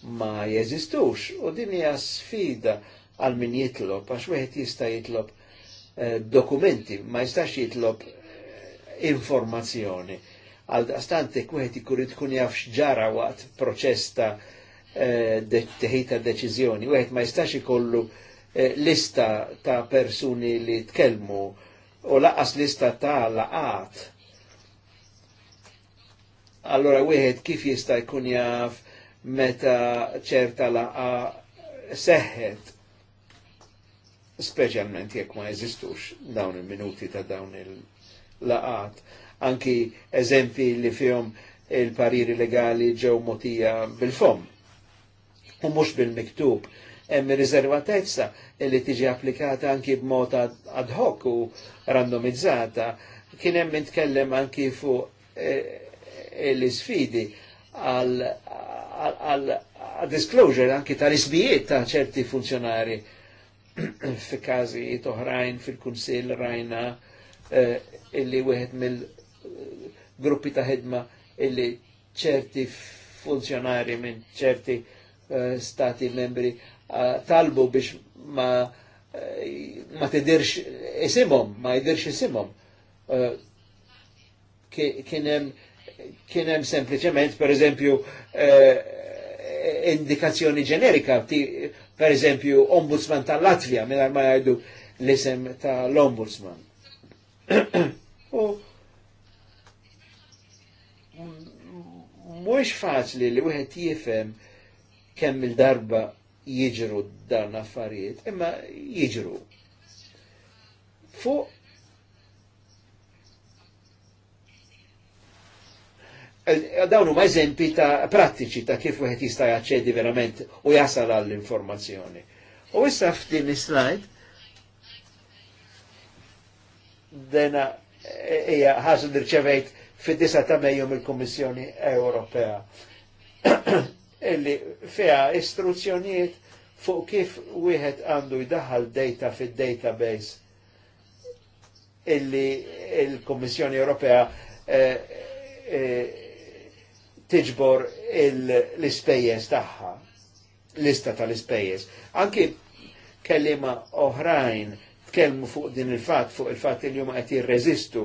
ma jeżistux u din hija sfida għal min jitlob, għax wieħed jista' jitlob eh, dokumenti, ma jistax jitlob eh, informazzjoni. Għal daqstanti wieħed ikun tkun jaf x'ġara waqt proċess ta' eh, teħita deċiżjoni, wieħed ma jistax ikollu eh, lista ta' persuni li tkellmu u laqas lista ta' laqat. Allora wieħed kif jista' jkun jaf meta ċerta laqa seħħet specialment jekk ma jeżistux dawn il-minuti ta' dawn il-laqat. Anki eżempi li fihom il-pariri legali ġew motija bil-fom. U mhux bil-miktub. Hemm riservatezza li tiġi applikata anki b'mod ad hoc u randomizzata. Kien hemm nitkellem anki fuq il eh, l-isfidi għal-disclosure anki tal-isbijiet ta' ċerti funzjonari fi kazi toħrajn fil-kunsil rajna eh, illi wieħed mill-gruppi eh, ta' ħidma illi ċerti funzjonari minn ċerti eh, stati membri talbu biex ma ma tidirx isimhom, ma jidirx isimhom. Kien hemm kien hemm sempliċement eżempju, eh, indikazzjoni ġenerika, eżempju, ombudsman tal Latvia, mingħajr ma jgħidu l-isem tal-ombudsman. U mhuwiex faċli li wieħed jifhem kemm il-darba jiġru dan affarijiet, imma jiġru. Fuq Eh, dawn huma eżempi ta' prattiċi ta' kif wieħed jista' jaċċedi verament u jasal għall informazzjoni U issa f'din is-slide dena hija e, ħażu nirċevejt fid-disa ta' Mejju mill-Kummissjoni Ewropea. Illi feha istruzzjonijiet fuq kif wieħed għandu jdaħħal data fid-database illi il kummissjoni Ewropea eh, eh, tiġbor l-ispejjeż tagħha, lista tal-ispejjeż. Anki kellima oħrajn tkellmu fuq din il-fatt, fuq il-fatt li huma qed jirreżistu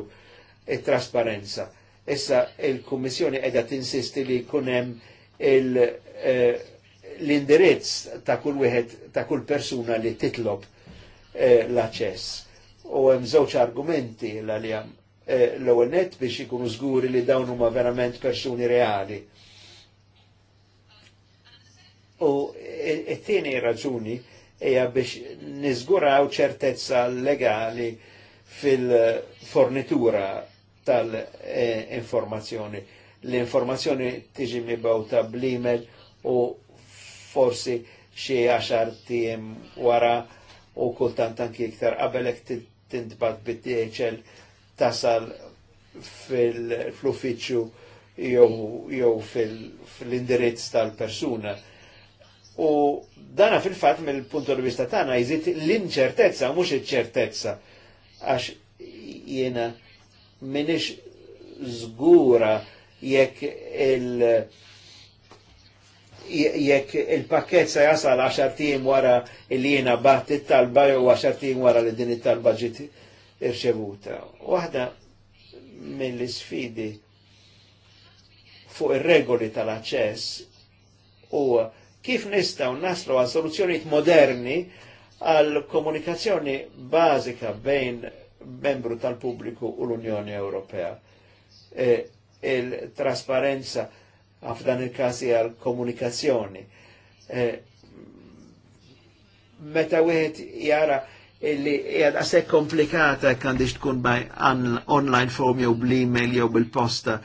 it-trasparenza. Issa il-Kummissjoni qiegħda tinsisti li jkun hemm eh, l-indirizz ta' kull wieħed ta' kull persuna li titlob eh, l-aċċess. U hemm żewġ argumenti l-għalija Eh, l-ewwel net biex ikunu żguri li dawn huma verament persuni reali. U t e-, tieni raġuni hija biex niżguraw ċertezza legali fil-fornitura tal-informazzjoni. L-informazzjoni tiġi mibawta bl-email u forsi xie għaxar tijem wara u kultant anki iktar qabelek tintbat bid-DHL tasal fil-uffiċċju jew fil-indirizz tal-persuna. U dana fil-fat mill-punt di vista tagħna jizit l-inċertezza mhux iċ-ċertezza għax jiena minix zgura jekk il- jekk il-pakket se jasal 10 tim wara li jiena baħt it-talba jew 10 tim wara li din it-talba ġiti irċevuta. Waħda mill-sfidi fuq ir-regoli tal-aċċess u kif nistaw naslu għal soluzzjonijiet moderni għal komunikazzjoni bażika bejn membru tal-pubbliku u l-Unjoni Ewropea. E, Il-trasparenza għafdan il-kasi għal komunikazzjoni. E, meta wieħed jara illi jgħad għasek komplikata għandix tkun by online form jew bl-email jew bil-posta.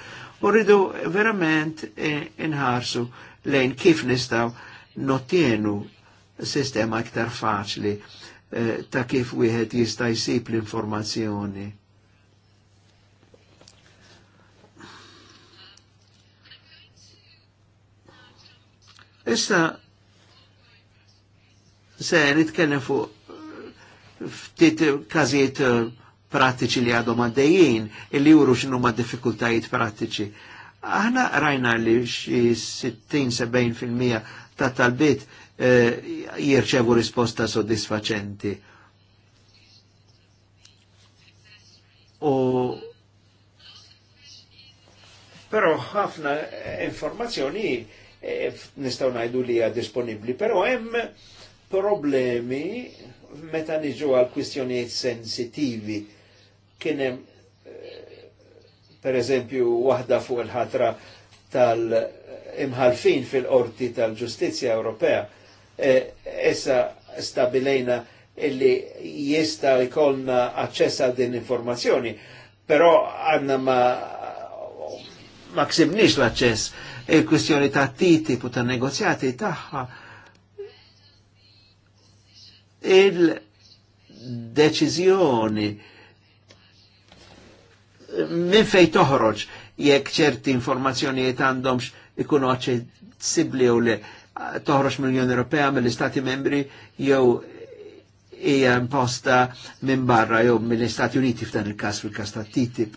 U rridu verament eh, inħarsu lejn kif nistaw notienu sistema iktar faċli eh, ta' kif wieħed jista' jsib l-informazzjoni. Issa se nitkellem fuq ftit eh, każijiet eh, pratiċi li għadhom għaddejjin illi juru x'inhu ma' diffikultajiet pratiċi. Aħna rajna li xi 60-70% ta' talbiet eh, jirċevu risposta soddisfaċenti. U Però ħafna informazzjoni nistgħu ngħidu li hija disponibbli, però hemm problemi meta niġu għal kwistjonijiet sensitivi kienem eh, per eżempju waħda fuq il-ħatra tal-imħalfin fil-qorti tal-ġustizja Ewropea. Eh, essa stabilejna illi jista jkollna aċċess għal din informazzjoni, però għanna ma ma l-aċċess il-kwistjoni ta' titip u ta' negozjati tagħha il-deċizjoni minn fej toħroġ jekk ċerti informazzjonijiet għandhomx ikunu sibli u li toħroġ mill-Unjoni Ewropea mill-Istati membri jew hija imposta minn barra jew mill-Istati Uniti f'dan il-każ fil-każ ta' TTIP.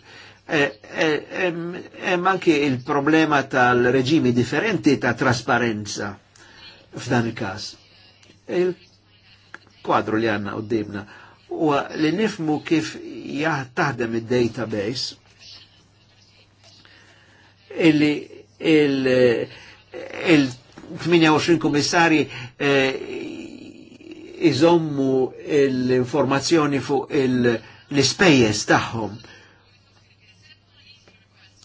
Hemm e, e anke il-problema tal-reġimi differenti ta' trasparenza f'dan il-każ. il każ il-kwadru li għanna u d-dibna. U li nifmu kif taħdem il-database illi il-28 il komissari eh, iżommu l-informazzjoni fuq l spejjes tagħhom.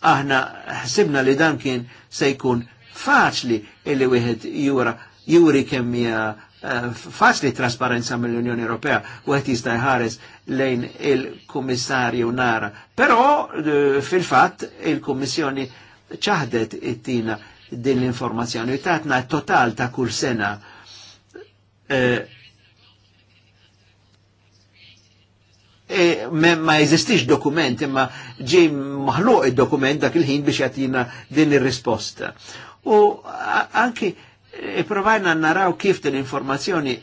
Aħna ħsibna li dan kien se jkun faċli illi wieħed jura juri kemm hija Eh, fasli trasparenza mill-Unjoni Ewropea u għet jista' jħares lejn il-Kummissarju nara. Però eh, fil-fatt il-Kummissjoni ċaħdet it-tina din l-informazzjoni u tatna total ta' kull sena. E, ma jeżistix dokument, imma ġi maħluq id-dokument dak il-ħin biex jatina din ir-risposta. U anki Iprovajna naraw kif din informazzjoni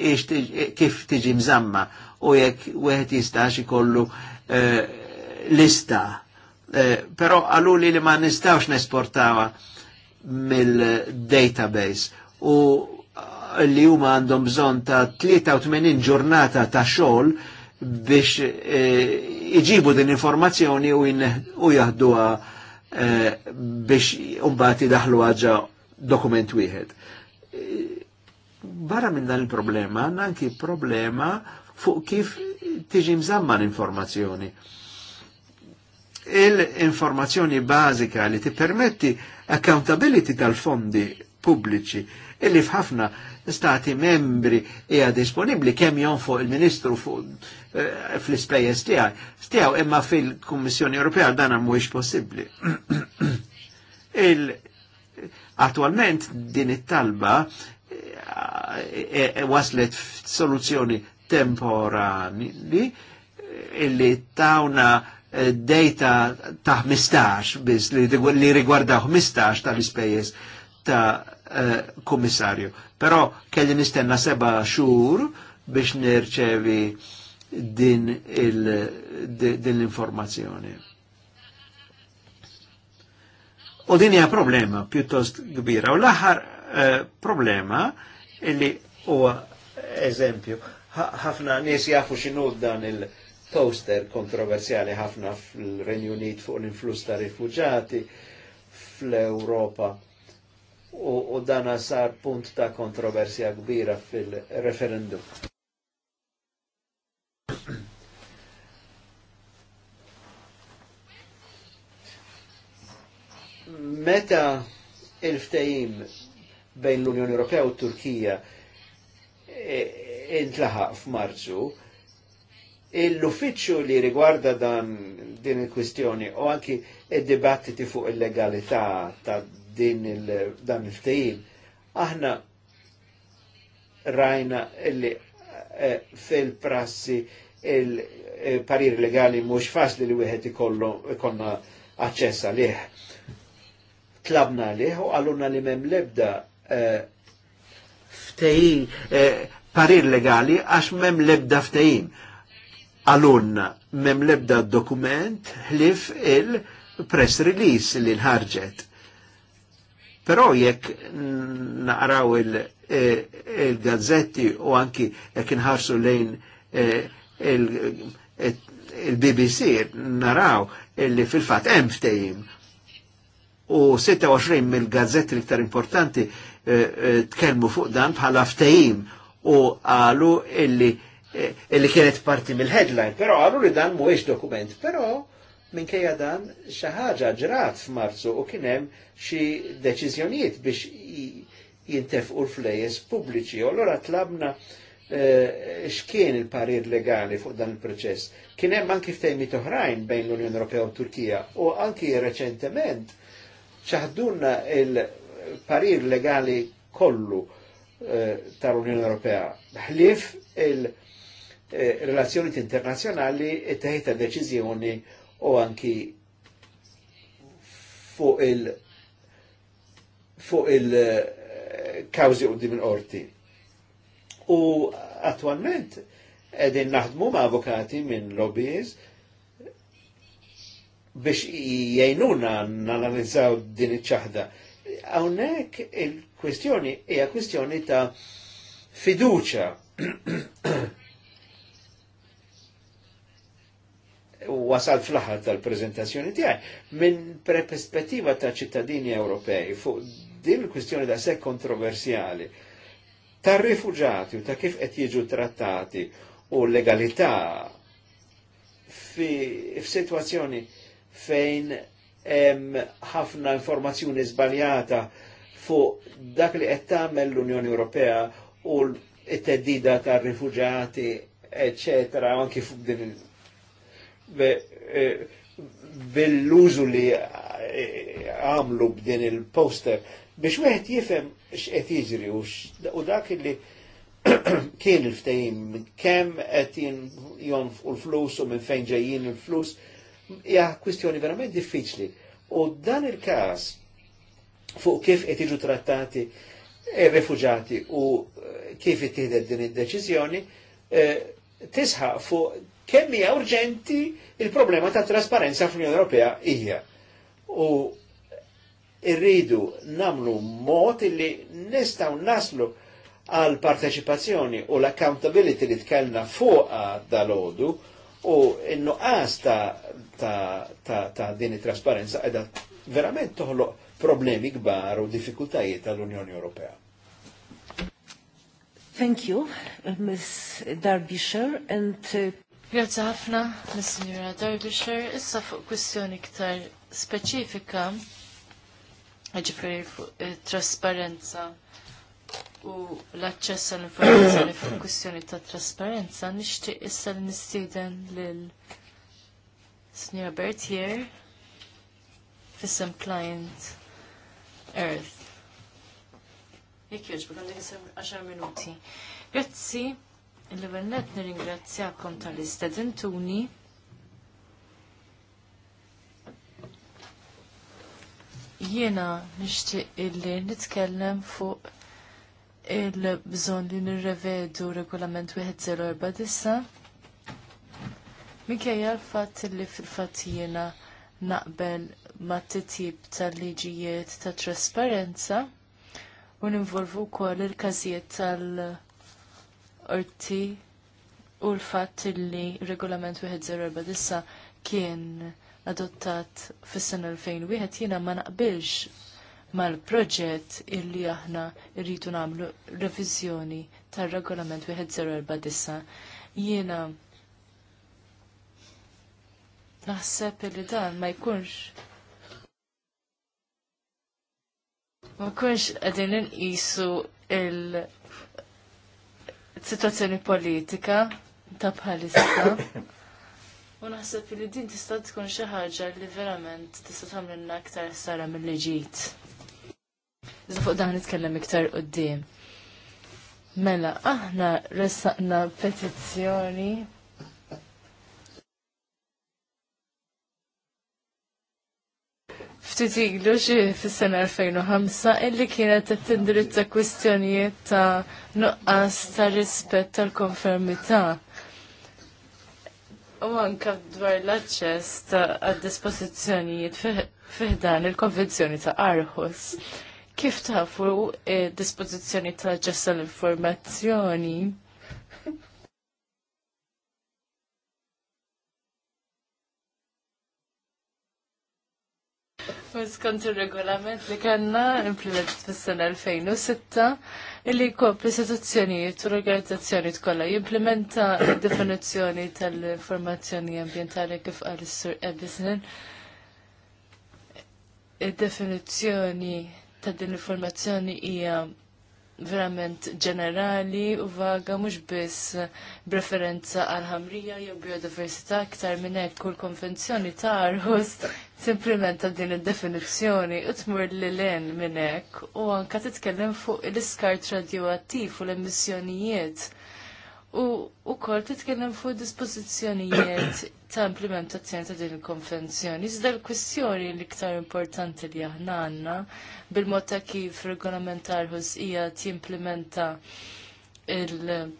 eh, eh, kif tiġi mżamma u jekk wieħed jistax ikollu eh, lista. Però għalu li ma nistawx nesportawa mill-database u li huma għandhom bżonn ta' 83 ġurnata ta' xogħol biex iġibu din informazzjoni u jahduha biex umbati daħlu ħaġa dokument wieħed. Barra minn dan il-problema, għandna anki problema fuq kif tiġi mżamman informazzjoni Il-informazzjoni bazika li ti permetti accountability tal-fondi pubbliċi illi f'ħafna stati membri hija disponibbli kemm fuq il-Ministru fuq eh, fl-ispejjeż tiegħi. Tiegħu imma fil-Kummissjoni Ewropea dan mhuwiex possibbli. Attualment din it-talba e, waslet soluzzjoni temporani illi tawna data ta' 15 biz li, riguarda rigwarda 15 tal-ispejjeż ta' kummissarju. Però kelli nistenna seba xhur biex nirċevi din l-informazzjoni. U din hija problema pjuttost kbira. U l-aħħar eh, problema illi huwa eżempju, ħafna nies jafu x'inhu dan il-toaster kontroversjali ħafna fil-Renju Unit fuq l-influss ta' rifuġati fl-Ewropa. U, dan sar punt ta' kontroversja kbira fil-referendum. Meta il ftajim bejn l-Unjoni Ewropea u Turkija e, intlaħa f'Marzu, l-uffiċċju li rigwarda dan din il-kwistjoni u anki id-dibattiti fuq il-legalità ta' din il dan il-ftehim, aħna rajna illi e, fil-prassi il-parir e, legali mhux faċli li wieħed ikollna aċċess għalih tlabna liħ u għalluna li mem lebda eh, ftejin eh, parir legali għax mem lebda ftejin. Għalluna mem lebda dokument ħlif il-press release li nħarġet. Pero jekk naqraw eh, il-gazzetti u anki jekk nħarsu lejn il-BBC il naraw fil-fat hemm ftejim u 26 mill-gazzetti l-iktar importanti eh, eh, tkellmu fuq dan bħala ftehim u għalu eh, illi kienet parti mill-headline, però għalu li dan mhuwiex dokument, però minkejja dan xi ħaġa ġrat f'Marzu u kien hemm xi deċiżjonijiet biex jintefqu l-flejes pubbliċi. U l-għura tlabna x'kien il-parir legali fuq dan il-proċess. Kien hemm anki ftehimiet oħrajn bejn l-Unjoni Europea u Turkija u anki reċentement ċaħdunna il-parir legali kollu eh, tal-Unjoni Ewropea. Ħlif il-relazzjoni eh, internazjonali teħita deċiżjoni u anki fuq il- fuq il-kawzi eh, u dimin orti. U attualment edin naħdmu ma' avokati minn lobbies biex jajnuna nanalizzaw din iċ-ċaħda. Hawnhekk il-kwistjoni hija kwistjoni ta' fiduċa. wasal fl-aħħar tal-prezentazzjoni tiegħi minn perspettiva ta' ċittadini Ewropej fuq din il-kwistjoni da' se kontroversjali ta' rifuġati u ta' kif qed jiġu trattati u legalità f'sitwazzjoni situazzjoni fejn hemm ħafna informazzjoni żbaljata fuq dak li qed tagħmel l-Unjoni Ewropea u t-teddida tar rifugiati eċetera, anki fuq din e, bil-użu li għamlu b'din il-poster biex wieħed jifhem x'qed jiġri u dak li kien il-ftehim kemm qed jonfqu l-flus u minn fejn ġejjin il-flus. il flus hija kwistjoni verament diffiċli. U dan il-każ fuq kif qed jiġu trattati ir-refuġati eh, u eh, kif ittieħed din id-deċiżjoni eh, tisħaq fuq kemm hija urġenti il-problema ta' trasparenza fl-Unjoni Ewropea hija. U irridu namlu mod li nistgħu naslu għal parteċipazzjoni u l-accountability li tkellna fuq dal-ħodu u n-nuqqas ta' ta' din it-trasparenza edha verament toħloq problemi kbar u diffikultajiet tal-Unjoni Ewropea. Thank you, Ms. Darbisher, and... Uh, Grazie ħafna, Ms. Signora Darbisher. Issa fuq kwestjoni iktar speċifika, ġifiri fuq eh, trasparenza u l-access għall-informazzjoni fuq kwestjoni ta' trasparenza, nixtieq issa l-nistiden lil Signora Bertier, fissem client Earth. Jek joġbu, għandek jisem 10 minuti. Grazzi, il-level net nir-ingrazzjakom tal-istedentuni. Jiena nishtiq illi nitkellem fuq il-bżon li nirrevedu regolament 104 disa Minkejja l-fatt li fil-fatt jiena naqbel ma' titjib tal-liġijiet ta' trasparenza u involvu wkoll il-każijiet tal-orti u l-fatt li regolament 104 dissa kien adottat fis-sena 2001 jiena ma naqbilx mal-proġett illi aħna rridu nagħmlu reviżjoni tar-regolament 104 dissa. Jiena Naħseb li dan ma jkunx Ma jkunx għedin n-isu il-situazzjoni politika ta' bħalissa. U naħseb li din tista' tkun xi ħaġa li verament tista' tagħmilna aktar sara mill ġiet. Iżda fuq dan nitkellem iktar qudiem. Mela, aħna ressaqna petizzjoni ftit iglu xi fis-sena 2005 illi kienet qed tindirizza kwistjonijiet ta' nuqqas ta' rispett tal konfermita U anke dwar l-aċċess ta' għad-dispożizzjonijiet fiħdan il-konvenzjoni ta' Arħus. Kif tafu eh, dispożizzjoni ta' ġessa l-informazzjoni? Skont il-regolament li kanna implement fis-sena 2006 illi l istituzzjonijiet u organizzazzjoni kollha jimplementa d-definizzjoni tal-informazzjoni ambjentali kif qal is-Sur Ebisnin. Id-definizzjoni ta' din l-informazzjoni hija verament ġenerali u vaga mhux biss preferenza għal ħamrija jew biodiversità aktar minn hekk kull konvenzjoni ta' Arhus timplementa din id-definizzjoni u tmur li l-en minnek u anka titkellem fuq l-iskart radioattiv u l-emissjonijiet u u kol titkellem fuq dispożizzjonijiet ta' implementazzjoni ta' din il-konvenzjoni. Iżda l-kwestjoni l-iktar importanti li aħna għanna bil-mod ta' kif regolamentar ħuż hija timplementa il-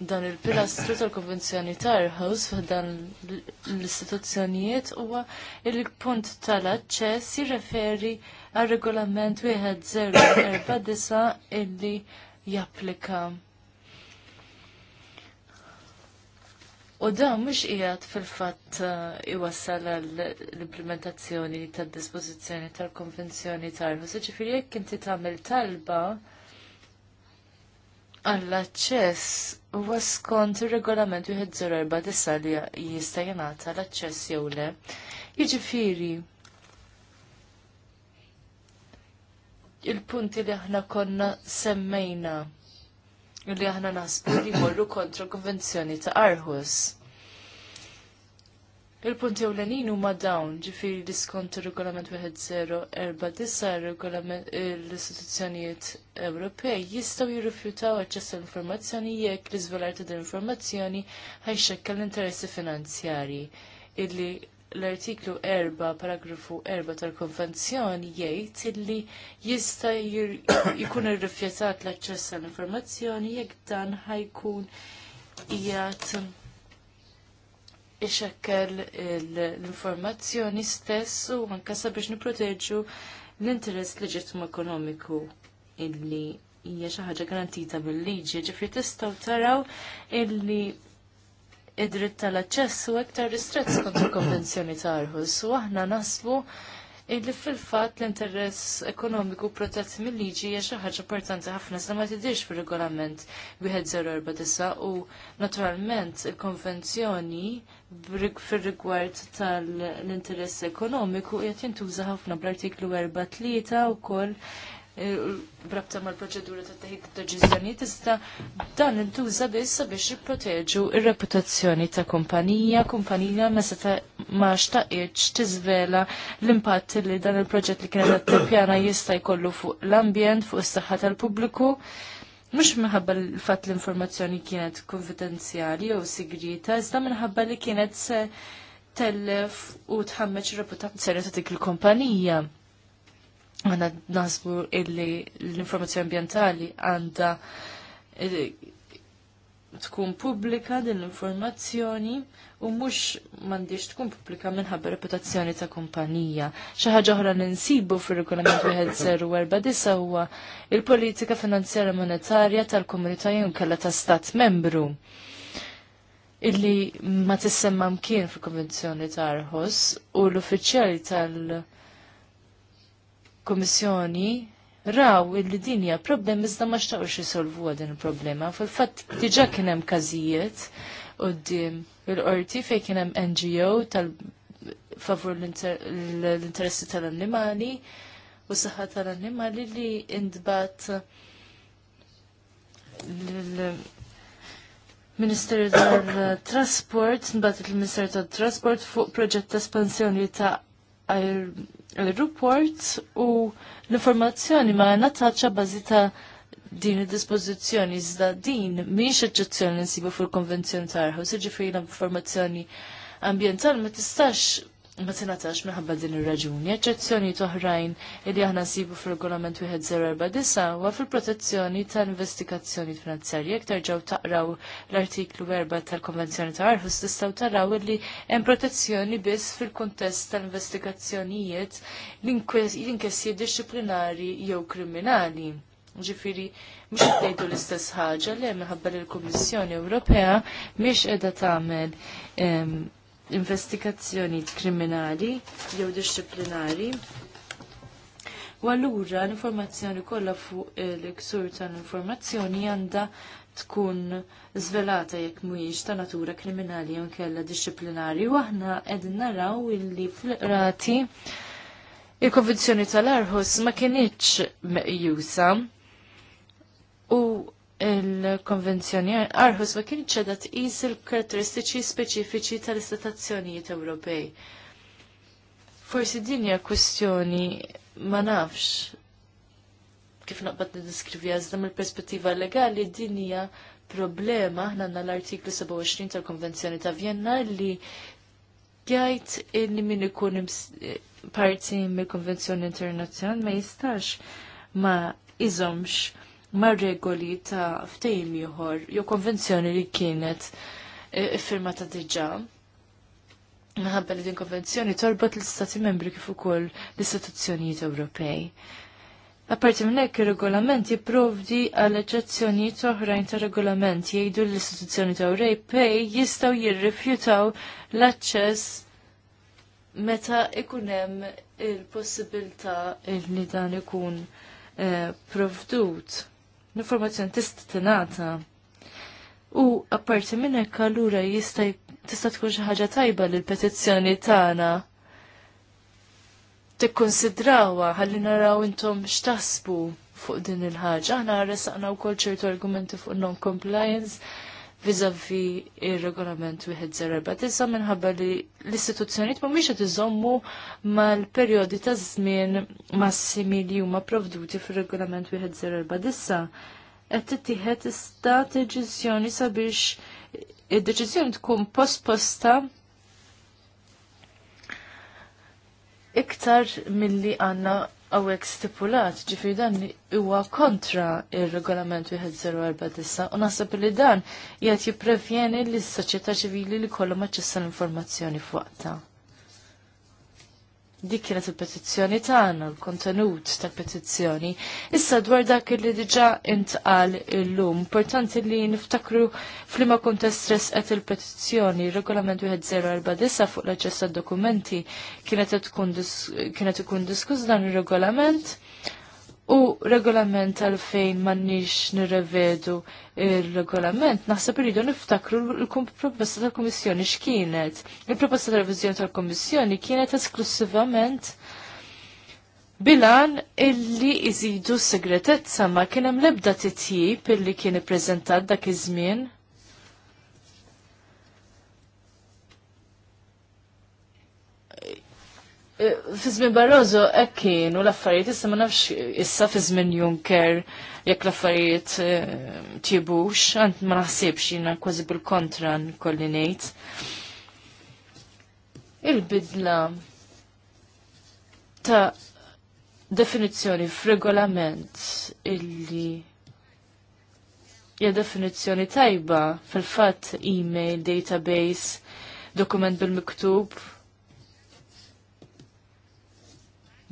dan il-pilastru tal-konvenzjoni ta' Aarhus f'dan l-istituzzjonijiet huwa il-punt tal-aċċess jirreferi għal regolament 1049 illi japplika. U dan mhux qiegħed fil-fatt uh, iwassal l-implementazzjoni tad-dispożizzjoni tal-konvenzjoni ta' Aarhus, ġifieri jekk inti tagħmel talba għall-aċċess huwa skont ir-regolament wieħed żero erba' li jista' jingħata l-aċċess jew le. Jiġifieri il-punti li aħna konna semmejna li aħna naħsbu li morru kontra konvenzjoni ta' Arhus. Il-punti ewlenin huma dawn, ġifieri diskont ir-regolament 1049 l-istituzzjonijiet Ewropej jistgħu jirrifjutaw aċċess l-informazzjoni jekk l-iżvelar ta' din informazzjoni ħajxekkel l-interessi finanzjarji illi l-artiklu 4 paragrafu 4 tal-konvenzjoni jgħid illi jista' jkun irrifjutat l-aċċess għall informazzjoni jekk dan ħajkun qiegħed ixekkel l-informazzjoni stess u anka sabiex niproteġu l-interess leġittimu ekonomiku illi hija xi ħaġa garantita bil-liġi. Ġifri tistgħu taraw illi id-dritt tal-aċċess u iktar ristret skont il-konvenzjoni ta' Arħus u aħna nasbu illi fil-fatt l-interess ekonomiku protett mill-liġi hija xi ħaġa importanti ħafna sa ma tidirx fir-regolament wieħed 1049 u naturalment il-konvenzjoni fil-rigward tal-interess ekonomiku qed jintuża ħafna bl-artiklu 4-3 wkoll eh, brabta mal proċedura ta' teħid deċiżjonijiet tista' dan intuża biss biex jipproteġu ir-reputazzjoni ta' kumpanija, kumpanija ma seta ma xtaqitx tiżvela l-impatt li dan il-proġett li kienet pjana jista' jkollu fuq l-ambjent, fuq is-saħħa tal-pubbliku. Mux minħabba l-fat l-informazzjoni kienet konfidenzjali u sigrita, iżda minħabba li kienet se tellef u tħammeċ reputazzjoni ta' dik il kompanija Għanna nasbu illi l-informazzjoni ambientali għanda eh, tkun pubblika din l-informazzjoni u mhux m'għandix tkun pubblika minħabba reputazzjoni ta' kumpanija. Xi ħaġa oħra ninsibu fir-regolament wieħed erba' disa huwa il-politika finanzjera monetarja tal-komunità kella ta' stat membru illi ma tissemma mkien fil-konvenzjoni ta' Arħos u l-uffiċjali tal-Kummissjoni raw illi din hija problem iżda ma xtaqux isolvu din il-problema. Fil-fatt diġà kien hemm każijiet qudiem il-qorti fejn kienem hemm NGO tal favur l-interessi tal-annimali u saħħa tal-annimali li indbat Ministeru tal-Trasport, nbat il minister tal-Trasport fuq proġett ta' espansjoni ta' il-report u l-informazzjoni ma nataċa bazi din il-dispozizjoni iżda din miex eċċezzjoni nsibu fil-konvenzjoni tarħu, seġi l-informazzjoni ambientali ma tistax ma t-sinatax minħabba din ir-raġuni. Eċċezzjoni oħrajn li aħna nsibu fir-regolament 1049 huwa fil-protezzjoni ta' investigazzjoni finanzjarji. Jekk ġew taqraw l-artiklu 4 tal-Konvenzjoni ta' Arħus tistgħu taraw li hemm protezzjoni biss fil-kuntest tal-investigazzjonijiet l-inkessi disċiplinari jew kriminali ġifiri, mux tgħidu l-istess ħaġa li minħabba li l-Kummissjoni Ewropea miex qiegħda tagħmel investigazzjoni kriminali jew disciplinari. U allura l-informazzjoni kollha fuq il-ksur tal-informazzjoni għandha tkun zvelata jekk mhuwiex ta' natura kriminali jew kella disciplinari u aħna qegħdin naraw illi fl-qrati il-konvenzjoni tal-Arħus ma kienitx meqjusa u il-konvenzjoni Arħus ma kien ċeda tqis il-karatteristiċi speċifiċi tal-istatazzjonijiet Ewropej. Forsi din hija kwestjoni ma nafx kif naqbad niddeskrivi għażda mill-perspettiva legali din hija problema aħna għandna l-artiklu 27 tal-Konvenzjoni ta' Vienna li jgħid illi min ikun parti mill-Konvenzjoni Internazzjonali ma jistax ma iżomx mar-regoli ta' ftehim ieħor jew konvenzjoni li kienet e, iffirmata diġà. Minħabba li din konvenzjoni torbot l-Istati membri kif ukoll l-istituzzjonijiet Ewropej. Apparti minn hekk ir-regolament jipprovdi għal eċezzjonijiet oħrajn ta' regolament jgħidu l-istituzzjoni ta' Ewropej jistgħu jirrifjutaw l-aċċess meta ikun hemm il-possibilità li dan ikun eh, provdut l-informazzjoni tista' tingħata. U apparti minn hekk allura jista' tista' tkun xi ħaġa tajba li petizzjoni tagħna tikkonsidrawha ħalli naraw intom x'taħsbu fuq din il-ħaġa. Aħna ressaqna wkoll ċertu argumenti fuq non-compliance vizavi il-regolament 104 minħabba li l-istituzzjoniet ma miex iżommu mal-periodi ta' żmien massimi li huma provduti fil-regolament 104 dissa qed tittieħed sta deċiżjoni sabiex id-deċiżjoni tkun posposta iktar milli għanna għawek stipulat, ġifri dan huwa kontra il-regolament 1049 u nasab li dan jgħat jiprevjeni l-soċieta ċivili li kollu maċċessa l-informazzjoni fuqta dik kienet il-petizzjoni tagħna, l-kontenut tal-petizzjoni. Issa dwar dak li diġà intqal illum, importanti li niftakru f'liema stress qed il-petizzjoni, regolament 1049 fuq l-aċċess għad-dokumenti kienet ikun diskuż dan ir-regolament U regolament għalfejn mannix nirrevedu il-regolament, naħseb rridu niftakru l-proposta tal-Komissjoni x'kienet. Il-proposta tal-revizjoni tal-Komissjoni kienet esklusivament bilan illi iżidu s-segretezza ma kienem lebda titjib illi kien ippreżentat dak iż-żmien Fizmin Barroso ekkin u l-affarijiet issa ma nafx issa fizmin Juncker jekk l-affarijiet eh, tjibux, għant ma naħsibx jina kważi bil-kontra nkolli ngħid. Il-bidla ta' definizzjoni f'regolament illi ja definizzjoni tajba fil-fatt email, database, dokument bil-miktub,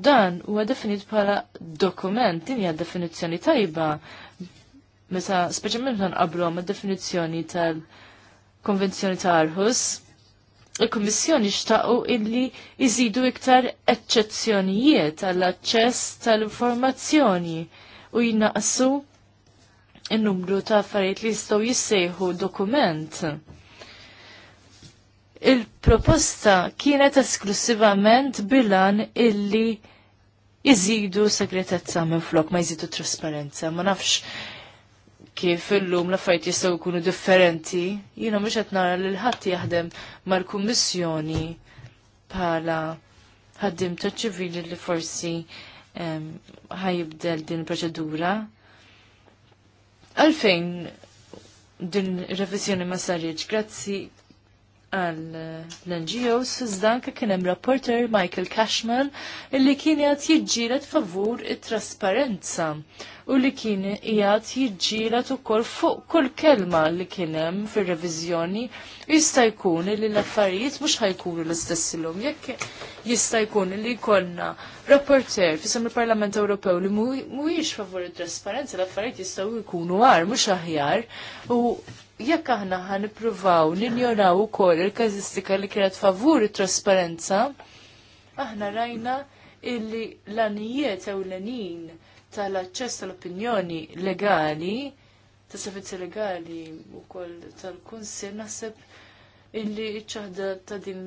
Dan huwa definit bħala dokument, din hija definizzjoni tajba. Meta speċjalment meta nqablu ma' definizzjoni tal-Konvenzjoni ta' Arhus, il kummissjoni xtaqu illi jżidu iktar eċċezzjonijiet għall-aċċess tal-informazzjoni u jinaqsu n numru ta' affarijiet li jistgħu jissejħu dokument il-proposta kienet esklusivament bilan illi jizidu segretezza minn flok, ma jizidu trasparenza, ma nafx kif illum l-affarijiet jistgħu jkunu differenti, jiena mhux qed nara lil ħadd jaħdem mal-kummissjoni bħala ħaddim ta' ċivili li forsi ħajibdel din il-proċedura. Għalfejn din revizjoni ma sarriċ, grazzi għal l-NGOs, iżda anke kien hemm rapporter Michael Cashman illi kien jgħat jiġġielet favur it-trasparenza u li kien jgħat jiġġielet ukoll fuq kull kelma li kien hemm fir-reviżjoni jista' jkun li l-affarijiet mhux ħajkunu l-istess jekk jista' jkun li jkollna rapporter fisem il-Parlament Ewropew li mhuwiex favur it-trasparenza l-affarijiet jistgħu jkunu għar mhux aħjar u jekk aħna ħan nippruvaw ninjoraw ukoll il-każistika li kienet favur it-trasparenza, aħna rajna illi l-anijiet ew l-anin tal-aċċess tal-opinjoni legali, ta' servizzi legali u koll tal-kunsil naħseb illi ċaħda ta' din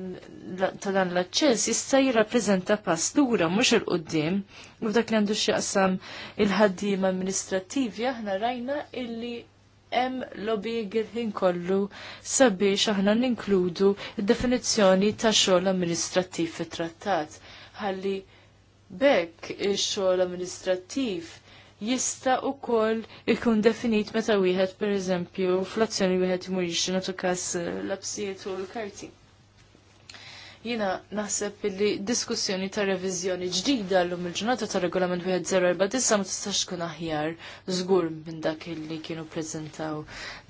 ta' dan l-aċċess jista' jirrappreżenta pass lura mhux il qudiem u dak li għandu x'jaqsam il-ħaddim amministrattivi aħna rajna illi hemm lobby il-ħin kollu sabiex aħna ninkludu id-definizzjoni ta' xogħol amministrattiv fit-trattat. Ħalli bekk ix-xogħol amministrattiv jista' ukoll ikun definit meta wieħed pereżempju fl-azzjoni wieħed imur tu każ l-absijiet u l-karti. Jina naħseb li diskussjoni ta' reviżjoni ġdida l-lum il-ġurnata ta' regolament 1.049 ma tistax tkun aħjar żgur minn dak li kienu prezentaw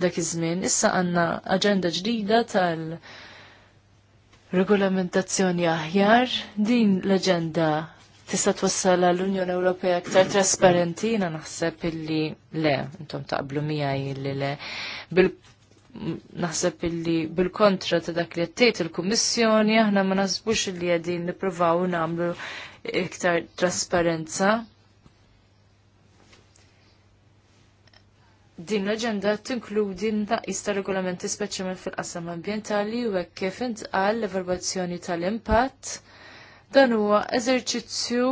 dak iż-żmien. Issa għandna aġenda ġdida tal- Regolamentazzjoni aħjar, din l-agenda tista' twassal l-Unjoni Ewropea aktar trasparenti, jina naħseb illi le, intom taqblu miegħi illi le. Bil naħseb illi bil-kontra ta' dak li għattejt il-Kummissjoni aħna ma nasbux illi għedin niprovaw namlu iktar trasparenza. Din l-agenda tinkludi naqis ta' regolamenti speċjalment fil-qasam ambientali u hekk kif intqal l-evalwazzjoni tal-impatt. Dan huwa eżerċizzju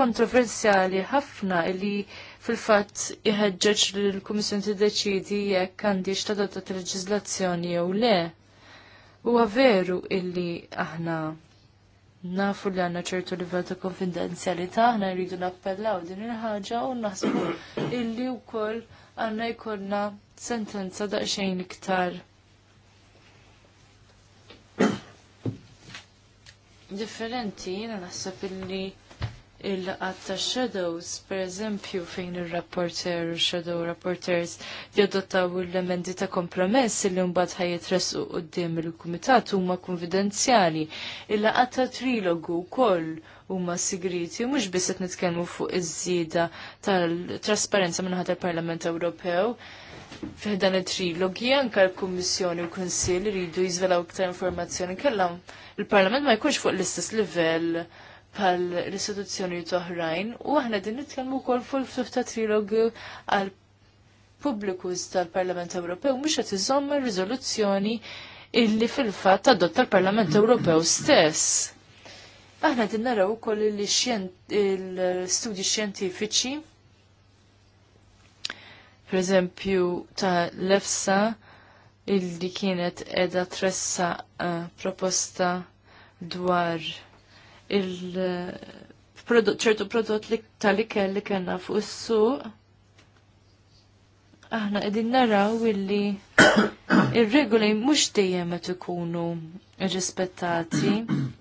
kontroversjali ħafna illi li fil-fatt iħeġġeġ li l-Kummissjoni deċidi jekk għandix ta' t leġiżlazzjoni jew le. Huwa veru illi aħna nafu li għanna ċertu livell ta' konfidenzjalità, aħna rridu nappellaw din il-ħaġa u naħsbu illi wkoll għanna jkollna sentenza daqsxejn iktar. Differenti, jiena naħseb illi il-laqat ta' shadows, per eżempju, fejn il-rapporter u shadow rapporters jadottaw l-emendi ta' kompromess li mbagħad ħajjitresqu qudiem il-kumitat huma konfidenzjali. Il-laqat ta' trilogu wkoll huma sigriti u mhux biss qed nitkellmu fuq iż-żieda tal-trasparenza minħat il-Parlament Ewropew. Fiħdan il-trilogi anka l-Kummissjoni u Kunsill iridu jiżvelaw iktar informazzjoni kellhom il-Parlament ma jkunx fuq l-istess livell pal l-istituzzjoni toħrajn u aħna din nitkellmu wkoll fuq ftuħ ta' trilogu għal pubbliku tal-Parlament Ewropew mhux qed iżomm ir-riżoluzzjoni illi fil-fatt adotta l-Parlament Ewropew stess. Aħna din naraw ukoll l studji xjentifiċi per eżempju ta' l-EFSA illi kienet edha tressa uh, proposta dwar il-prodott, ċertu prodott li tal-ikel li kena fuq is-suq, aħna qegħdin naraw illi ir-regoli mhux dejjem qed ikunu rispettati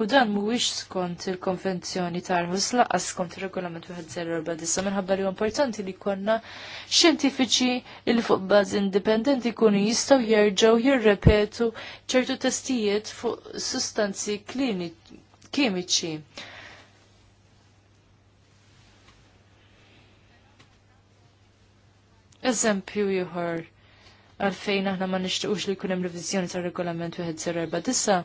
u dan mhuwiex skont il-konvenzjoni tarħus laqas skont ir-regolament 1049 minħabba li importanti li konna xjentifiċi il fuq bażi indipendenti jkunu jistgħu jerġgħu jirrepetu ċertu testijiet fuq sustanzi kliniċi kimiċi. Eżempju ieħor għalfejn aħna ma nixtiequx li jkun hemm ta' tar-regolament wieħed 104 disa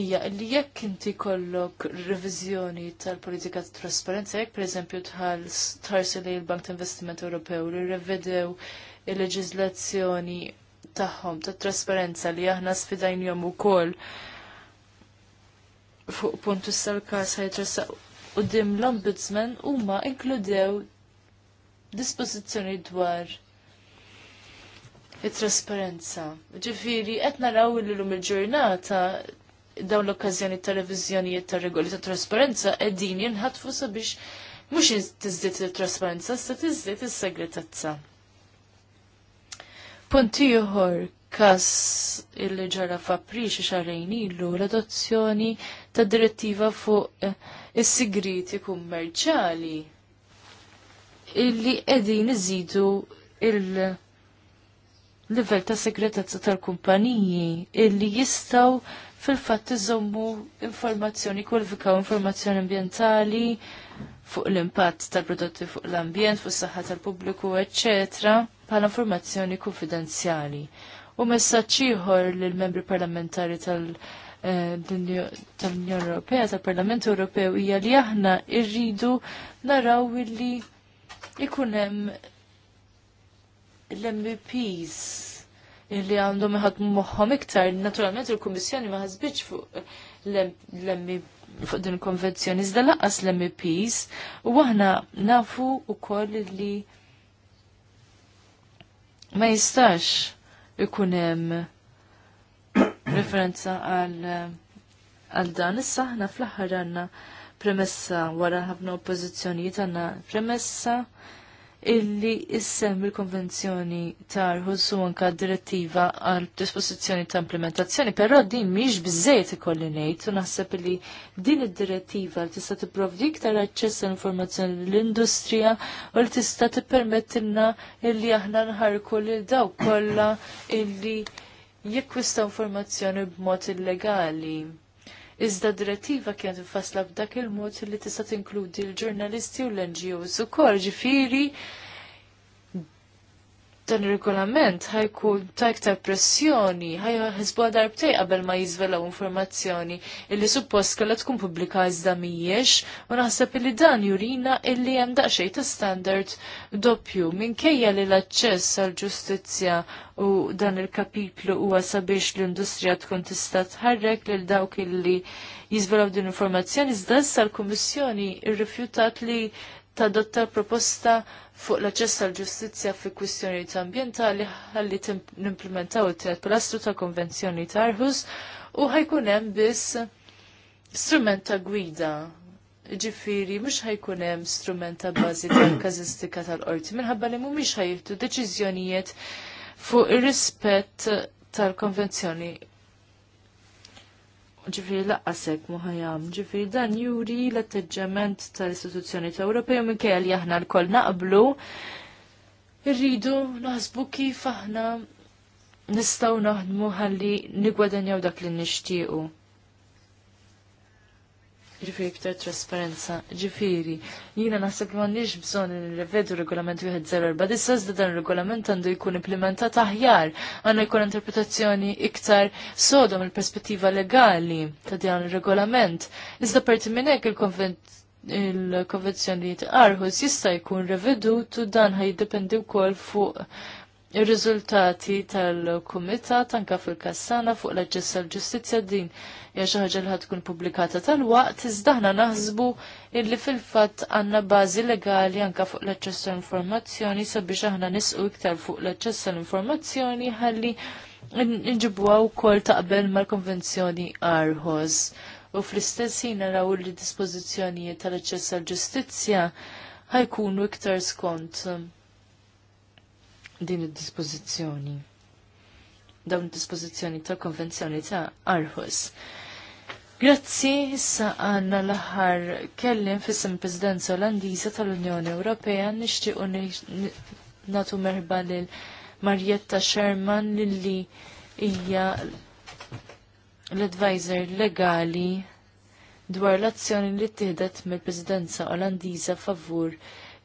hija li jekk inti kollok revizjoni tal-politika ta' trasparenza jekk pereżempju tħarsi li l-Bank ta' Investiment Ewropew li rrevedew il-leġiżlazzjoni tagħhom tat trasparenza li aħna sfidajnhom ukoll fuq punt issa l-każ u dim l-Ombudsman huma inkludew dispożizzjoni dwar it-trasparenza. etna qed il-lum il-ġurnata dawn l-okkażjoni televizjoni reviżjonijiet tar-regoli ta' trasparenza qegħdin jinħatfu sabiex mhux tiżdied it-trasparenza, issa tiżdied is-segretezza. Punti ieħor kas illi ġara f'April xi xarejn ilu l-adozzjoni ta' direttiva fuq eh, is-sigriti kummerċjali illi qegħdin iżidu il- livell ta' segretezza tal-kumpaniji illi jistaw fil-fatt iżommu informazzjoni, kwalifikaw informazzjoni ambientali fuq l-impatt tal-prodotti fuq l-ambjent, fuq s-saħħa tal-pubbliku, ecc. bħala informazzjoni konfidenzjali u messaċiħor ieħor lill-membri parlamentari eh, tal-Unjoni Ewropea, tal-Parlament Ewropew hija li aħna rridu naraw illi ikun hemm l-MVPs illi għandhom iħadmu moħħom iktar. Naturalment il-Kummissjoni ma ħasbitx fuq l-MVP fuq din konvenzjoni iżda laqas l-MEPs u aħna nafu u koll li ma jistax ikun hemm referenza għal għal dan issa aħna fl-aħħar għandna premessa wara ħafna oppożizzjonijiet għandna premessa illi issem il-konvenzjoni ta' ħussu anka direttiva għal dispożizzjoni ta' implementazzjoni, però din miex bizzejt ikolli ngħid u naħseb li din id-direttiva li tista' tipprovdi iktar aċċess informazzjoni l-industrija u li tista' tippermettilna illi aħna nħarku lil dawk kollha illi jekkwista informazzjoni b'mod illegali Iżda direttiva kienet infasla b'dak il-mod li tista' tinkludi l-ġurnalisti u l-NGOs ukoll ġifieri dan il-regolament ħajku ta' iktar pressjoni, ħajħisbu darbtej qabel ma jizvelaw informazzjoni illi suppost kalla tkun pubblika iżda mhijiex, u naħseb illi dan jurina illi hemm daqsxejn ta' standard doppju minkejja li l-aċċess għal ġustizzja u dan il-kapitlu huwa sabiex l-industrija tkun tista' tħarrek lil dawk illi jizvelaw din informazzjoni iżda issa l-Kummissjoni rrifjutat li tadotta proposta fuq l-aċċess tal-ġustizzja fi kwistjonijiet ambjentali ħalli nimplementaw it-tret pilastru ta' konvenzjoni ta' Arhus u ħajkun hemm biss strument ta' gwida. Ġifiri, mux ħajkun hemm strument ta' bażi tal-kazistika tal-qorti minħabba li mhumiex ħajiftu deċiżjonijiet fuq ir-rispett tal-konvenzjoni ġifiri laqqasek muħajam, ġifiri dan juri l-atteġġament tal-istituzzjoni ta' u minn kelli aħna l-koll naqblu, irridu naħsbu kif aħna nistaw naħdmu ħalli nigwadanjaw dak li nixtiequ ġifiri iktar trasparenza, ġifiri, jina naħseb ma nix bżon nirrevedu regolament 104, dissa iżda dan regolament għandu jkun implementat aħjar, għandu jkun interpretazzjoni iktar sodom il-perspettiva legali ta' dan regolament Iżda parti minnek il-konvenzjoni il arħus jista' jkun revedut u dan jiddependi wkoll fuq Ir-riżultati tal-kumitat anka fil-kassana fuq l-aġġess tal-ġustizzja din hija xi ħaġa li tkun pubblikata tal-waqt iżda aħna naħsbu illi fil-fatt għandna bażi legali anka fuq l aċċess tal-informazzjoni sabiex aħna nisqu iktar fuq l aċċess tal-informazzjoni ħalli nġibuha wkoll taqbel mal-konvenzjoni Arħos. U fl-istess ħin naraw li dispożizzjonijiet tal-aċċess għall-ġustizzja ħajkunu iktar skont din id dispozizjoni Dawn id-dispożizzjoni tal-Konvenzjoni ta' Arhus. Grazzi, issa għanna l-aħħar kellim fissim prezidenza Olandiża tal-Unjoni Ewropea nixtiequ natu merba lil Marjetta Sherman lilli hija l-advisor legali dwar l-azzjoni li t-tihdet mill-Presidenza Olandiża favur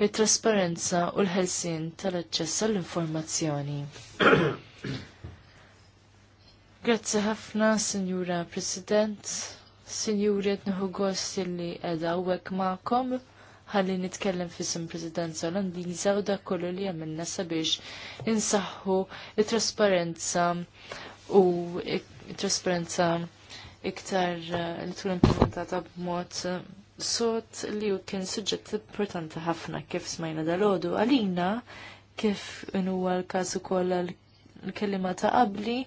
it-trasparenza u l-ħelsin tal-aċċess għall-informazzjoni. Grazzi ħafna, Sinjura President, Sinjuri għetniħu gost li edha u għek maqom, ħalli nitkellem fissim Presidenza Olandiża u dak kollu li għamilna sabiex insaħħu il trasparenza u it-trasparenza iktar eh, li tkun implementata b'mod sot li u kien suġġett importanti ħafna kif smajna dal-ħodu għalina kif huwa l-każ ukoll l-kelima ta' qabli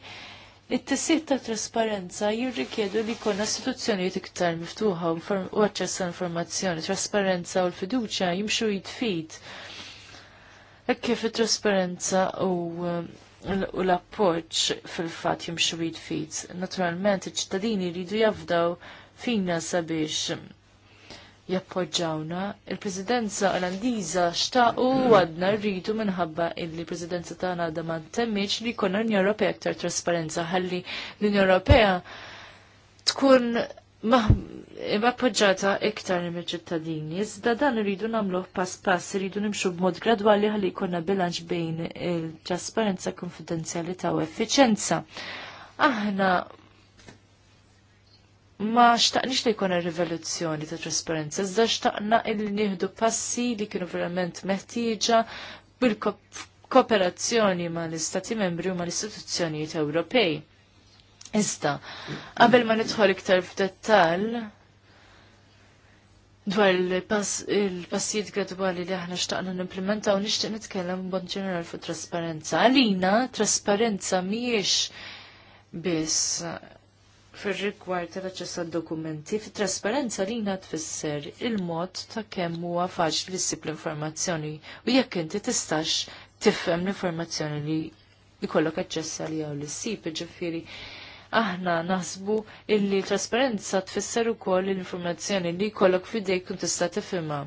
it-tisib ta' trasparenza jirrikjedu li jkollna istituzzjoni iktar miftuħa u aċċess informazzjoni, trasparenza u l-fiduċja jimxu jitfid. Hekk kif it-trasparenza u u l appoċ fil-fatt jimxu jitfid. Naturalment iċ-ċittadini jridu jafdaw fina sabiex jappoġġawna. Il-Presidenza Olandiża u għadna rridu minħabba illi presidenza tagħna għadha ma temmiċ li jkollna l-Unjoni Ewropea aktar trasparenza ħalli l-Unjoni Ewropea tkun mappoġġata iktar mill ċittadini Iżda dan rridu nagħmlu pass pass, rridu nimxu b'mod gradwali ħalli jkollna bilanċ bejn il-trasparenza, konfidenzjalità u effiċenza. Aħna ma xtaqnix li jkun rivoluzzjoni ta' trasparenza, iżda xtaqna illi nieħdu passi li kienu verament meħtieġa bil-kooperazzjoni ma' l-Istati membri u ma' l-istituzzjonijiet Ewropej. Iżda, qabel ma nidħol iktar f'dettall dwar il-passijiet gradwali li aħna xtaqna nimplementaw nixtieq nitkellem b'mod ġeneral fuq trasparenza. Għalina, trasparenza mhijiex biss fil rigward tal-aċċess għad-dokumenti, fit-trasparenza li jina tfisser il-mod ta' kemm huwa faċli ssib l-informazzjoni u jekk inti tistax tifhem l-informazzjoni li jkollok aċċess għalija jew li ssib, ġifieri aħna naħsbu illi trasparenza tfisser ukoll l-informazzjoni li jkollok f'idejk kun tista' tifhimha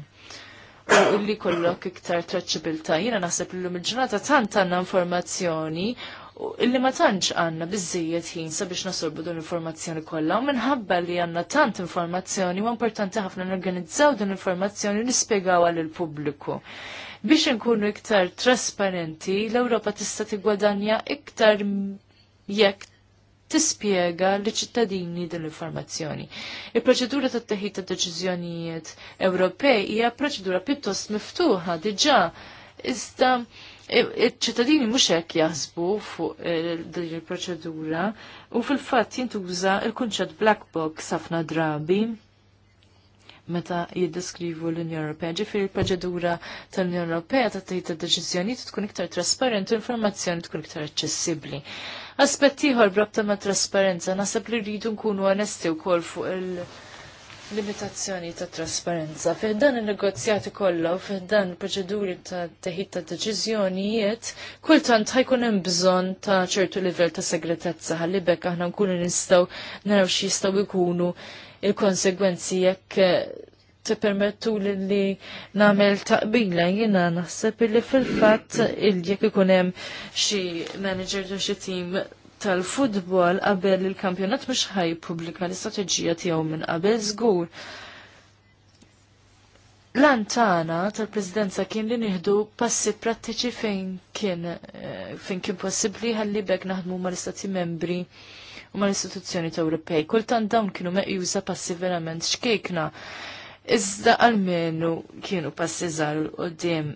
u illi kollok iktar traċċibilta. Jina naħseb l-lum il-ġurnata tant għanna informazzjoni illi ma tantx għanna bizzijiet ħin sabiex nasorbu din l-informazzjoni kollha u minħabba li għanna tant informazzjoni u importanti ħafna norganizzaw din l-informazzjoni u nispjegaw għal pubbliku Biex nkunu iktar trasparenti, l-Ewropa tista' tigwadanja iktar jekk tispjega li ċittadini din l-informazzjoni. Il-proċedura tat teħid ta' deċiżjonijiet Ewropej hija proċedura pjuttost miftuħa diġà iżda iċ-ċittadini mhux hekk jaħsbu fuq eh, din il-proċedura u fil-fatt jintuża il-kunċett black box ħafna drabi meta jiddeskrivu l-Unjoni Ewropea. Ġifieri il proċedura tal-Unjoni Ewropea ta' tgħid id-deċiżjoni tkun iktar trasparenti u informazzjoni tkun iktar aċċessibbli. Aspett ieħor brabta ma' trasparenza naħseb li rridu nkunu onesti wkoll fuq il- limitazzjoni ta' trasparenza. Fih dan il-negozjati kollha u fih dan proċeduri ta' teħid ta' deċiżjonijiet, kultant ħajkun hemm bżonn ta' ċertu livell ta' segretezza ħalli bekk aħna nkunu nistgħu naraw x'jistgħu jkunu il-konsegwenzi jekk tippermettu li li namel taqbila jina naħseb li fil-fat il-jek ikunem xi manager ta' xi team tal-futbol qabel il-kampjonat mhux pubblika l-istrateġija tiegħu minn qabel żgur. Lantana tal-Presidenza kien li nieħdu passi prattiċi fejn kien eh, fejn kien possibbli ħalli bekk naħdmu mal-Istati Membri u mal-istituzzjoni ta' Ewropej. Kultant dawn kienu meqjuża passi verament xkejkna. Iżda għalmenu kienu passi żgħar l qudiem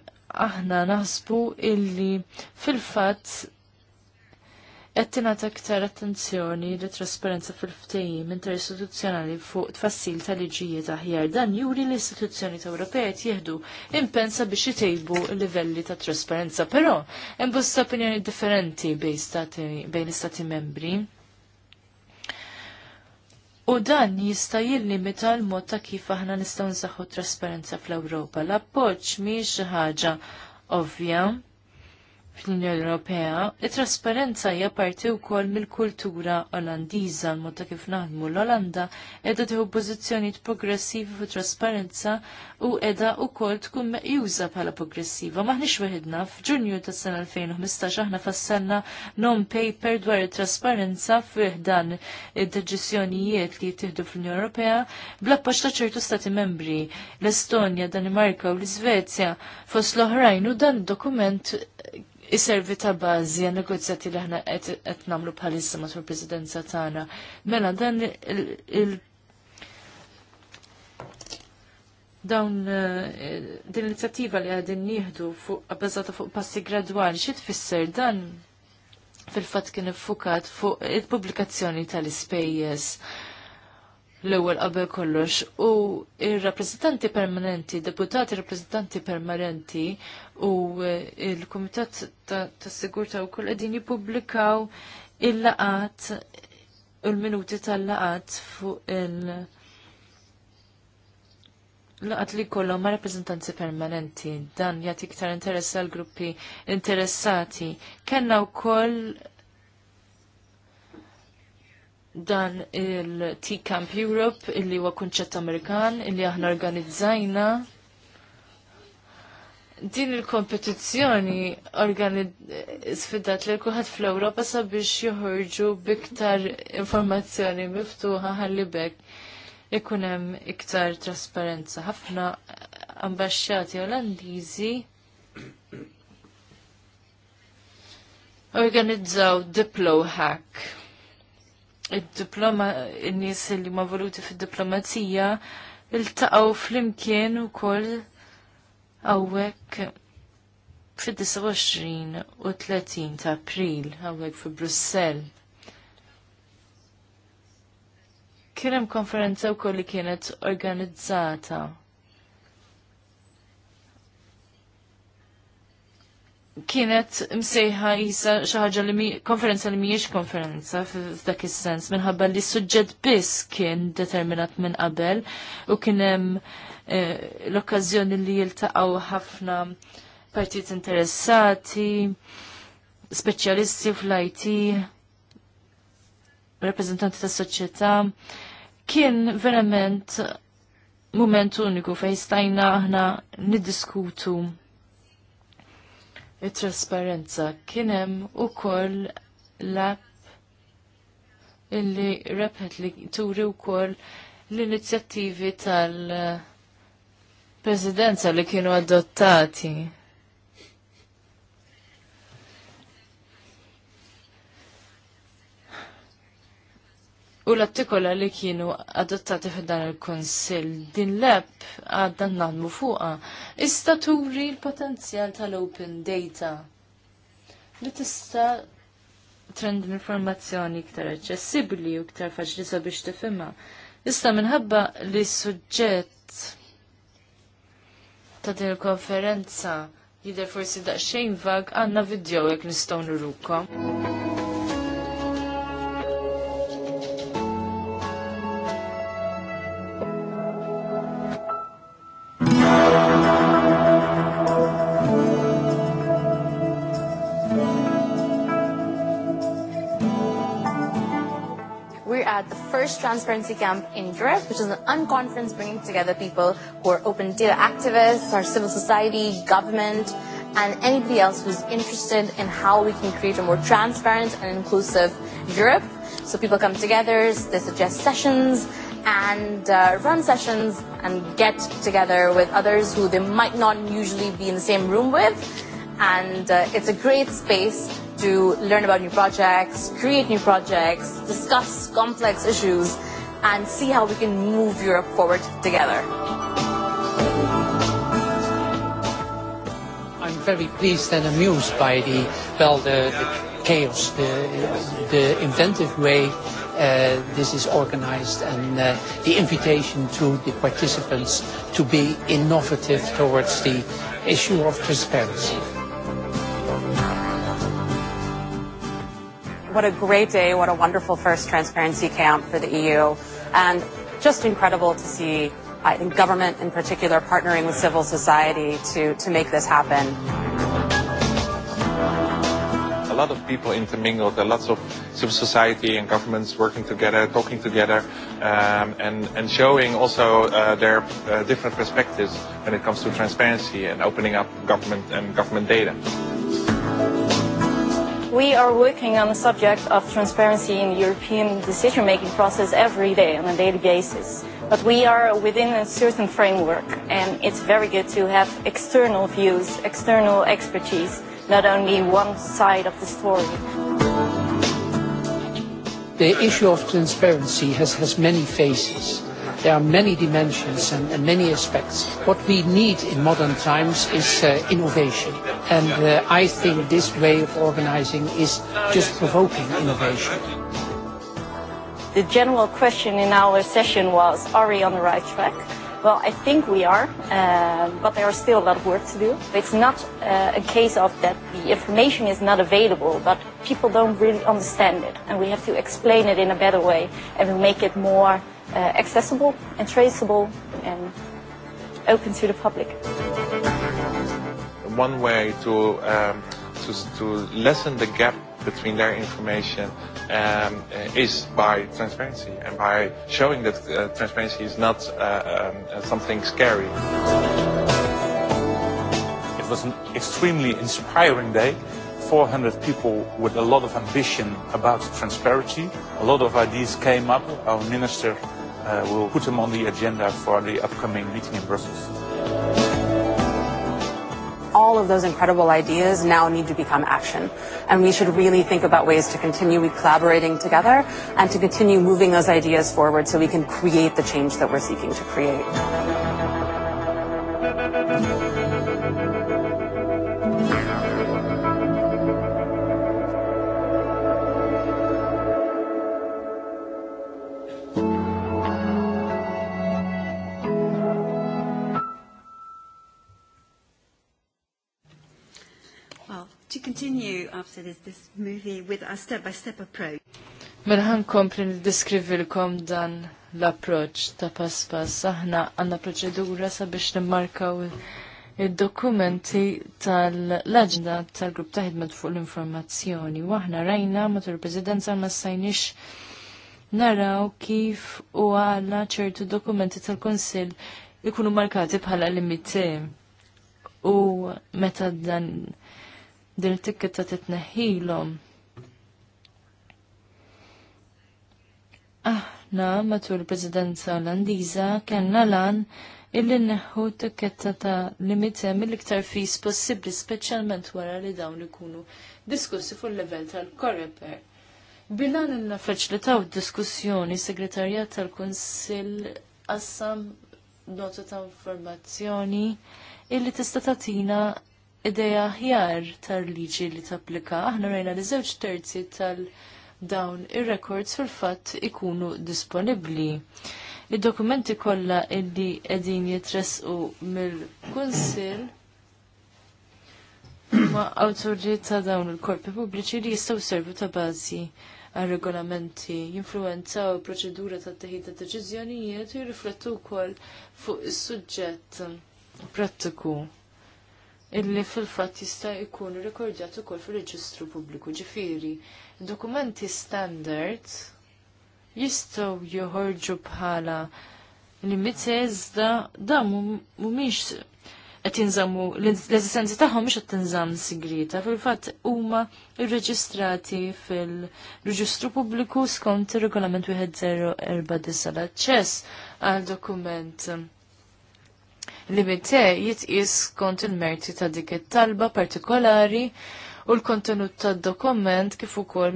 aħna naħsbu illi fil-fatt Għettina ktar attenzjoni li trasparenza fil-ftejim interistituzzjonali fuq tfassil tal-liġijiet aħjar dan juri l istituzjoni ta' Ewropea qed jieħdu impensa biex jitejbu livelli ta' trasparenza, però hemm bosta opinjoni differenti bejn istati membri. U dan jista' jillimita l-mod ta' kif aħna nistgħu nsaħħu trasparenza fl-Ewropa. L-appoġġ mhix xi ħaġa ovvja fl-Unjoni Ewropea, it-trasparenza hija parti wkoll mill-kultura Olandiża l-mod ta' kif naħdmu l-Olanda qiegħda tieħu pożizzjonijiet progressivi fuq trasparenza u qiegħda wkoll tkun meqjuża bħala progressiva. Maħniex weħidna f'Ġunju tas-sena 2015 aħna fassalna non paper dwar it-trasparenza fih dan id-deċiżjonijiet li jittieħdu fl-Unjoni Ewropea bl-appoġġ ta' ċertu stati membri l-Estonja, Danimarka u l-Iżvezja fost l-oħrajn u dan dokument Is-servi ta' bażi għan negozjati li aħna qed nagħmlu bħalissa matul presidenza tagħna. Mela dan il- dawn eh, din l-inizjattiva li għadin nieħdu fuq abbażata fuq passi gradwali xi tfisser dan fil-fatt kien iffukat fuq il-pubblikazzjoni tal-ispejjeż l-ewwel qabel kollox u ir-rappreżentanti permanenti, deputati rappreżentanti permanenti u eh, il-Kumitat tas-Sigurtà u wkoll qegħdin jippubblikaw il-laqat u l-minuti tal-laqat fuq il- laqat li kollhom ma' rappreżentanzi permanenti dan jagħti iktar interess għal gruppi interessati. Kenna wkoll dan il-Tea Camp Europe illi huwa kunċett Amerikan illi aħna organizzajna din il-kompetizzjoni sfidat l kuħat fl-Europa sabiex joħorġu biktar informazzjoni miftuħa ħalli bekk ikunem hemm iktar trasparenza. Ħafna ambasċati Olandiżi organizzaw Diplo Hack id-diploma, n-nies li ma voluti fil-diplomazija, il-taqaw fl-imkien u koll għawek fil-29 u 30 ta' april għawek fi Brussel. Kienem konferenza u koll li kienet organizzata kienet msejħa jisa xaħġa li mi, konferenza li miex konferenza f'dak is-sens minħabba li suġġett biss kien determinat minn qabel u kien hemm eh, l-okkażjoni li jiltaqgħu ħafna partit interessati, speċjalisti fl-IT, rappresentanti tas soċjetà kien verament moment uniku fejn stajna aħna niddiskutu it-trasparenza. Kienem u koll l-app illi repet li turi u koll l-inizjattivi tal-presidenza li kienu adottati. u l-attikola li kienu adottati f'dan il-Konsil din l-app għadna naħdmu fuqa ista turi l-potenzjal tal-open data li tista trend informazzjoni iktar aċċessibbli u iktar faċli sabiex tifhimha. Issa minħabba li suġġett ta' din il-konferenza jidher forsi daqsxejn vag għandna video jekk nistgħu nurukom. first transparency camp in Europe, which is an unconference bringing together people who are open data activists, our civil society, government, and anybody else who's interested in how we can create a more transparent and inclusive Europe. So people come together, they suggest sessions, and uh, run sessions and get together with others who they might not usually be in the same room with. And uh, it's a great space to learn about new projects, create new projects, discuss complex issues, and see how we can move Europe forward together. I'm very pleased and amused by the, well, the, the chaos, the, the inventive way uh, this is organized and uh, the invitation to the participants to be innovative towards the issue of transparency what a great day, what a wonderful first transparency camp for the EU. And just incredible to see, I think, government in particular partnering with civil society to, to make this happen. A lot of people intermingled, a lots of civil society and governments working together, talking together, um, and, and showing also uh, their uh, different perspectives when it comes to transparency and opening up government and government data. We are working on the subject of transparency in the European decision-making process every day on a daily basis. But we are within a certain framework, and it's very good to have external views, external expertise, not only one side of the story. The issue of transparency has, has many faces there are many dimensions and, and many aspects. What we need in modern times is uh, innovation. And uh, I think this way of organizing is just provoking innovation. The general question in our session was, are we on the right track? Well, I think we are, uh, but there are still a lot of work to do. It's not uh, a case of that the information is not available, but people don't really understand it, and we have to explain it in a better way and make it more uh, accessible and traceable and open to the public. One way to, um, to, to lessen the gap between their information um, uh, is by transparency and by showing that uh, transparency is not uh, um, uh, something scary. It was an extremely inspiring day. 400 people with a lot of ambition about transparency. A lot of ideas came up. Our minister uh, we'll put them on the agenda for the upcoming meeting in Brussels. All of those incredible ideas now need to become action. And we should really think about ways to continue collaborating together and to continue moving those ideas forward so we can create the change that we're seeking to create. to continue after this, this movie with a step-by-step -step approach. Mela l-kom dan l-approċ ta' pass Aħna għandna proċedura sabiex nimmarkaw id-dokumenti tal-laġna tal-grupp ta' ħidmet fuq l-informazzjoni. U aħna rajna matul il-Presidenza ma sajniex naraw kif u għala ċertu dokumenti tal-Konsil ikunu markati bħala limiti. U meta dan dil it-tikketta titneħħilhom. Aħna matul il-Presidenza Olandiża kellna lan illi neħħu tikketta ta' limite mill-iktar fis possibbli speċjalment wara li dawn li kunu diskussi fuq il-level tal-Koreper. Bilan il taw diskussjoni segretarjat tal-Kunsill qassam nota ta' informazzjoni illi tista' tatina ideja ħjar tal-liġi li tapplika. Aħna rajna li żewġ terzi tal-dawn ir-records fil-fatt ikunu disponibbli. Id-dokumenti kollha illi qegħdin jitresqu mill-Kunsill ma' awtorità dawn il-korpi pubbliċi li jistgħu servu ta' bażi għal-regolamenti jinfluenzaw il-proċedura ta' teħid ta' deċiżjonijiet u jirriflettu wkoll fuq is-suġġett prattiku illi fil-fatt jista' jkun rekordjat ukoll fil-Reġistru Pubbliku. Ġifieri, dokumenti standard jistgħu joħorġu bħala li iżda da mhumiex qed jinżammu l-eżistenzi tagħhom miex qed tinżamm sigrita, fil-fatt huma rreġistrati fil-Reġistru Pubbliku skont ir-Regolament 1049 l-aċċess għal dokument limite jitqis kont il-merti ta' dik it-talba partikolari u l-kontenut ta' dokument kif ukoll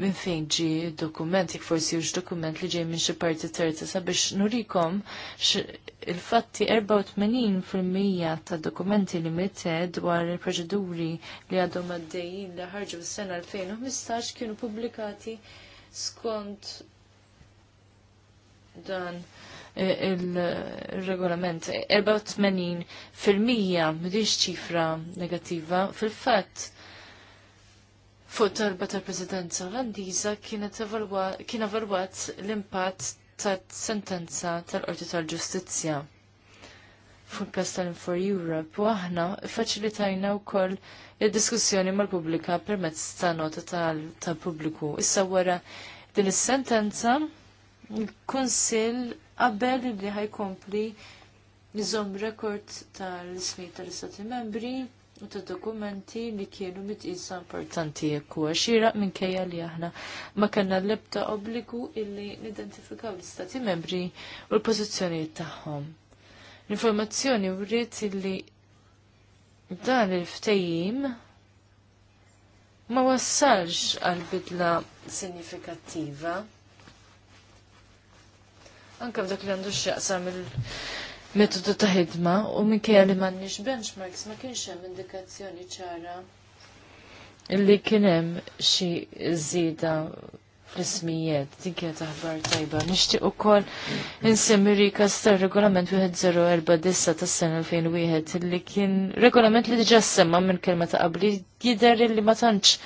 minn fejn ġi dokument, jek forsi hux dokument li ġej minn xi parti terza sabiex nurikom il-fatti 84% ta' dokumenti limite dwar il-proċeduri li għadhom għaddejjin li ħarġu s-sena 2015 kienu pubblikati skont dan il-regolament. 84 fil-mija ċifra negattiva. Fil-fatt, fuq talba tal-Presidenza Olandiża kien evalwat l-impatt tat-sentenza tal-Qorti tal-Ġustizzja fuq Pestalin for Europe u aħna faċilitajna wkoll id-diskussjoni mal-pubblika permezz ta' nota tal-pubbliku. Issa wara din is-sentenza il-Kunsill qabel li ħajkompli nżomm rekord tal-ismi tal-Istati Membri u ta' dokumenti li kienu mitqisa importanti jekku għaxira minn kajja li aħna ma kanna lebta obbligu illi nidentifikaw l-Istati Membri u l-pożizzjonijiet tagħhom. L-informazzjoni wriet illi dan il-ftejim ma wassalx għal bidla sinifikattiva anke f'dak li għandu x'jaqsam il-metodu ta' ħidma u kien li m'għandniex benchmarks ma kienx hemm indikazzjoni ċara illi kien hemm xi żieda fl-ismijiet, din kienet aħbar tajba. Nixtieq ukoll insemmi rikas star regolament 1049 tas-sena 2001 li kien regolament li diġà semma minn kelma ta' qabli jidher li ma tantx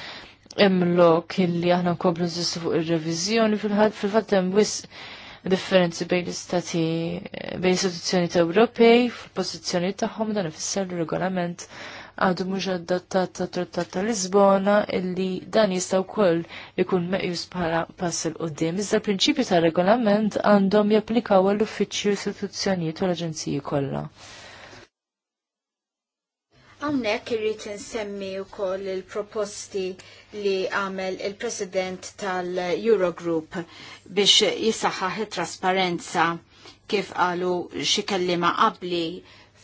hemm lok illi aħna nkomplu nżissu fuq ir-reviżjoni fil-ħadd fil-fatt hemm wisq differenzi bejn l-istati bejn istituzzjoni ta' Ewropej fil-pożizzjoni tagħhom dan ifisser l-regolament għadu mhux adattat ta' Trattat ta' Lisbona illi dan jista' wkoll ikun meqjus bħala pass il qudiem Iżda prinċipju ta' regolament għandhom japplikaw għall-uffiċċju istituzzjonijiet u l-aġenziji kollha. Hawnhekk irrid insemmi wkoll il-proposti li għamel il-President tal-Eurogroup biex jisaħħaħ it-trasparenza kif qalu xi ma qabli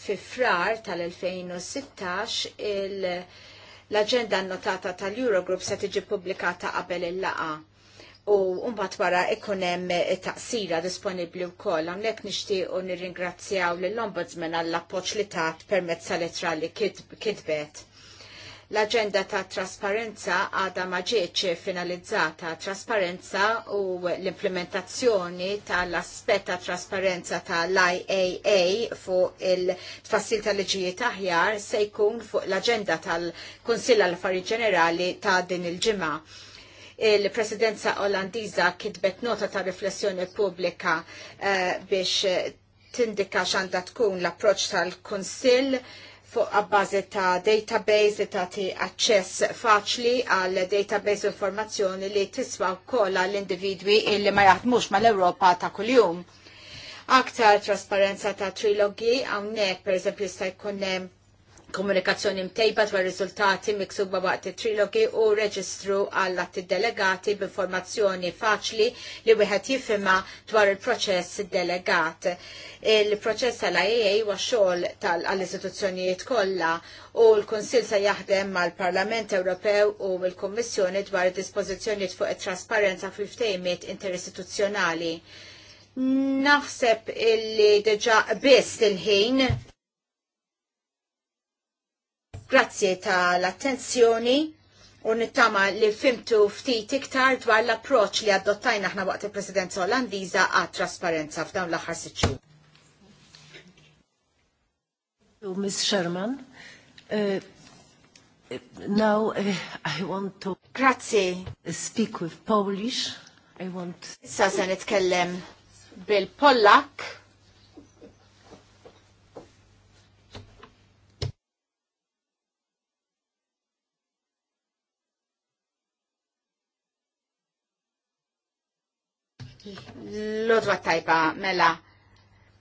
fi frar tal-2016 il- l-agenda annotata tal-Eurogroup se tiġi pubblikata qabel il-laqa u mbagħad wara ikun hemm eh, taqsira disponibbli wkoll. Hawnhekk nixtiequ nirringrazzjaw lill-Ombudsman għall-appoġġ li tat permezz tal-ittra li kitbet. L-aġenda ta' trasparenza għadha ma ġietx finalizzata. Trasparenza u l-implementazzjoni tal-aspett ta' trasparenza tal-IAA fuq il-tfassil tal-liġijiet aħjar se jkun fuq l-aġenda tal-Kunsill għall affarijiet Ġenerali ta' din il-ġimgħa il-presidenza olandiza kitbet nota ta' riflessjoni pubblika eh, biex tindika xanda tkun l-approċ tal-Konsil fuq għabbażi ta' database li tagħti aċċess faċli għal database informazzjoni li tiswa wkoll għall individwi illi ma jaħdmux mal-Ewropa ta' kuljum. Aktar trasparenza ta' trilogi hawnhekk per jista' jkun hemm komunikazzjoni mtejba dwar riżultati miksuba waqt it-trilogi u reġistru għall atti delegati b'informazzjoni faċli li wieħed jifhimha dwar il-proċess delegat. Il-proċess tal IAA huwa xogħol tal-istituzzjonijiet kollha u l-Kunsill se jaħdem mal-Parlament Ewropew u l-Kummissjoni dwar id-dispożizzjonijiet fuq it-trasparenza fil-ftejmiet interistituzzjonali. Naħseb illi deġa biss il-ħin Grazzi tal-attenzjoni u nittama li fimtu ftit iktar dwar l-approċ li adottajna ħna waqt il-Presidenza Olandiża għat trasparenza f'dawn l-aħħar sitxu. Ms. Sherman, uh, now uh, I want to Grazie. speak with Polish. I want... Issa se nitkellem bil-Pollak L-odwa tajba mela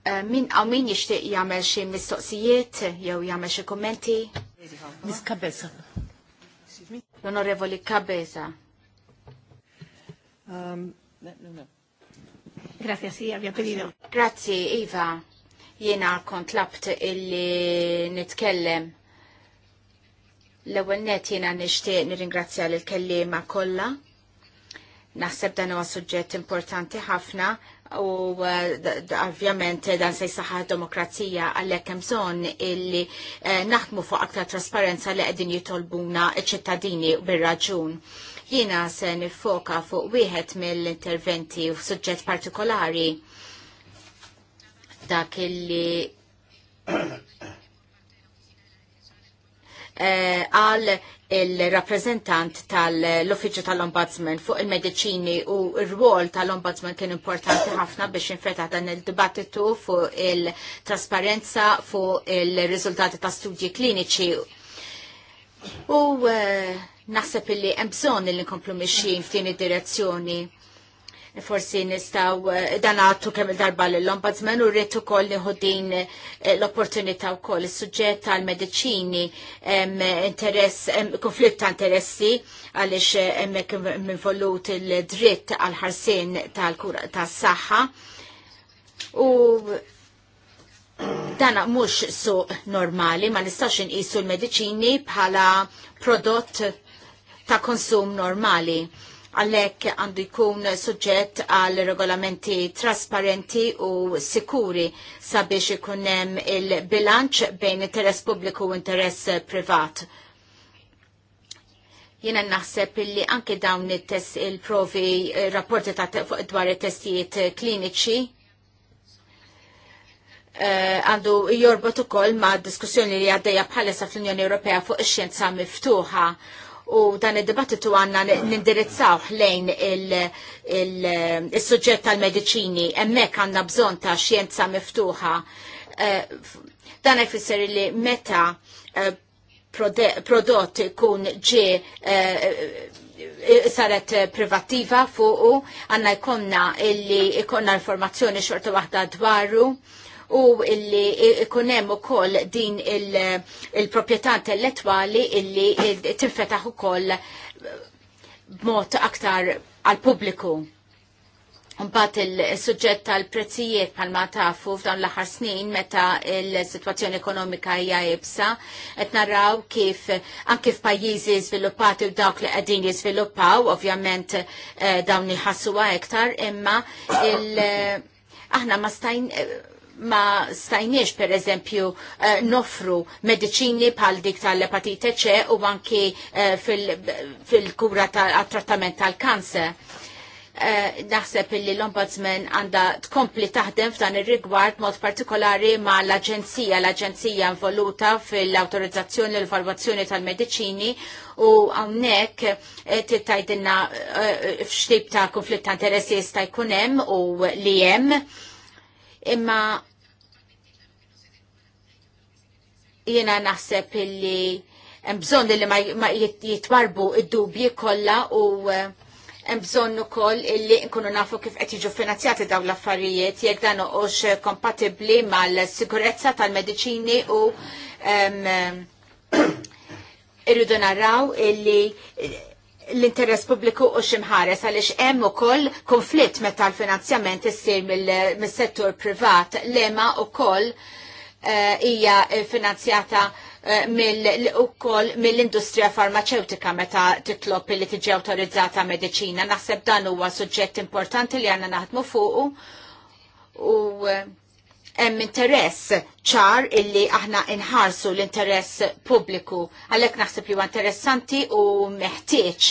eh, min għaw min jishtiq jagħmel xi mistoqsijiet jew jagħmel xi kummenti? Miss Cabeza. L-Onorevoli Cabeza. Um, Grazie, sì, abbia pedido. Grazie, Iva. Jena kont labt illi nitkellem. L-ewwel net jiena nixtieq nirringrazzja lill kellima kollha Naħseb dan huwa suġġett importanti ħafna u uh, ovvjament dan se jsaħħa demokrazija għalhekk hemm bżonn illi uh, naħdmu fuq aktar trasparenza li qegħdin jitolbuna ċ-ċittadini bir-raġun jiena se nifoka fuq wieħed mill-interventi u suġġett partikolari dak illi Eh, għal il-rappresentant tal-Uffiċċju tal-Ombudsman fuq il-Mediċini u r-rwol tal-Ombudsman kien importanti ħafna biex infetta dan il-dibattitu fuq il-trasparenza fuq il-riżultati ta' studji kliniċi. U eh, naħseb illi hemm bżonn li nkomplu mixjin f'din id-direzzjoni forsi nistaw eh, dan għattu kemm il-darba l-ombudsman u rritu koll din eh, l-opportunità u koll il-sujġet tal-medicini interess, konflitt ta' interessi għalix emmek eh, minvolut il-dritt għal-ħarsin tal-kura tas-saħħa u dana mux suq normali, ma nistax inqisu l-medicini bħala prodott ta' konsum normali għallek għandu jkun suġġett għal regolamenti trasparenti u sikuri sabiex ikunem il-bilanċ bejn interess pubbliku u interess privat. Jena naħseb illi anke dawn il-provi il rapporti ta' dwar il-testijiet kliniċi eh, għandu jorbot ukoll ma' diskussjoni li għaddejja bħalissa fl-Unjoni Ewropea fuq ix-xjenza miftuħa u dan id-dibattitu għanna nindirizzaw lejn il-sujġet il, tal-medicini, emmek għanna bżon ta' xjenza miftuħa. Eh, dan jfisser li meta eh, prodott kun ġi eh, saret privativa fuqu, għanna jkonna illi jkonna informazzjoni xorta waħda dwaru u illi ikunem u koll din il-propieta il intellettuali illi tinfetaħ u koll b'mod aktar għal pubbliku. Mbagħad il-suġġett tal-prezzijiet bħalma tafu f'dan l-aħħar snin meta l-sitwazzjoni ekonomika hija ibsa, qed naraw kif anke f'pajjiżi żviluppati u dawk li qegħdin jiżviluppaw, ovvjament eh, dawn iħassuha iktar, imma il- aħna ma stajn ma stajniex per eżempju eh, nofru medicini pal dik tal-epatite ċe u anki eh, fil-kura tal-trattament tal-kanser. Eh, naħseb illi l-Ombudsman għanda tkompli taħdem f'dan ir-rigward mod partikolari ma l-Aġenzija, l-Aġenzija involuta fil-autorizzazzjoni l-evalwazzjoni tal-medicini u għawnek tittajdinna f'xtib ta' konflitt ta' interessi jista' jkun hemm u li hemm imma Jiena naħseb illi hemm bżonn li ma jitwarbu id-dubji kollha u eh, hemm bżonn ukoll illi nkunu nafu kif qed jiġu finanzjati dawn l-affarijiet jekk dan uqgħux kompatibbli mal-sigurezza tal-mediċini u irridu naraw illi l-interess pubbliku u ximħares għaliex hemm ukoll konflitt meta l-finanzjament issir mis-settur privat lema ukoll koll Eh, hija finanzjata eh, mill-ukoll mill-industrija farmaceutika meta titlob li tiġi autorizzata mediċina. Naħseb dan huwa suġġett importanti li għandna naħdmu fuqu u eh, hemm interess ċar illi aħna inħarsu l-interess pubbliku. Għalhekk naħseb li huwa interessanti u meħtieġ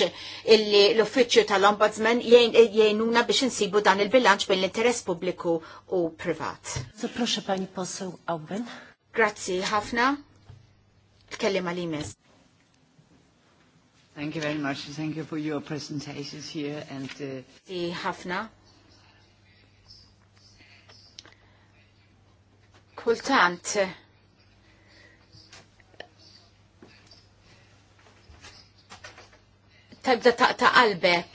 illi l-uffiċċju tal-Ombudsman jgħinuna biex insibu dan il-bilanċ bejn l-interess pubbliku u privat. Zaprosza pani posu għawben. Grazzi ħafna. Kellim għalimis. Thank you very much. Thank you for your presentations here and uh... ħafna. kultant Tabda taqta qalbek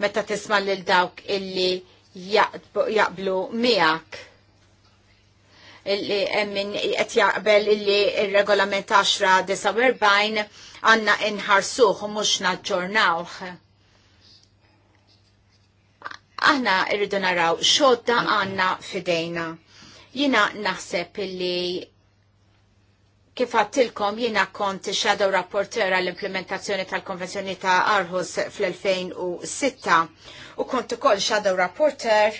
meta tisma' lil dawk illi jaqblu miegħek illi min qed jaqbel illi ir-regolament 10-49 għandna inħarsuh u mhux naġġornawh. Aħna rridu naraw xodda għandna fidejna. Jina naħseb illi kif għattilkom jina kont shadow rapporteur għall-implementazzjoni tal-konvenzjoni ta' Arhus fl-2006 u kont ukoll shadow rapporteur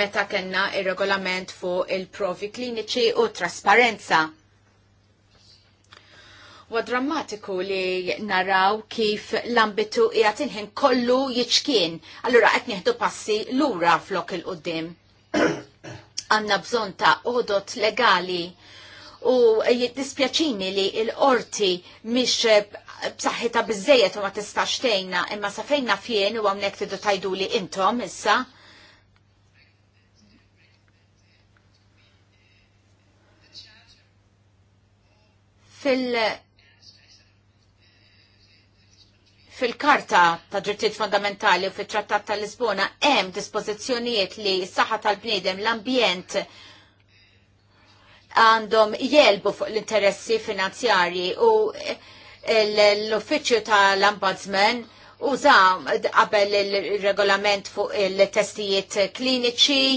meta kenna il-regolament fuq il-provi kliniċi u trasparenza. U drammatiku li naraw kif l-ambitu jgħatinħin inħin kollu jiċkien, allura qed nieħdu passi lura flok il-qoddim għanna bżon ta' odot legali u jiddispjaċini li l-orti miex eh, b'saħħita bizzejet u ma tistax tejna imma safejna fien u għamnek tiddu tajdu li intom issa. fil- fil-Karta ta' Drittijiet Fundamentali u fit-Trattat tal Lisbona hemm dispożizzjonijiet li s-saħħa tal-bniedem l-ambjent għandhom jelbu fuq l-interessi finanzjarji u l-uffiċċju tal-Ombudsman uża qabel il-regolament fuq il-testijiet kliniċi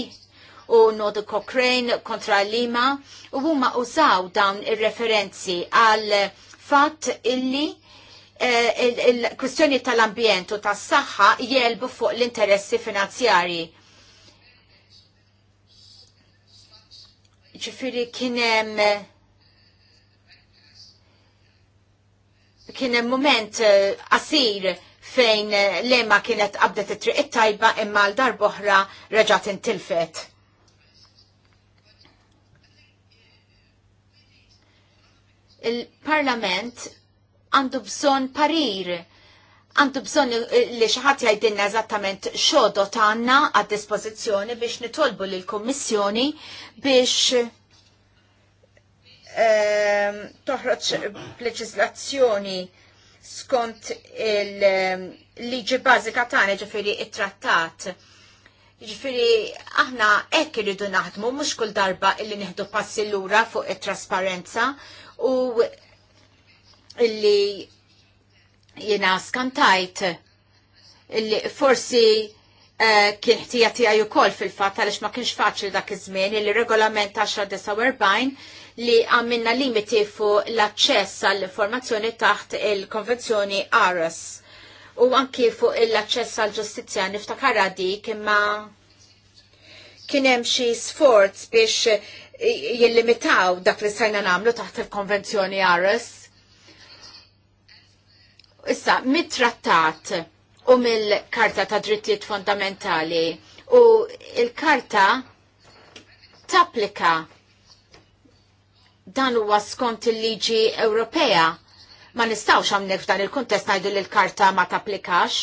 u Nodu Cochrane kontra Lima u huma użaw dawn ir-referenzi għal fatt illi Eh, il-kwistjoni tal-ambjent u tas-saħħa jelbu fuq l-interessi finanzjarji. Ġifieri kien hemm kien hemm mument eh, qasir fejn eh, lema kienet qabdet it-triq it-tajba imma l darboħra reġat intilfet. Il-Parlament għandu bżon parir. Għandu bżon li xaħat jgħidilna eżattament xodo għanna għad dispożizzjoni biex nitolbu l-Kommissjoni biex ehm, toħroċ leġislazzjoni skont il-liġi bażika tagħna ġifieri it-trattat. Ġifiri, aħna ekk irridu naħdmu, mux kull darba illi neħdu passi l-ura fuq it-trasparenza u illi jena skantajt illi forsi eh, kien ħtijati għaju wkoll fil-fatt għaliex ma kienx faċli dak iż-żmien li regolament 1049 li għamilna limiti fuq l-aċċess għall-informazzjoni taħt il-konvenzjoni ARAS u anki fuq l-aċċess għall-ġustizzja niftakara dik imma kien hemm xi sforz biex jillimitaw dak li sajna nagħmlu taħt il-konvenzjoni ARAS Issa, mit-trattat u mill-Karta ta' Drittijiet Fondamentali u il-Karta tapplika dan huwa skont il-liġi Ewropea. Ma nistawx għamnek f'dan il-kuntest ngħidu li l-karta ma tapplikax.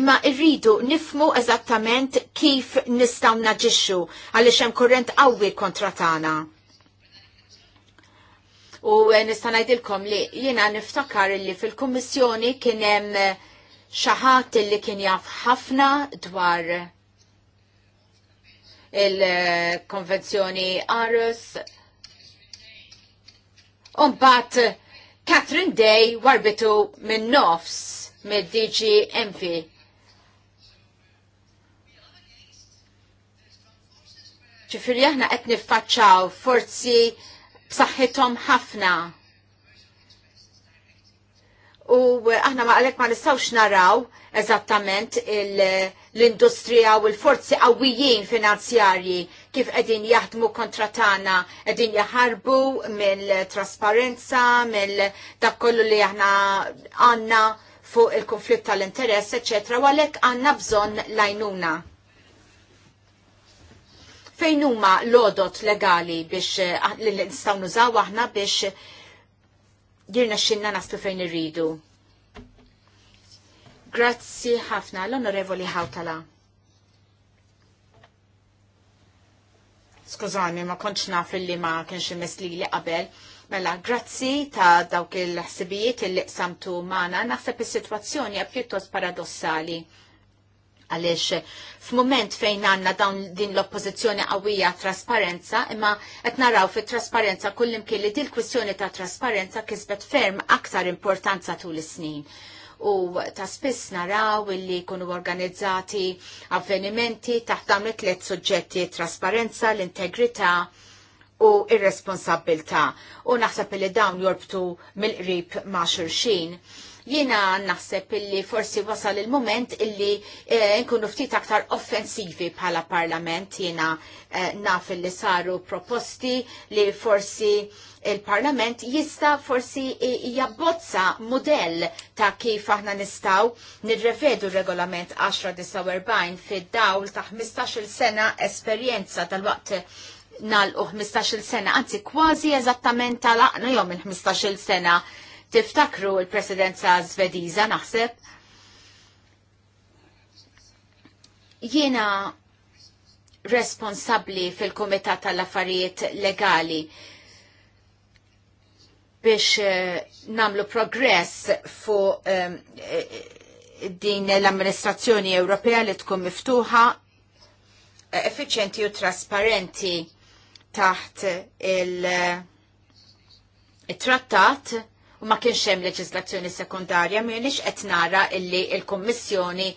Imma irridu nifmu eżattament kif nistaw naġixxu għaliex hemm kurrent qawwi kontra tagħna. U eh, nista' ngħidilkom li jiena niftakar li fil-Kummissjoni kien hemm eh, xaħat li kien jaf ħafna dwar il-konvenzjoni Arus. Umbat Catherine Day warbitu minn nofs mid DG MV. Ġifiri aħna qed niffaċċaw forzi b'saħħithom ħafna. U aħna ma għalek ma nistawx naraw eżattament l-industrija u l-forzi qawwijin finanzjarji kif qegħdin jaħdmu kontratana, qegħdin jaħarbu mill-trasparenza, mill dak kollu li aħna għandna fuq il-konflitt tal-interess, eccetera, u għalhekk għandna bżonn lajnuna fejn huma l-odot legali biex eh, ah, nistgħu nużaw aħna biex dirna xinna naslu fejn irridu. Grazzi ħafna l-Onorevoli Hawtala. Skużani, ma konċ naf li ma kienx imesli li qabel. Mela, grazzi ta' dawk il-ħsibijiet il-li qsamtu maħna, naħseb il-situazzjoni pjuttost paradossali għaliex f'mument fejn għanna dawn din l-oppozizjoni qawwija trasparenza, imma qed naraw fit-trasparenza kullimkien li din kwistjoni ta' trasparenza kisbet ferm aktar importanza tul is-snin u ta' spiss naraw illi kunu organizzati avvenimenti taħt dawn it-tliet suġġetti trasparenza, l-integrità u irresponsabilta. U naħseb li dawn jorbtu mill-qrib ma' xulxin Jiena naħseb illi forsi wasal il-moment illi eh, nkunu ftit aktar offensivi bħala parlament jiena eh, naf illi saru proposti li forsi il-Parlament jista forsi jabbozza model ta' kif aħna nistaw nirrevedu regolament 10 1049 fid-dawl ta' 15 sena esperjenza tal-waqt nal 15 15 sena, anzi kważi eżattament tal-aqna jom il-15 sena tiftakru il-presidenza svediża naħseb. Jiena responsabli fil-Komitat tal-Affarijiet Legali biex eh, namlu progress fu um, ehm, eh, din l-amministrazzjoni Ewropea li tkun miftuħa, eh, effiċenti u trasparenti taħt il-trattat il trattat u ma kienx hemm leġislazzjoni sekundarja m'iniex qed nara illi l-Kummissjoni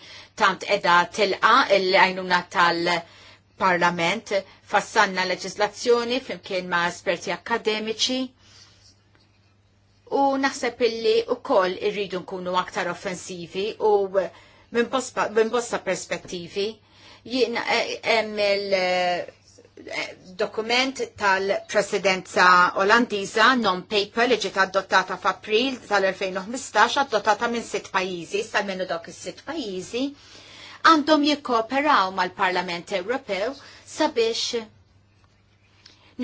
tant qiegħda tilqa l-għajnuna tal-Parlament fassanna leġislazzjoni flimkien ma' esperti akademiċi u naħseb illi wkoll irridu nkunu aktar offensivi u minn bosta perspettivi jien eh, hemm il- dokument tal-presidenza olandiza non-paper li ġiet adottata f'April tal-2015 adottata minn sitt pajjiżi, sa minnu dok is-sitt pajjiżi, għandhom jikkooperaw mal-Parlament Ewropew sabiex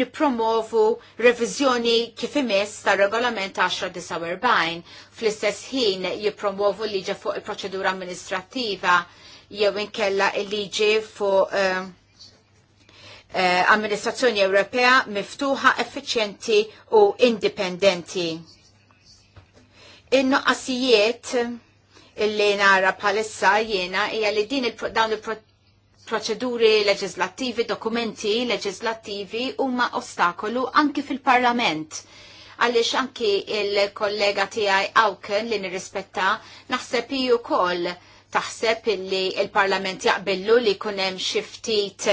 nipromovu revizjoni kif imess ta' regolament 1049 fl-istess ħin jipromovu liġi fuq il-proċedura amministrattiva jew inkella il-liġi fuq uh, Eh, amministrazzjoni Ewropea miftuħa, effiċjenti u indipendenti. In-noqqasijiet illi nara palissa jiena hija li din dawn il proċeduri leġislattivi, dokumenti leġislattivi huma ostakolu anki fil-Parlament għalix anki il-kollega tijaj Awken li nirrispetta naħseb iju kol taħseb illi il-parlament jaqbillu li kunem xiftit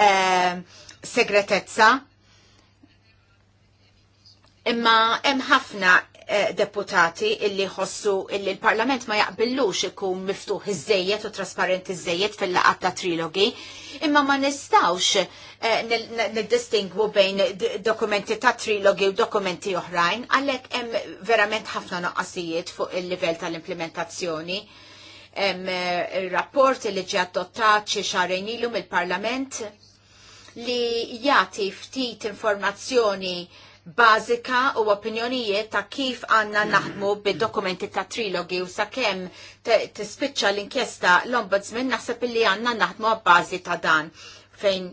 Eh, segretezza. Imma hemm ħafna eh, deputati illi ħossu illi l-Parlament ma jaqbillux ikun miftuħ iż-żejjed u trasparenti iż-żejjed fil-laqat ta' trilogi, imma ma nistawx eh, niddistingwu bejn dokumenti ta' trilogi u dokumenti oħrajn, għalhekk hemm verament ħafna noqqasijiet fuq il-livell tal-implementazzjoni. Hemm rapport li ġi adottat xi xarejn ilu mill-Parlament li jati ftit informazzjoni bażika u opinjonijiet ta' kif għanna naħdmu bid-dokumenti ta' trilogi u sakemm tispiċċa l-inkjesta l-Ombudsman naħseb li għanna naħdmu għabbażi ta' dan fejn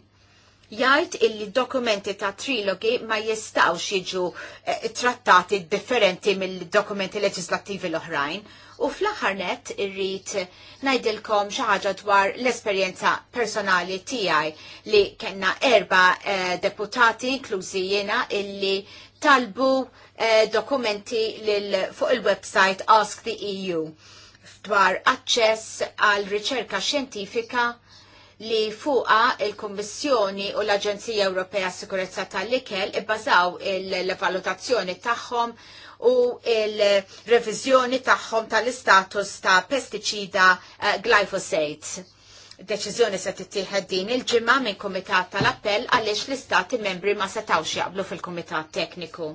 Jajt illi dokumenti ta' trilogi ma jistawx jiġu eh, trattati differenti mill-dokumenti leġislattivi l-oħrajn. U fl-aħħar net irrid ngħidilkom xi ħaġa dwar l-esperjenza personali tiegħi li kellna erba' eh, deputati inklużi jiena illi talbu eh, dokumenti lil, fuq il-website Ask the EU dwar aċċess għal riċerka xjentifika li fuqa il-Kommissjoni u l-Aġenzija Ewropea Sikurezza tal-Ikel ibbażaw il-valutazzjoni tagħhom u il-reviżjoni tagħhom tal-istatus ta' pestiċida eh, glyphosate deċiżjoni se tittieħed din il-ġimgħa minn Kumitat tal-Appell għaliex l-istati membri ma setgħux jaqblu fil-Kumitat Tekniku.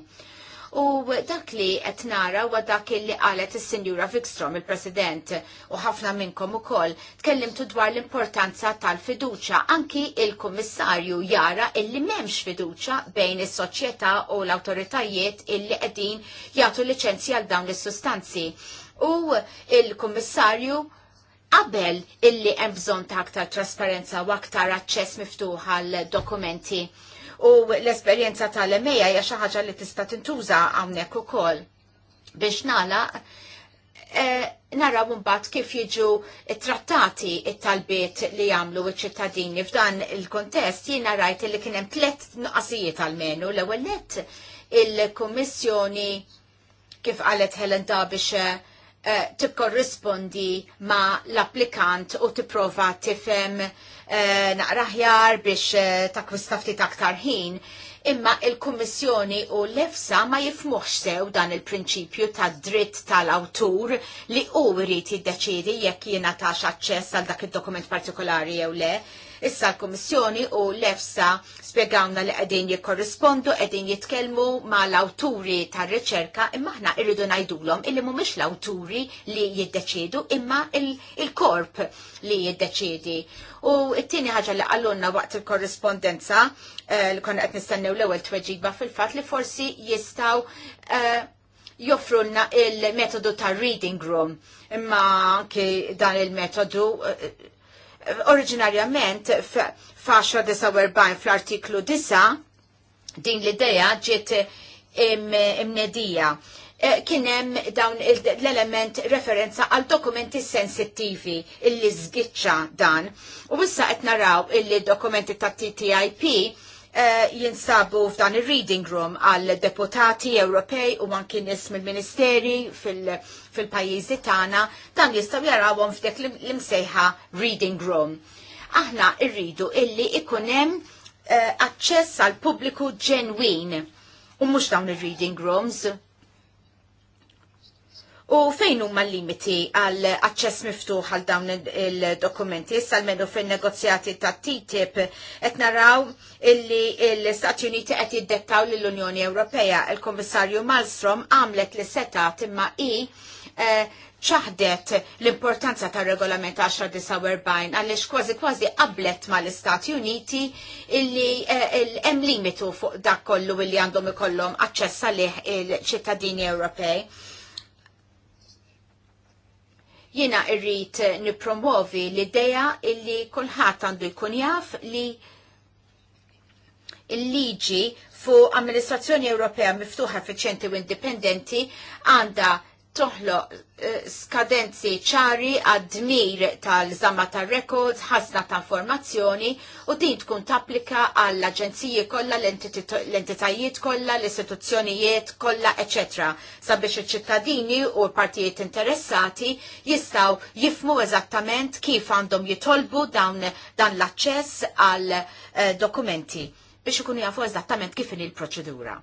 U dak li qed nara wa dak li qalet is-Sinjura Vikstrom il-President u ħafna minnkom ukoll tkellimtu dwar l-importanza tal-fiduċa. Anki il-Kummissarju jara illi m'hemmx fiduċa bejn is-soċjetà u l-awtoritajiet illi qegħdin jagħtu liċenzji għal dawn is-sustanzi. U il-Kummissarju qabel illi hemm bżonn ta' aktar trasparenza u aktar aċċess miftuħ għal dokumenti u l-esperjenza tal emeja hija xi ħaġa li tista' tintuża hawnhekk ukoll. Biex nagħlaq eh, naraw mbagħad kif jiġu trattati it-talbiet li jagħmlu ċ-ċittadini f'dan il-kontest jiena rajt li kien hemm tliet nuqqasijiet għalmenu l-ewwel nett il-Kummissjoni kif qalet Helen da biex eh, eh, tikkorrispondi ma l-applikant u tipprova tifhem Eh, naqra ħjar biex eh, takwista ftit aktar ħin, imma il-Kummissjoni u l-EFSA ma jifmuħx sew dan il-prinċipju ta' dritt tal-awtur li u rrit jiddeċidi jekk jiena ta' aċċess għal dak id-dokument partikolari jew le, Issa l-Kommissjoni u l-EFSA spiegawna li qegħdin jikkorrispondu, qegħdin jitkellmu ma l-awturi tar-riċerka imma aħna irridu ngħidulhom illi mhumiex l-awturi li jiddeċiedu imma il-korp li jiddeċiedi. U t-tieni ħaġa li għallunna waqt il-korrispondenza eh, li konna qed nistennew l-ewwel tweġiba fil-fatt li forsi jistgħu eh, joffrulna il-metodu ta' reading room imma anki dan il-metodu eh, Oriġinarjament f'1049 fl-artiklu 9 din l-idea ġiet imnedija. E, Kien hemm dawn l-element referenza għal dokumenti sensittivi illi zgitxa dan. U issa qed naraw illi dokumenti ta' TTIP Eh, jinsabu f'dan il-reading room għal deputati Ewropej u anki nies mill-ministeri fil-pajjiżi tagħna dan jistgħu jarawhom f'dek l-imsejħa reading room. Aħna rridu illi ikun hemm eh, aċċess għal pubbliku ġenwin u mhux dawn ir-reading rooms U fejn huma l-limiti għal aċċess miftuħ għal dawn il-dokumenti? Issa medu fin-negozjati ta' TTIP qed naraw illi l-Istati Uniti qed jiddettaw lill-Unjoni Ewropea. Il-Kummissarju Malmstrom għamlet li seta imma i eh, ċaħdet l-importanza ta' regolament 1049 għaliex kważi kważi qablet ma' l-Istati Uniti illi eh, hemm limitu fuq dak kollu illi għandhom ikollhom aċċess għalih il-ċittadini Ewropej Jiena irrit nipromovi l-ideja illi kulħadd għandu jkun jaf li il-liġi fu amministrazzjoni Ewropea miftuħa effiċjenti u indipendenti għandha toħloq eh, skadenzi ċari għad-dmir tal-żamma ta' records, ħasna ta' informazzjoni u din tkun tapplika għall aġenziji kollha, l-entitajiet kollha, l-istituzzjonijiet kollha, etc. sabiex iċ-ċittadini u l-partijiet interessati jistaw jifmu eżattament kif għandhom jitolbu dan, dan l-aċċess għal eh, dokumenti biex ikunu jafu eżattament kif il proċedura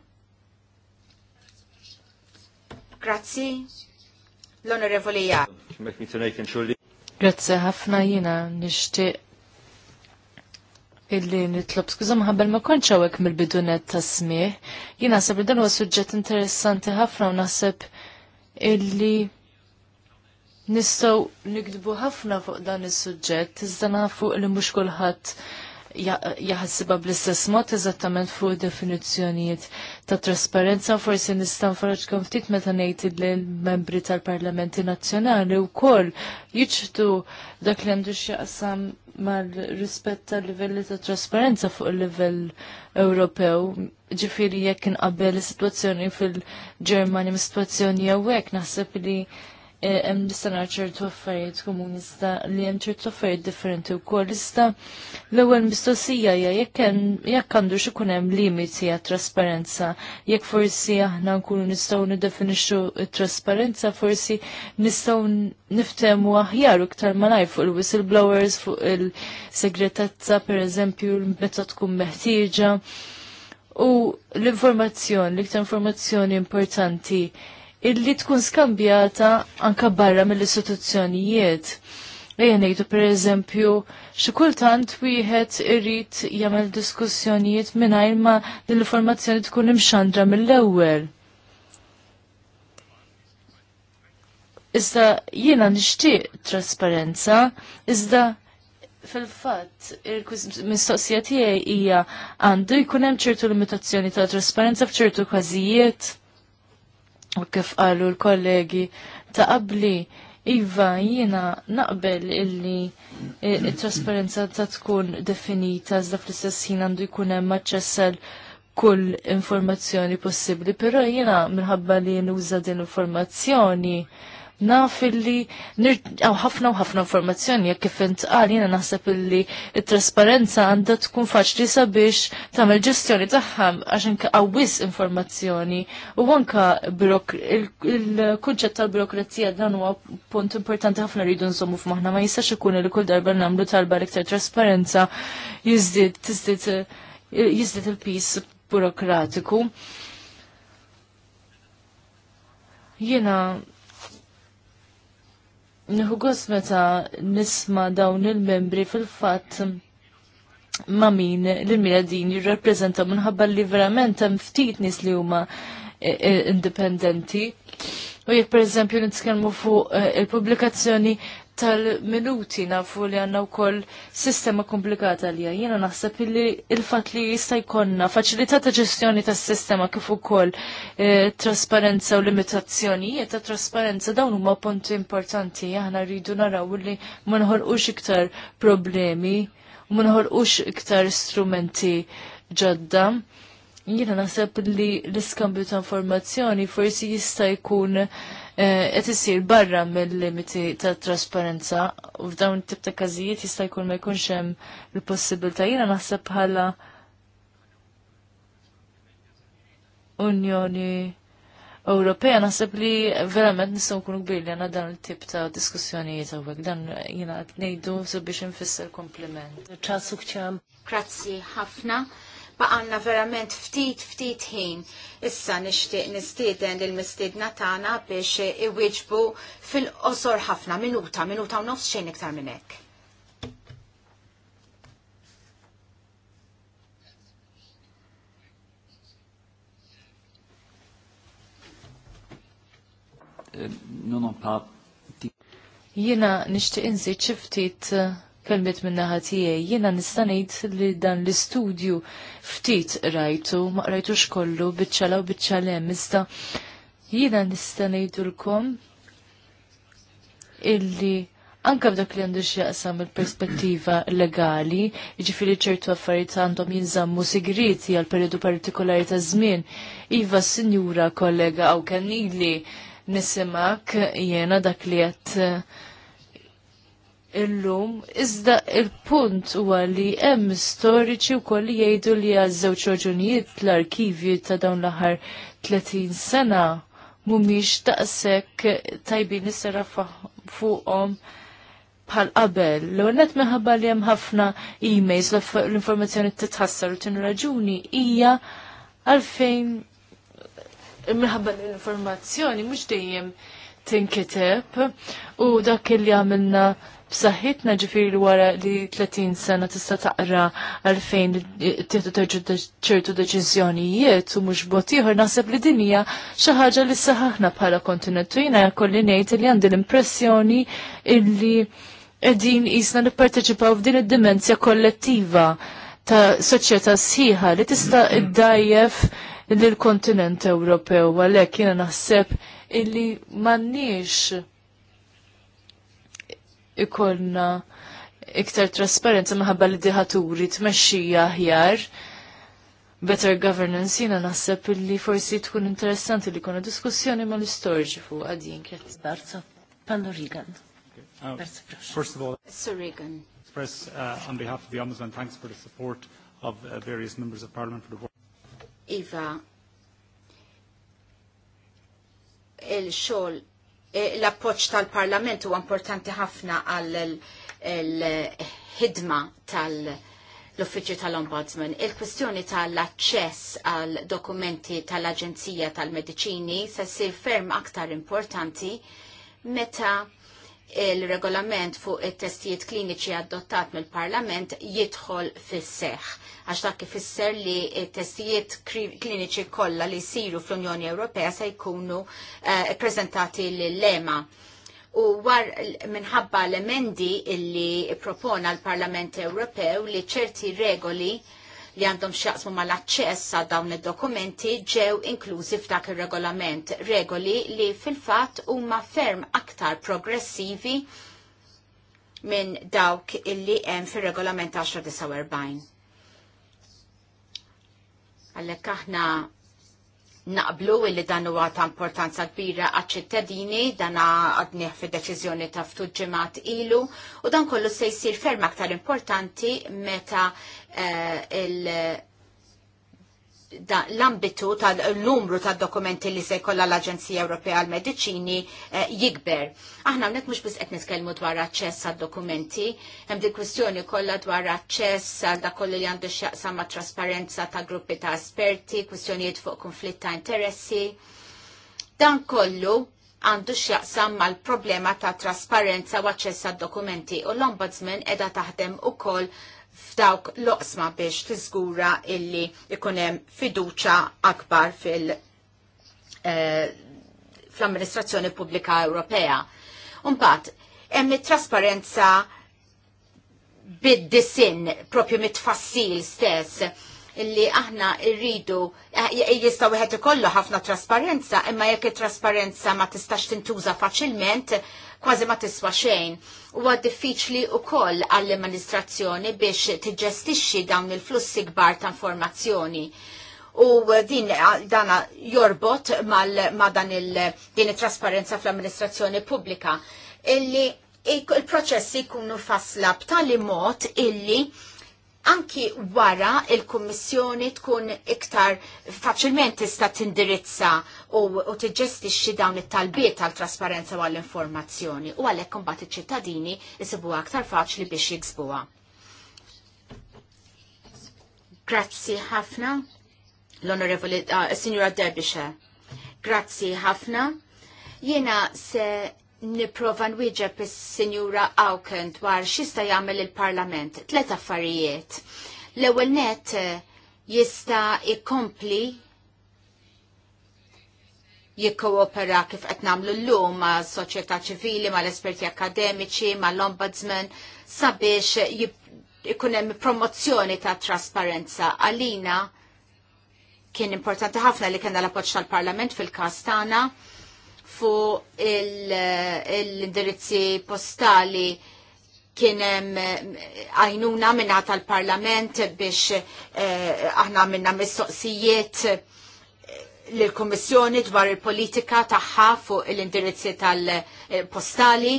Grazzi. L-Onorevoli Ja. Grazzi ħafna jina nishtiq illi nitlob skuża mħabbel ma konċ hawnhekk mill-bidunet ta' smih. Jina naħseb li dan huwa suġġett interessanti ħafna u naħseb illi nistgħu nikdbu ħafna fuq dan is-suġġett iżda fuq li mhux kulħadd jaħsibha bl-istess mod eżattament fuq definizzjonijiet ta' trasparenza forsi nista' nfaraġkom ftit meta ngħid lill-membri tal-Parlamenti Nazzjonali wkoll jiġtu dak li għandu x'jaqsam mal-rispett tal-livelli ta' trasparenza fuq il-livell Ewropew. Ġifieri jekk inqabel is-sitwazzjoni fil-Ġermani mis-sitwazzjoni hawnhekk naħseb li hemm nista' ċertu affarijiet komuni iżda li hemm ċertu affarijiet differenti wkoll iżda l-ewwel mistoqsija hija jekk hemm jekk għandux ikun hemm limiti għat-trasparenza, jekk forsi aħna nkunu nistgħu niddefinixxu t-trasparenza forsi nistgħu niftehmu aħjar iktar malaj fuq il-whistleblowers, fuq il-segretezza pereżempju meta tkun meħtieġa. U l-informazzjoni, l-iktar informazzjoni importanti illi tkun skambjata anka barra mill-istituzzjonijiet. Ejja ngħidu pereżempju xi kultant wieħed irrit jagħmel diskussjonijiet mingħajr ma l-informazzjoni tkun imxandra mill-ewwel. Iżda jiena nixtieq trasparenza, iżda fil-fatt il-mistoqsija tiegħi hija għandu jkun hemm ċertu limitazzjoni ta' trasparenza f'ċertu każijiet u kif qalu l-kollegi ta' qabli Iva, jiena naqbel illi e, il-trasparenza ta' tkun definita zda fl-istess jina għandu jkun hemm aċċessel kull informazzjoni possibbli, però jiena minħabba li nuża din informazzjoni naf illi nirġaw ħafna u ħafna informazzjoni jekk kif intqal jiena naħseb illi t-trasparenza għandha tkun faċli sabiex tagħmel ġestjoni tagħha għax inke qawwis informazzjoni u anke il-kunċett tal-birokrazija dan huwa punt importanti ħafna rridu nżommu f'maħna ma jistax ikun li kull darba nagħmlu talba l-iktar trasparenza jiżdied tiżdied jiżdied il-pis burokratiku. Jiena Nħugos meta nisma dawn il-membri fil-fat ma min l-mira din jirrapprezenta minħabba li verament hemm ftit nis li huma e, e, indipendenti. U jekk per eżempju nitkellmu fuq e, il-pubblikazzjoni tal-minuti nafu li għanna wkoll sistema komplikata li jiena naħseb li il-fatt li jista' jkollna faċilità ta' ġestjoni tas-sistema kif ukoll e, trasparenza u limitazzjonijiet ta' trasparenza dawn huma punti importanti aħna rridu naraw li ma nħolqux iktar problemi u ma nħolqux iktar strumenti ġodda jina naħseb li l-iskambju ta' informazzjoni forsi jista' jkun Eh, qed isir barra mill-limiti ta' trasparenza u f'dawn tip ta' każijiet jista' jkun ma jkunx hemm il-possibilità jiena naħseb bħala Unjoni Ewropea naħseb li verament nistgħu nkunu kbir li għandna dan il-tip ta' diskussjonijiet hawnhekk dan jiena qed ngħidu sabiex infisser kompliment. Grazzi ħafna għanna verament ftit ftit ħin. Issa nixtieq nistieden lil mistiedna tagħna biex iwieġbu fil-qosor ħafna minuta, minuta u nofs xejn iktar minn hekk. Eh, Jina nixtieq inżid xi ftit eh, kelmiet minn naħa tiegħi. Jiena nista' ngħid li dan l-istudju ftit rajtu, ma rajtu kollu biċċala u biċċalem, iżda jiena nista' ngħidulkom illi Anka f'dak li għandu xieqsam il-perspettiva legali, jiġifieri ċertu affarijiet għandhom jinżammu sigriti għal periodu partikolari ta' żmien. Iva, sinjura kollega, għaw kanili nisimak jena dak li qed illum, iżda il-punt huwa li hemm storiċi wkoll kolli jgħidu li għaż raġunijiet l arkivju ta' dawn l-aħħar 30 sena mhumiex taqsek tajbin nisera fuqhom bħal qabel. L-għonet meħabba li hemm ħafna e-mails l-informazzjoni titħassar u t raġuni hija għalfejn minħabba l-informazzjoni mhux dejjem tinkiteb u dak li għamilna b'saħħitna ġifiri wara li 30 sena tista' taqra għalfejn tieħdu terġu ċertu deċiżjonijiet u mhux bot ieħor naħseb li din hija xi ħaġa li saħaħna bħala kontinent u jiena jkolli ngħid li għandi l-impressjoni illi qegħdin qisna nipparteċipaw f'din id-dimensja kollettiva ta' soċjetà sħiħa li tista' iddajjef lill-kontinent Ewropew għalhekk jiena naħseb illi m'għandniex ikonna iktar trasparenza minħabba li diħaturi tmexxija aħjar. Better governance jina nasab li forsi tkun interessanti li kuna diskussjoni ma l-istorġi fu għadjien kiet. Barzo, pan Regan. Uh, first of all, Sir Regan. Express uh, on behalf of the Ombudsman thanks for the support of uh, various members of Parliament for the work. Iva, il-xol Eh, l-appoċ tal-Parlament huwa importanti ħafna għal l-ħidma tal-Uffiċċju tal-Ombudsman. Il-kwestjoni tal-aċċess għal dokumenti tal-Aġenzija tal-Mediċini se ferm aktar importanti meta il-regolament fuq it-testijiet kliniċi adottat mill-Parlament jidħol fis-seħ. Għax dak ifisser li t-testijiet kliniċi kollha li jsiru fl-Unjoni Ewropea se jkunu uh, eh, prezentati lill-lema. U war minħabba l-emendi li propona l-Parlament Ewropew li ċerti regoli li għandhom xaqsmu mal aċċess għal dawn id-dokumenti ġew inklużi f'dak ir-regolament, regoli li fil-fatt huma ferm aktar progressivi minn dawk illi hemm fir-regolament 1049. Għallek aħna naqblu illi dan huwa ta' importanza kbira għaċ-ċittadini, dan għadniħ fid-deċiżjoni ta' ftut ġimgħat ilu, u dan kollu se jsir ferm aktar importanti meta uh, il- l-ambitu tal-numru tal dokumenti li se jkollha l-Aġenzija Ewropea għal mediċini eh, jikber. Aħna hawnhekk mhux biss qed nitkellmu dwar aċċess għad dokumenti, hemm dik kwistjoni kollha dwar aċċess għal dak kollu li għandu x'jaqsam mat trasparenza ta' gruppi ta' esperti, kwistjonijiet fuq konflitt ta' interessi. Dan kollu għandu x'jaqsam mal-problema ta' trasparenza u aċċess għad dokumenti u l-Ombudsman qiegħda taħdem ukoll f'dawk loqsma biex tiżgura illi ikunem fiduċa akbar fil- eh, fl-amministrazzjoni pubblika Ewropea. Unbat, hemm trasparenza bid-disin propju mit-tfassil stess illi aħna irridu eh, jista wieħed ikollu ħafna trasparenza, imma jekk it-trasparenza ma tistax tintuża faċilment, kważi ma tiswa xejn. Huwa diffiċli wkoll għall-amministrazzjoni biex tiġġestixxi dawn il-flussi kbar ta' informazzjoni. U din dana jorbot ma' dan il-din it-trasparenza fl-amministrazzjoni pubblika illi il-proċessi kunu fasla b'tali mod illi anki wara il-Kummissjoni tkun iktar faċilment tista' tindirizza u, u tiġġestixxi dawn it-talbiet tal-trasparenza u għall-informazzjoni u għalhekk imbagħad iċ-ċittadini jisibu aktar faċli biex jiksbuha. Grazzi ħafna l-Onorevoli uh, Signora Derbyshire. Grazzi ħafna. Jena se niprofa nwieġeb is-Sinjura Awken dwar xista jagħmel il-Parlament. Tlet affarijiet. L-ewwel net eh, jista' ikompli jikkoopera kif qed nagħmlu llum ma' soċjetà ċivili, ma' l-esperti akademiċi, ma' l-ombudsman sabiex ikun hemm promozzjoni ta' trasparenza għalina kien importanti ħafna li kena l appoġġ tal-Parlament fil kastana tagħna fuq eh, l-indirizzi postali kienem eh, għajnuna minna tal-parlament biex eh, aħna minna mistoqsijiet l-Komissjoni dwar il-politika taħħa fuq l-indirizzi tal-postali.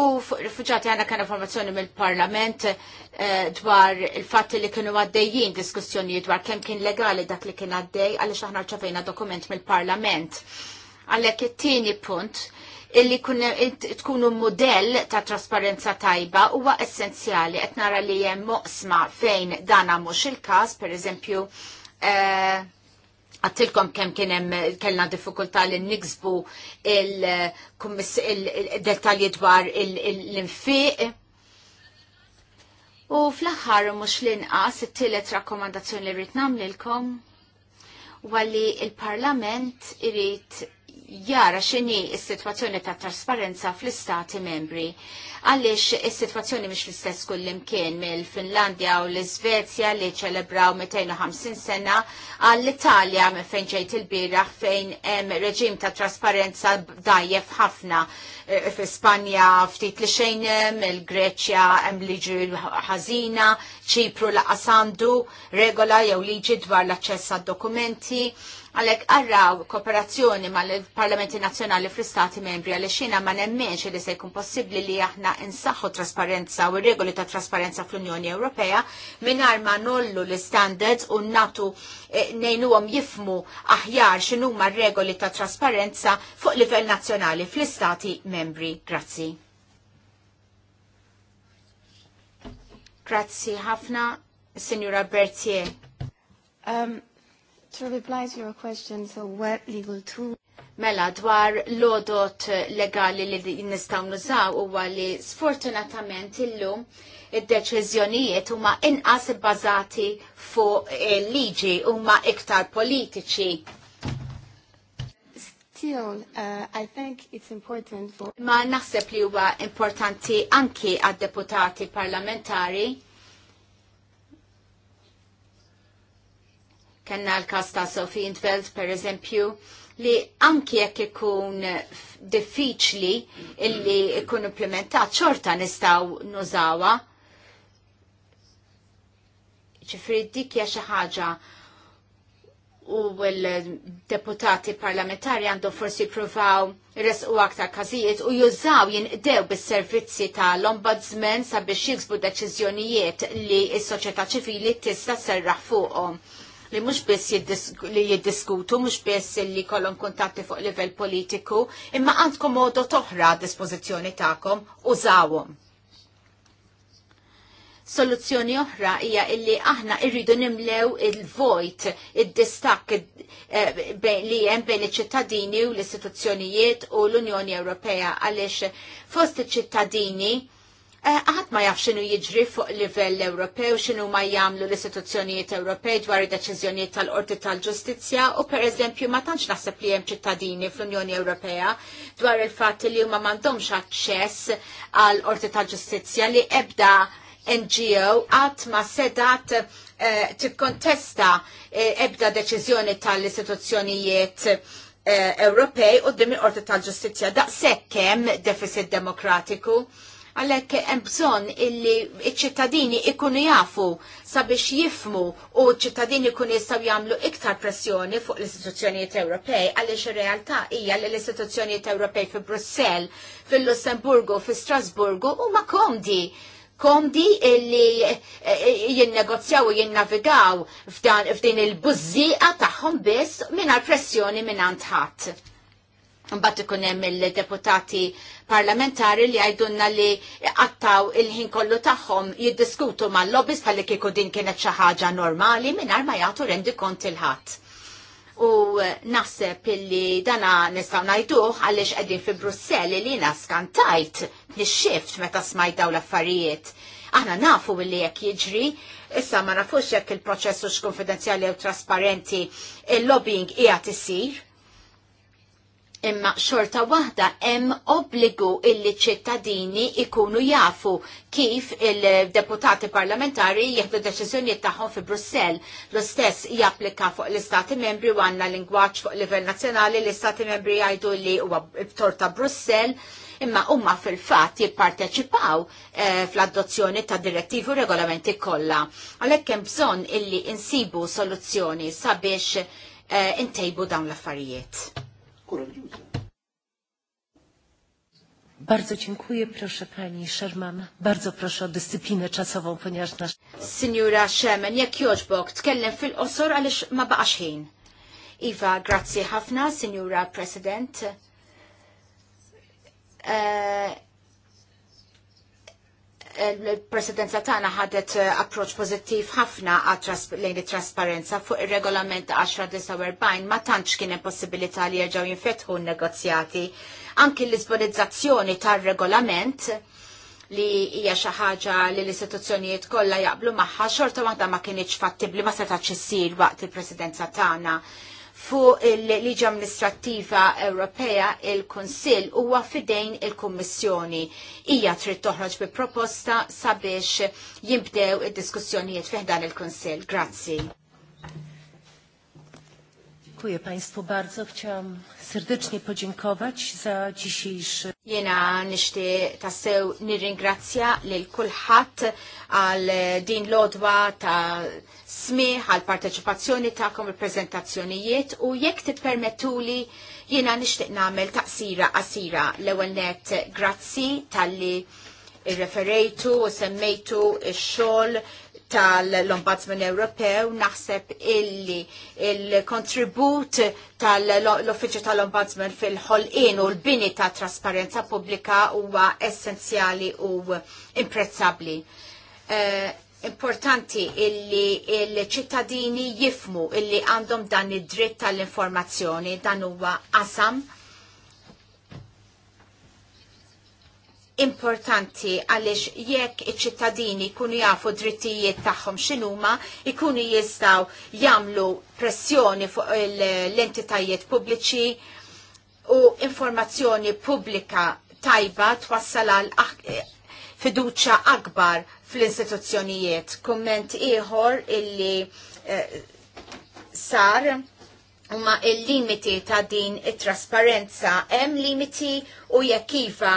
U fuq għana kena informazzjoni mill-Parlament dwar il-fatti li kienu għaddejjin diskussjoni dwar kemm kien legali dak li kien għaddej għaliex aħna ċafejna dokument mill-Parlament Għalhekk it-tieni punt illi tkunu modell ta' trasparenza tajba huwa essenzjali qed nara li hemm moqsma fejn dana mhux il-każ, pereżempju eh, għattilkom uh, kem kienem kellna diffikultà li niksbu il-dettalji dwar l-infiq. U fl aħħar mhux l-inqas it-tielet rakkomandazzjoni li rrit namlilkom għalli il-parlament irrit jara xini s-situazzjoni ta' trasparenza fl-istati membri. Għalix il situazzjoni mish l-istess kullimkien mill-Finlandja u l-Svezja li ċelebraw 250 sena għall-Italja minn fejn ġejt il-biraħ fejn hemm reġim ta' trasparenza dajjef ħafna e, f'Ispanja ftit li xejn hemm, il-Greċja hemm liġi ħażina, ċipru laqas għandu regola jew liġi dwar l-aċċess għad-dokumenti Għalek għarraw kooperazzjoni ma l-Parlamenti Nazjonali fl-Stati membri għal xina ma nemmenx li se jkun possibli li aħna insaħħu trasparenza u regoli ta' trasparenza fl-Unjoni Ewropea minn ma nollu l-standards u natu e, nejnu għom jifmu aħjar xinu ma regoli ta' trasparenza fuq livell nazzjonali fl-Stati membri. Grazzi. Grazzi ħafna, Signora Bertier. Um, To reply to your question, so what legal tool? Mela, dwar l-odot legali li nistaw nużaw u għalli sfortunatament illum id-deċizjonijiet huma inqas bbażati fuq liġi huma iktar politiċi. Still, uh, I think it's important for... Ma naħseb li huwa importanti anki għad-deputati parlamentari Kenna l-kas ta' Sophie Intveld, per eżempju, li anki jekk ikun diffiċli illi ikun implementat xorta nistaw nużawa. Ċifri dik hija xi ħaġa u l-deputati parlamentari għandu forsi provaw resqu aktar kazijiet u jużaw jinqdew bis-servizzi tal-ombudsman sabiex jiksbu deċiżjonijiet li s-soċjetà ċivili tista' serraħ fuqhom li mhux biss li jiddiskutu, mhux biss li kolon kuntatti fuq livell politiku, imma għandkom modu toħra dispozizjoni dispożizzjoni tagħkom użawhom. Soluzzjoni oħra hija illi aħna irridu nimlew il-vojt, id-distak eh, li hemm bejn iċ-ċittadini u l-istituzzjonijiet u l-Unjoni Ewropea għaliex fost iċ-ċittadini Għad eh, ma jaf xinu jiġri fuq livell Ewropew, xinu ma jamlu l-istituzzjonijiet Ewropej dwar id-deċizjonijiet tal-Qorti tal-Ġustizzja u per eżempju ma tantx naħseb li hemm ċittadini fl-Unjoni Ewropea dwar il-fatt li huma m'għandhomx aċċess għal Qorti tal-Ġustizzja li ebda NGO għat ma sedat eh, tikkontesta eh, ebda deċiżjoni tal-istituzzjonijiet Ewropej u d-dim il-Qorti tal-Ġustizzja daqshekk hemm deficit demokratiku Għalek hemm bżonn illi iċ-ċittadini ikunu jafu sabiex jifmu u ċittadini ikunu jistgħu jagħmlu iktar pressjoni fuq l-istituzzjonijiet Ewropej għaliex ir-realtà hija li l-istituzzjonijiet Ewropej fi Brussell, fil-Lussemburgu, fi Strasburgu huma komdi komdi illi eh, eh, jinnegozjaw u jinnavigaw f'din il-buzziqa tagħhom biss mingħajr pressjoni minn ħadd. Mbatt ikun hemm il-deputati parlamentari li għajdunna li għattaw il-ħin kollu tagħhom jiddiskutu mal-lobbies bħalli kieku din kienet xi ħaġa normali mingħajr ma jagħtu rendi kont il-ħadd. U naħseb illi dana nistgħu ngħiduh għaliex qegħdin fi Brusselli li jiena skantajt nix-xift meta smajt dawn l-affarijiet. Aħna nafu li jekk jiġri, issa ma nafux jekk il-proċessu x'konfidenzjali u trasparenti il-lobbying qiegħed isir imma xorta waħda hemm obbligu illi ċittadini ikunu jafu kif il-deputati parlamentari jieħdu deċiżjonijiet tagħhom fi Brussell. lo stess japplika fuq l-Istati membri u għandna lingwaġġ fuq livell nazzjonali l-Istati membri jgħidu li huwa btor ta' Brussell imma umma fil-fat jipparteċipaw eh, fl-adozzjoni ta' direttivi u regolamenti kollha. Għalhekk hemm bżonn illi insibu soluzzjoni sabiex eh, intejbu dawn l-affarijiet koraġġuża. Bardzo dziękuję, proszę pani Sherman. Bardzo proszę o dyscyplinę czasową, ponieważ nasz... Signora Sherman, jak bok, tkellem fil osor, ależ ma baqax hin. Iwa, grazie hafna, Signora President. Uh, il-presidenza tagħna ħadet eh, approċċ pożittiv ħafna lejn it-trasparenza fuq ir-regolament 1049 ma tantx kien hemm possibilità li jerġgħu jinfetħu n-negozjati. Anki l-isbolizzazzjoni tar-regolament li hija xi ħaġa li l-istituzzjonijiet kollha jaqblu magħha xorta waħda ma kienx fattibbli ma setax issir waqt il-presidenza tagħna fuq il-liġi amministrattiva Ewropea il-Kunsill huwa fidejn il-Kummissjoni. Hija trid toħroġ bi proposta sabiex jimbdew id-diskussjonijiet fih dan il-Kunsill. Grazzi. Dziękuję Państwu bardzo. Chciałam serdecznie podziękować za dzisiejszy... Jena nishti tassew nirringrazzja lil kulħadd għal din lodwa ta' smi għal parteċipazzjoni ta' il-prezentazzjonijiet u jekk tippermettuli jena nishti namel taqsira qasira l-ewwel net grazzi tal-li referejtu u semmejtu ix-xogħol tal-Ombudsman Ewropew naħseb illi il-kontribut tal-Uffiċċju tal-Ombudsman fil-ħolqien u l-bini ta' trasparenza pubblika huwa essenzjali u imprezzabbli. Eh, importanti illi il-ċittadini jifmu illi għandhom dan id-dritt tal-informazzjoni dan huwa qasam importanti għalix jekk iċ-ċittadini kunu jafu drittijiet tagħhom x'inhuma, ikunu jistgħu jagħmlu pressjoni fuq l-entitajiet pubbliċi u informazzjoni pubblika tajba twassal għal fiduċa akbar fl-istituzzjonijiet. Komment ieħor illi eh, sar huma il-limiti ta' din it-trasparenza, hemm limiti u jekk iva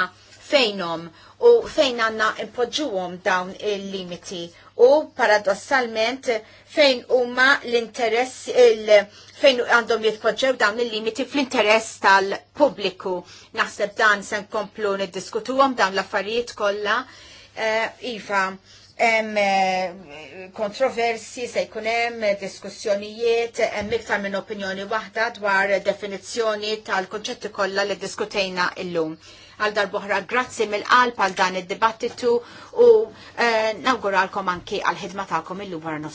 fejnom u fejn għanna impoġuwom dawn il-limiti u paradossalment fejn huma l-interess il fejn għandhom jitpoġġew dawn il-limiti fl-interess tal-pubbliku. Naħseb dan se nkomplu niddiskutuhom dawn l-affarijiet kollha. Uh, iva, hemm eh, kontroversi se jkun hemm diskussjonijiet hemm iktar minn opinjoni waħda dwar definizzjoni tal-konċetti kollha li diskutejna illum. Għal darbohra grazzi mill-qalb għal dan id-dibattitu u eh, nawguralkom anki għal ħidma tagħkom illum wara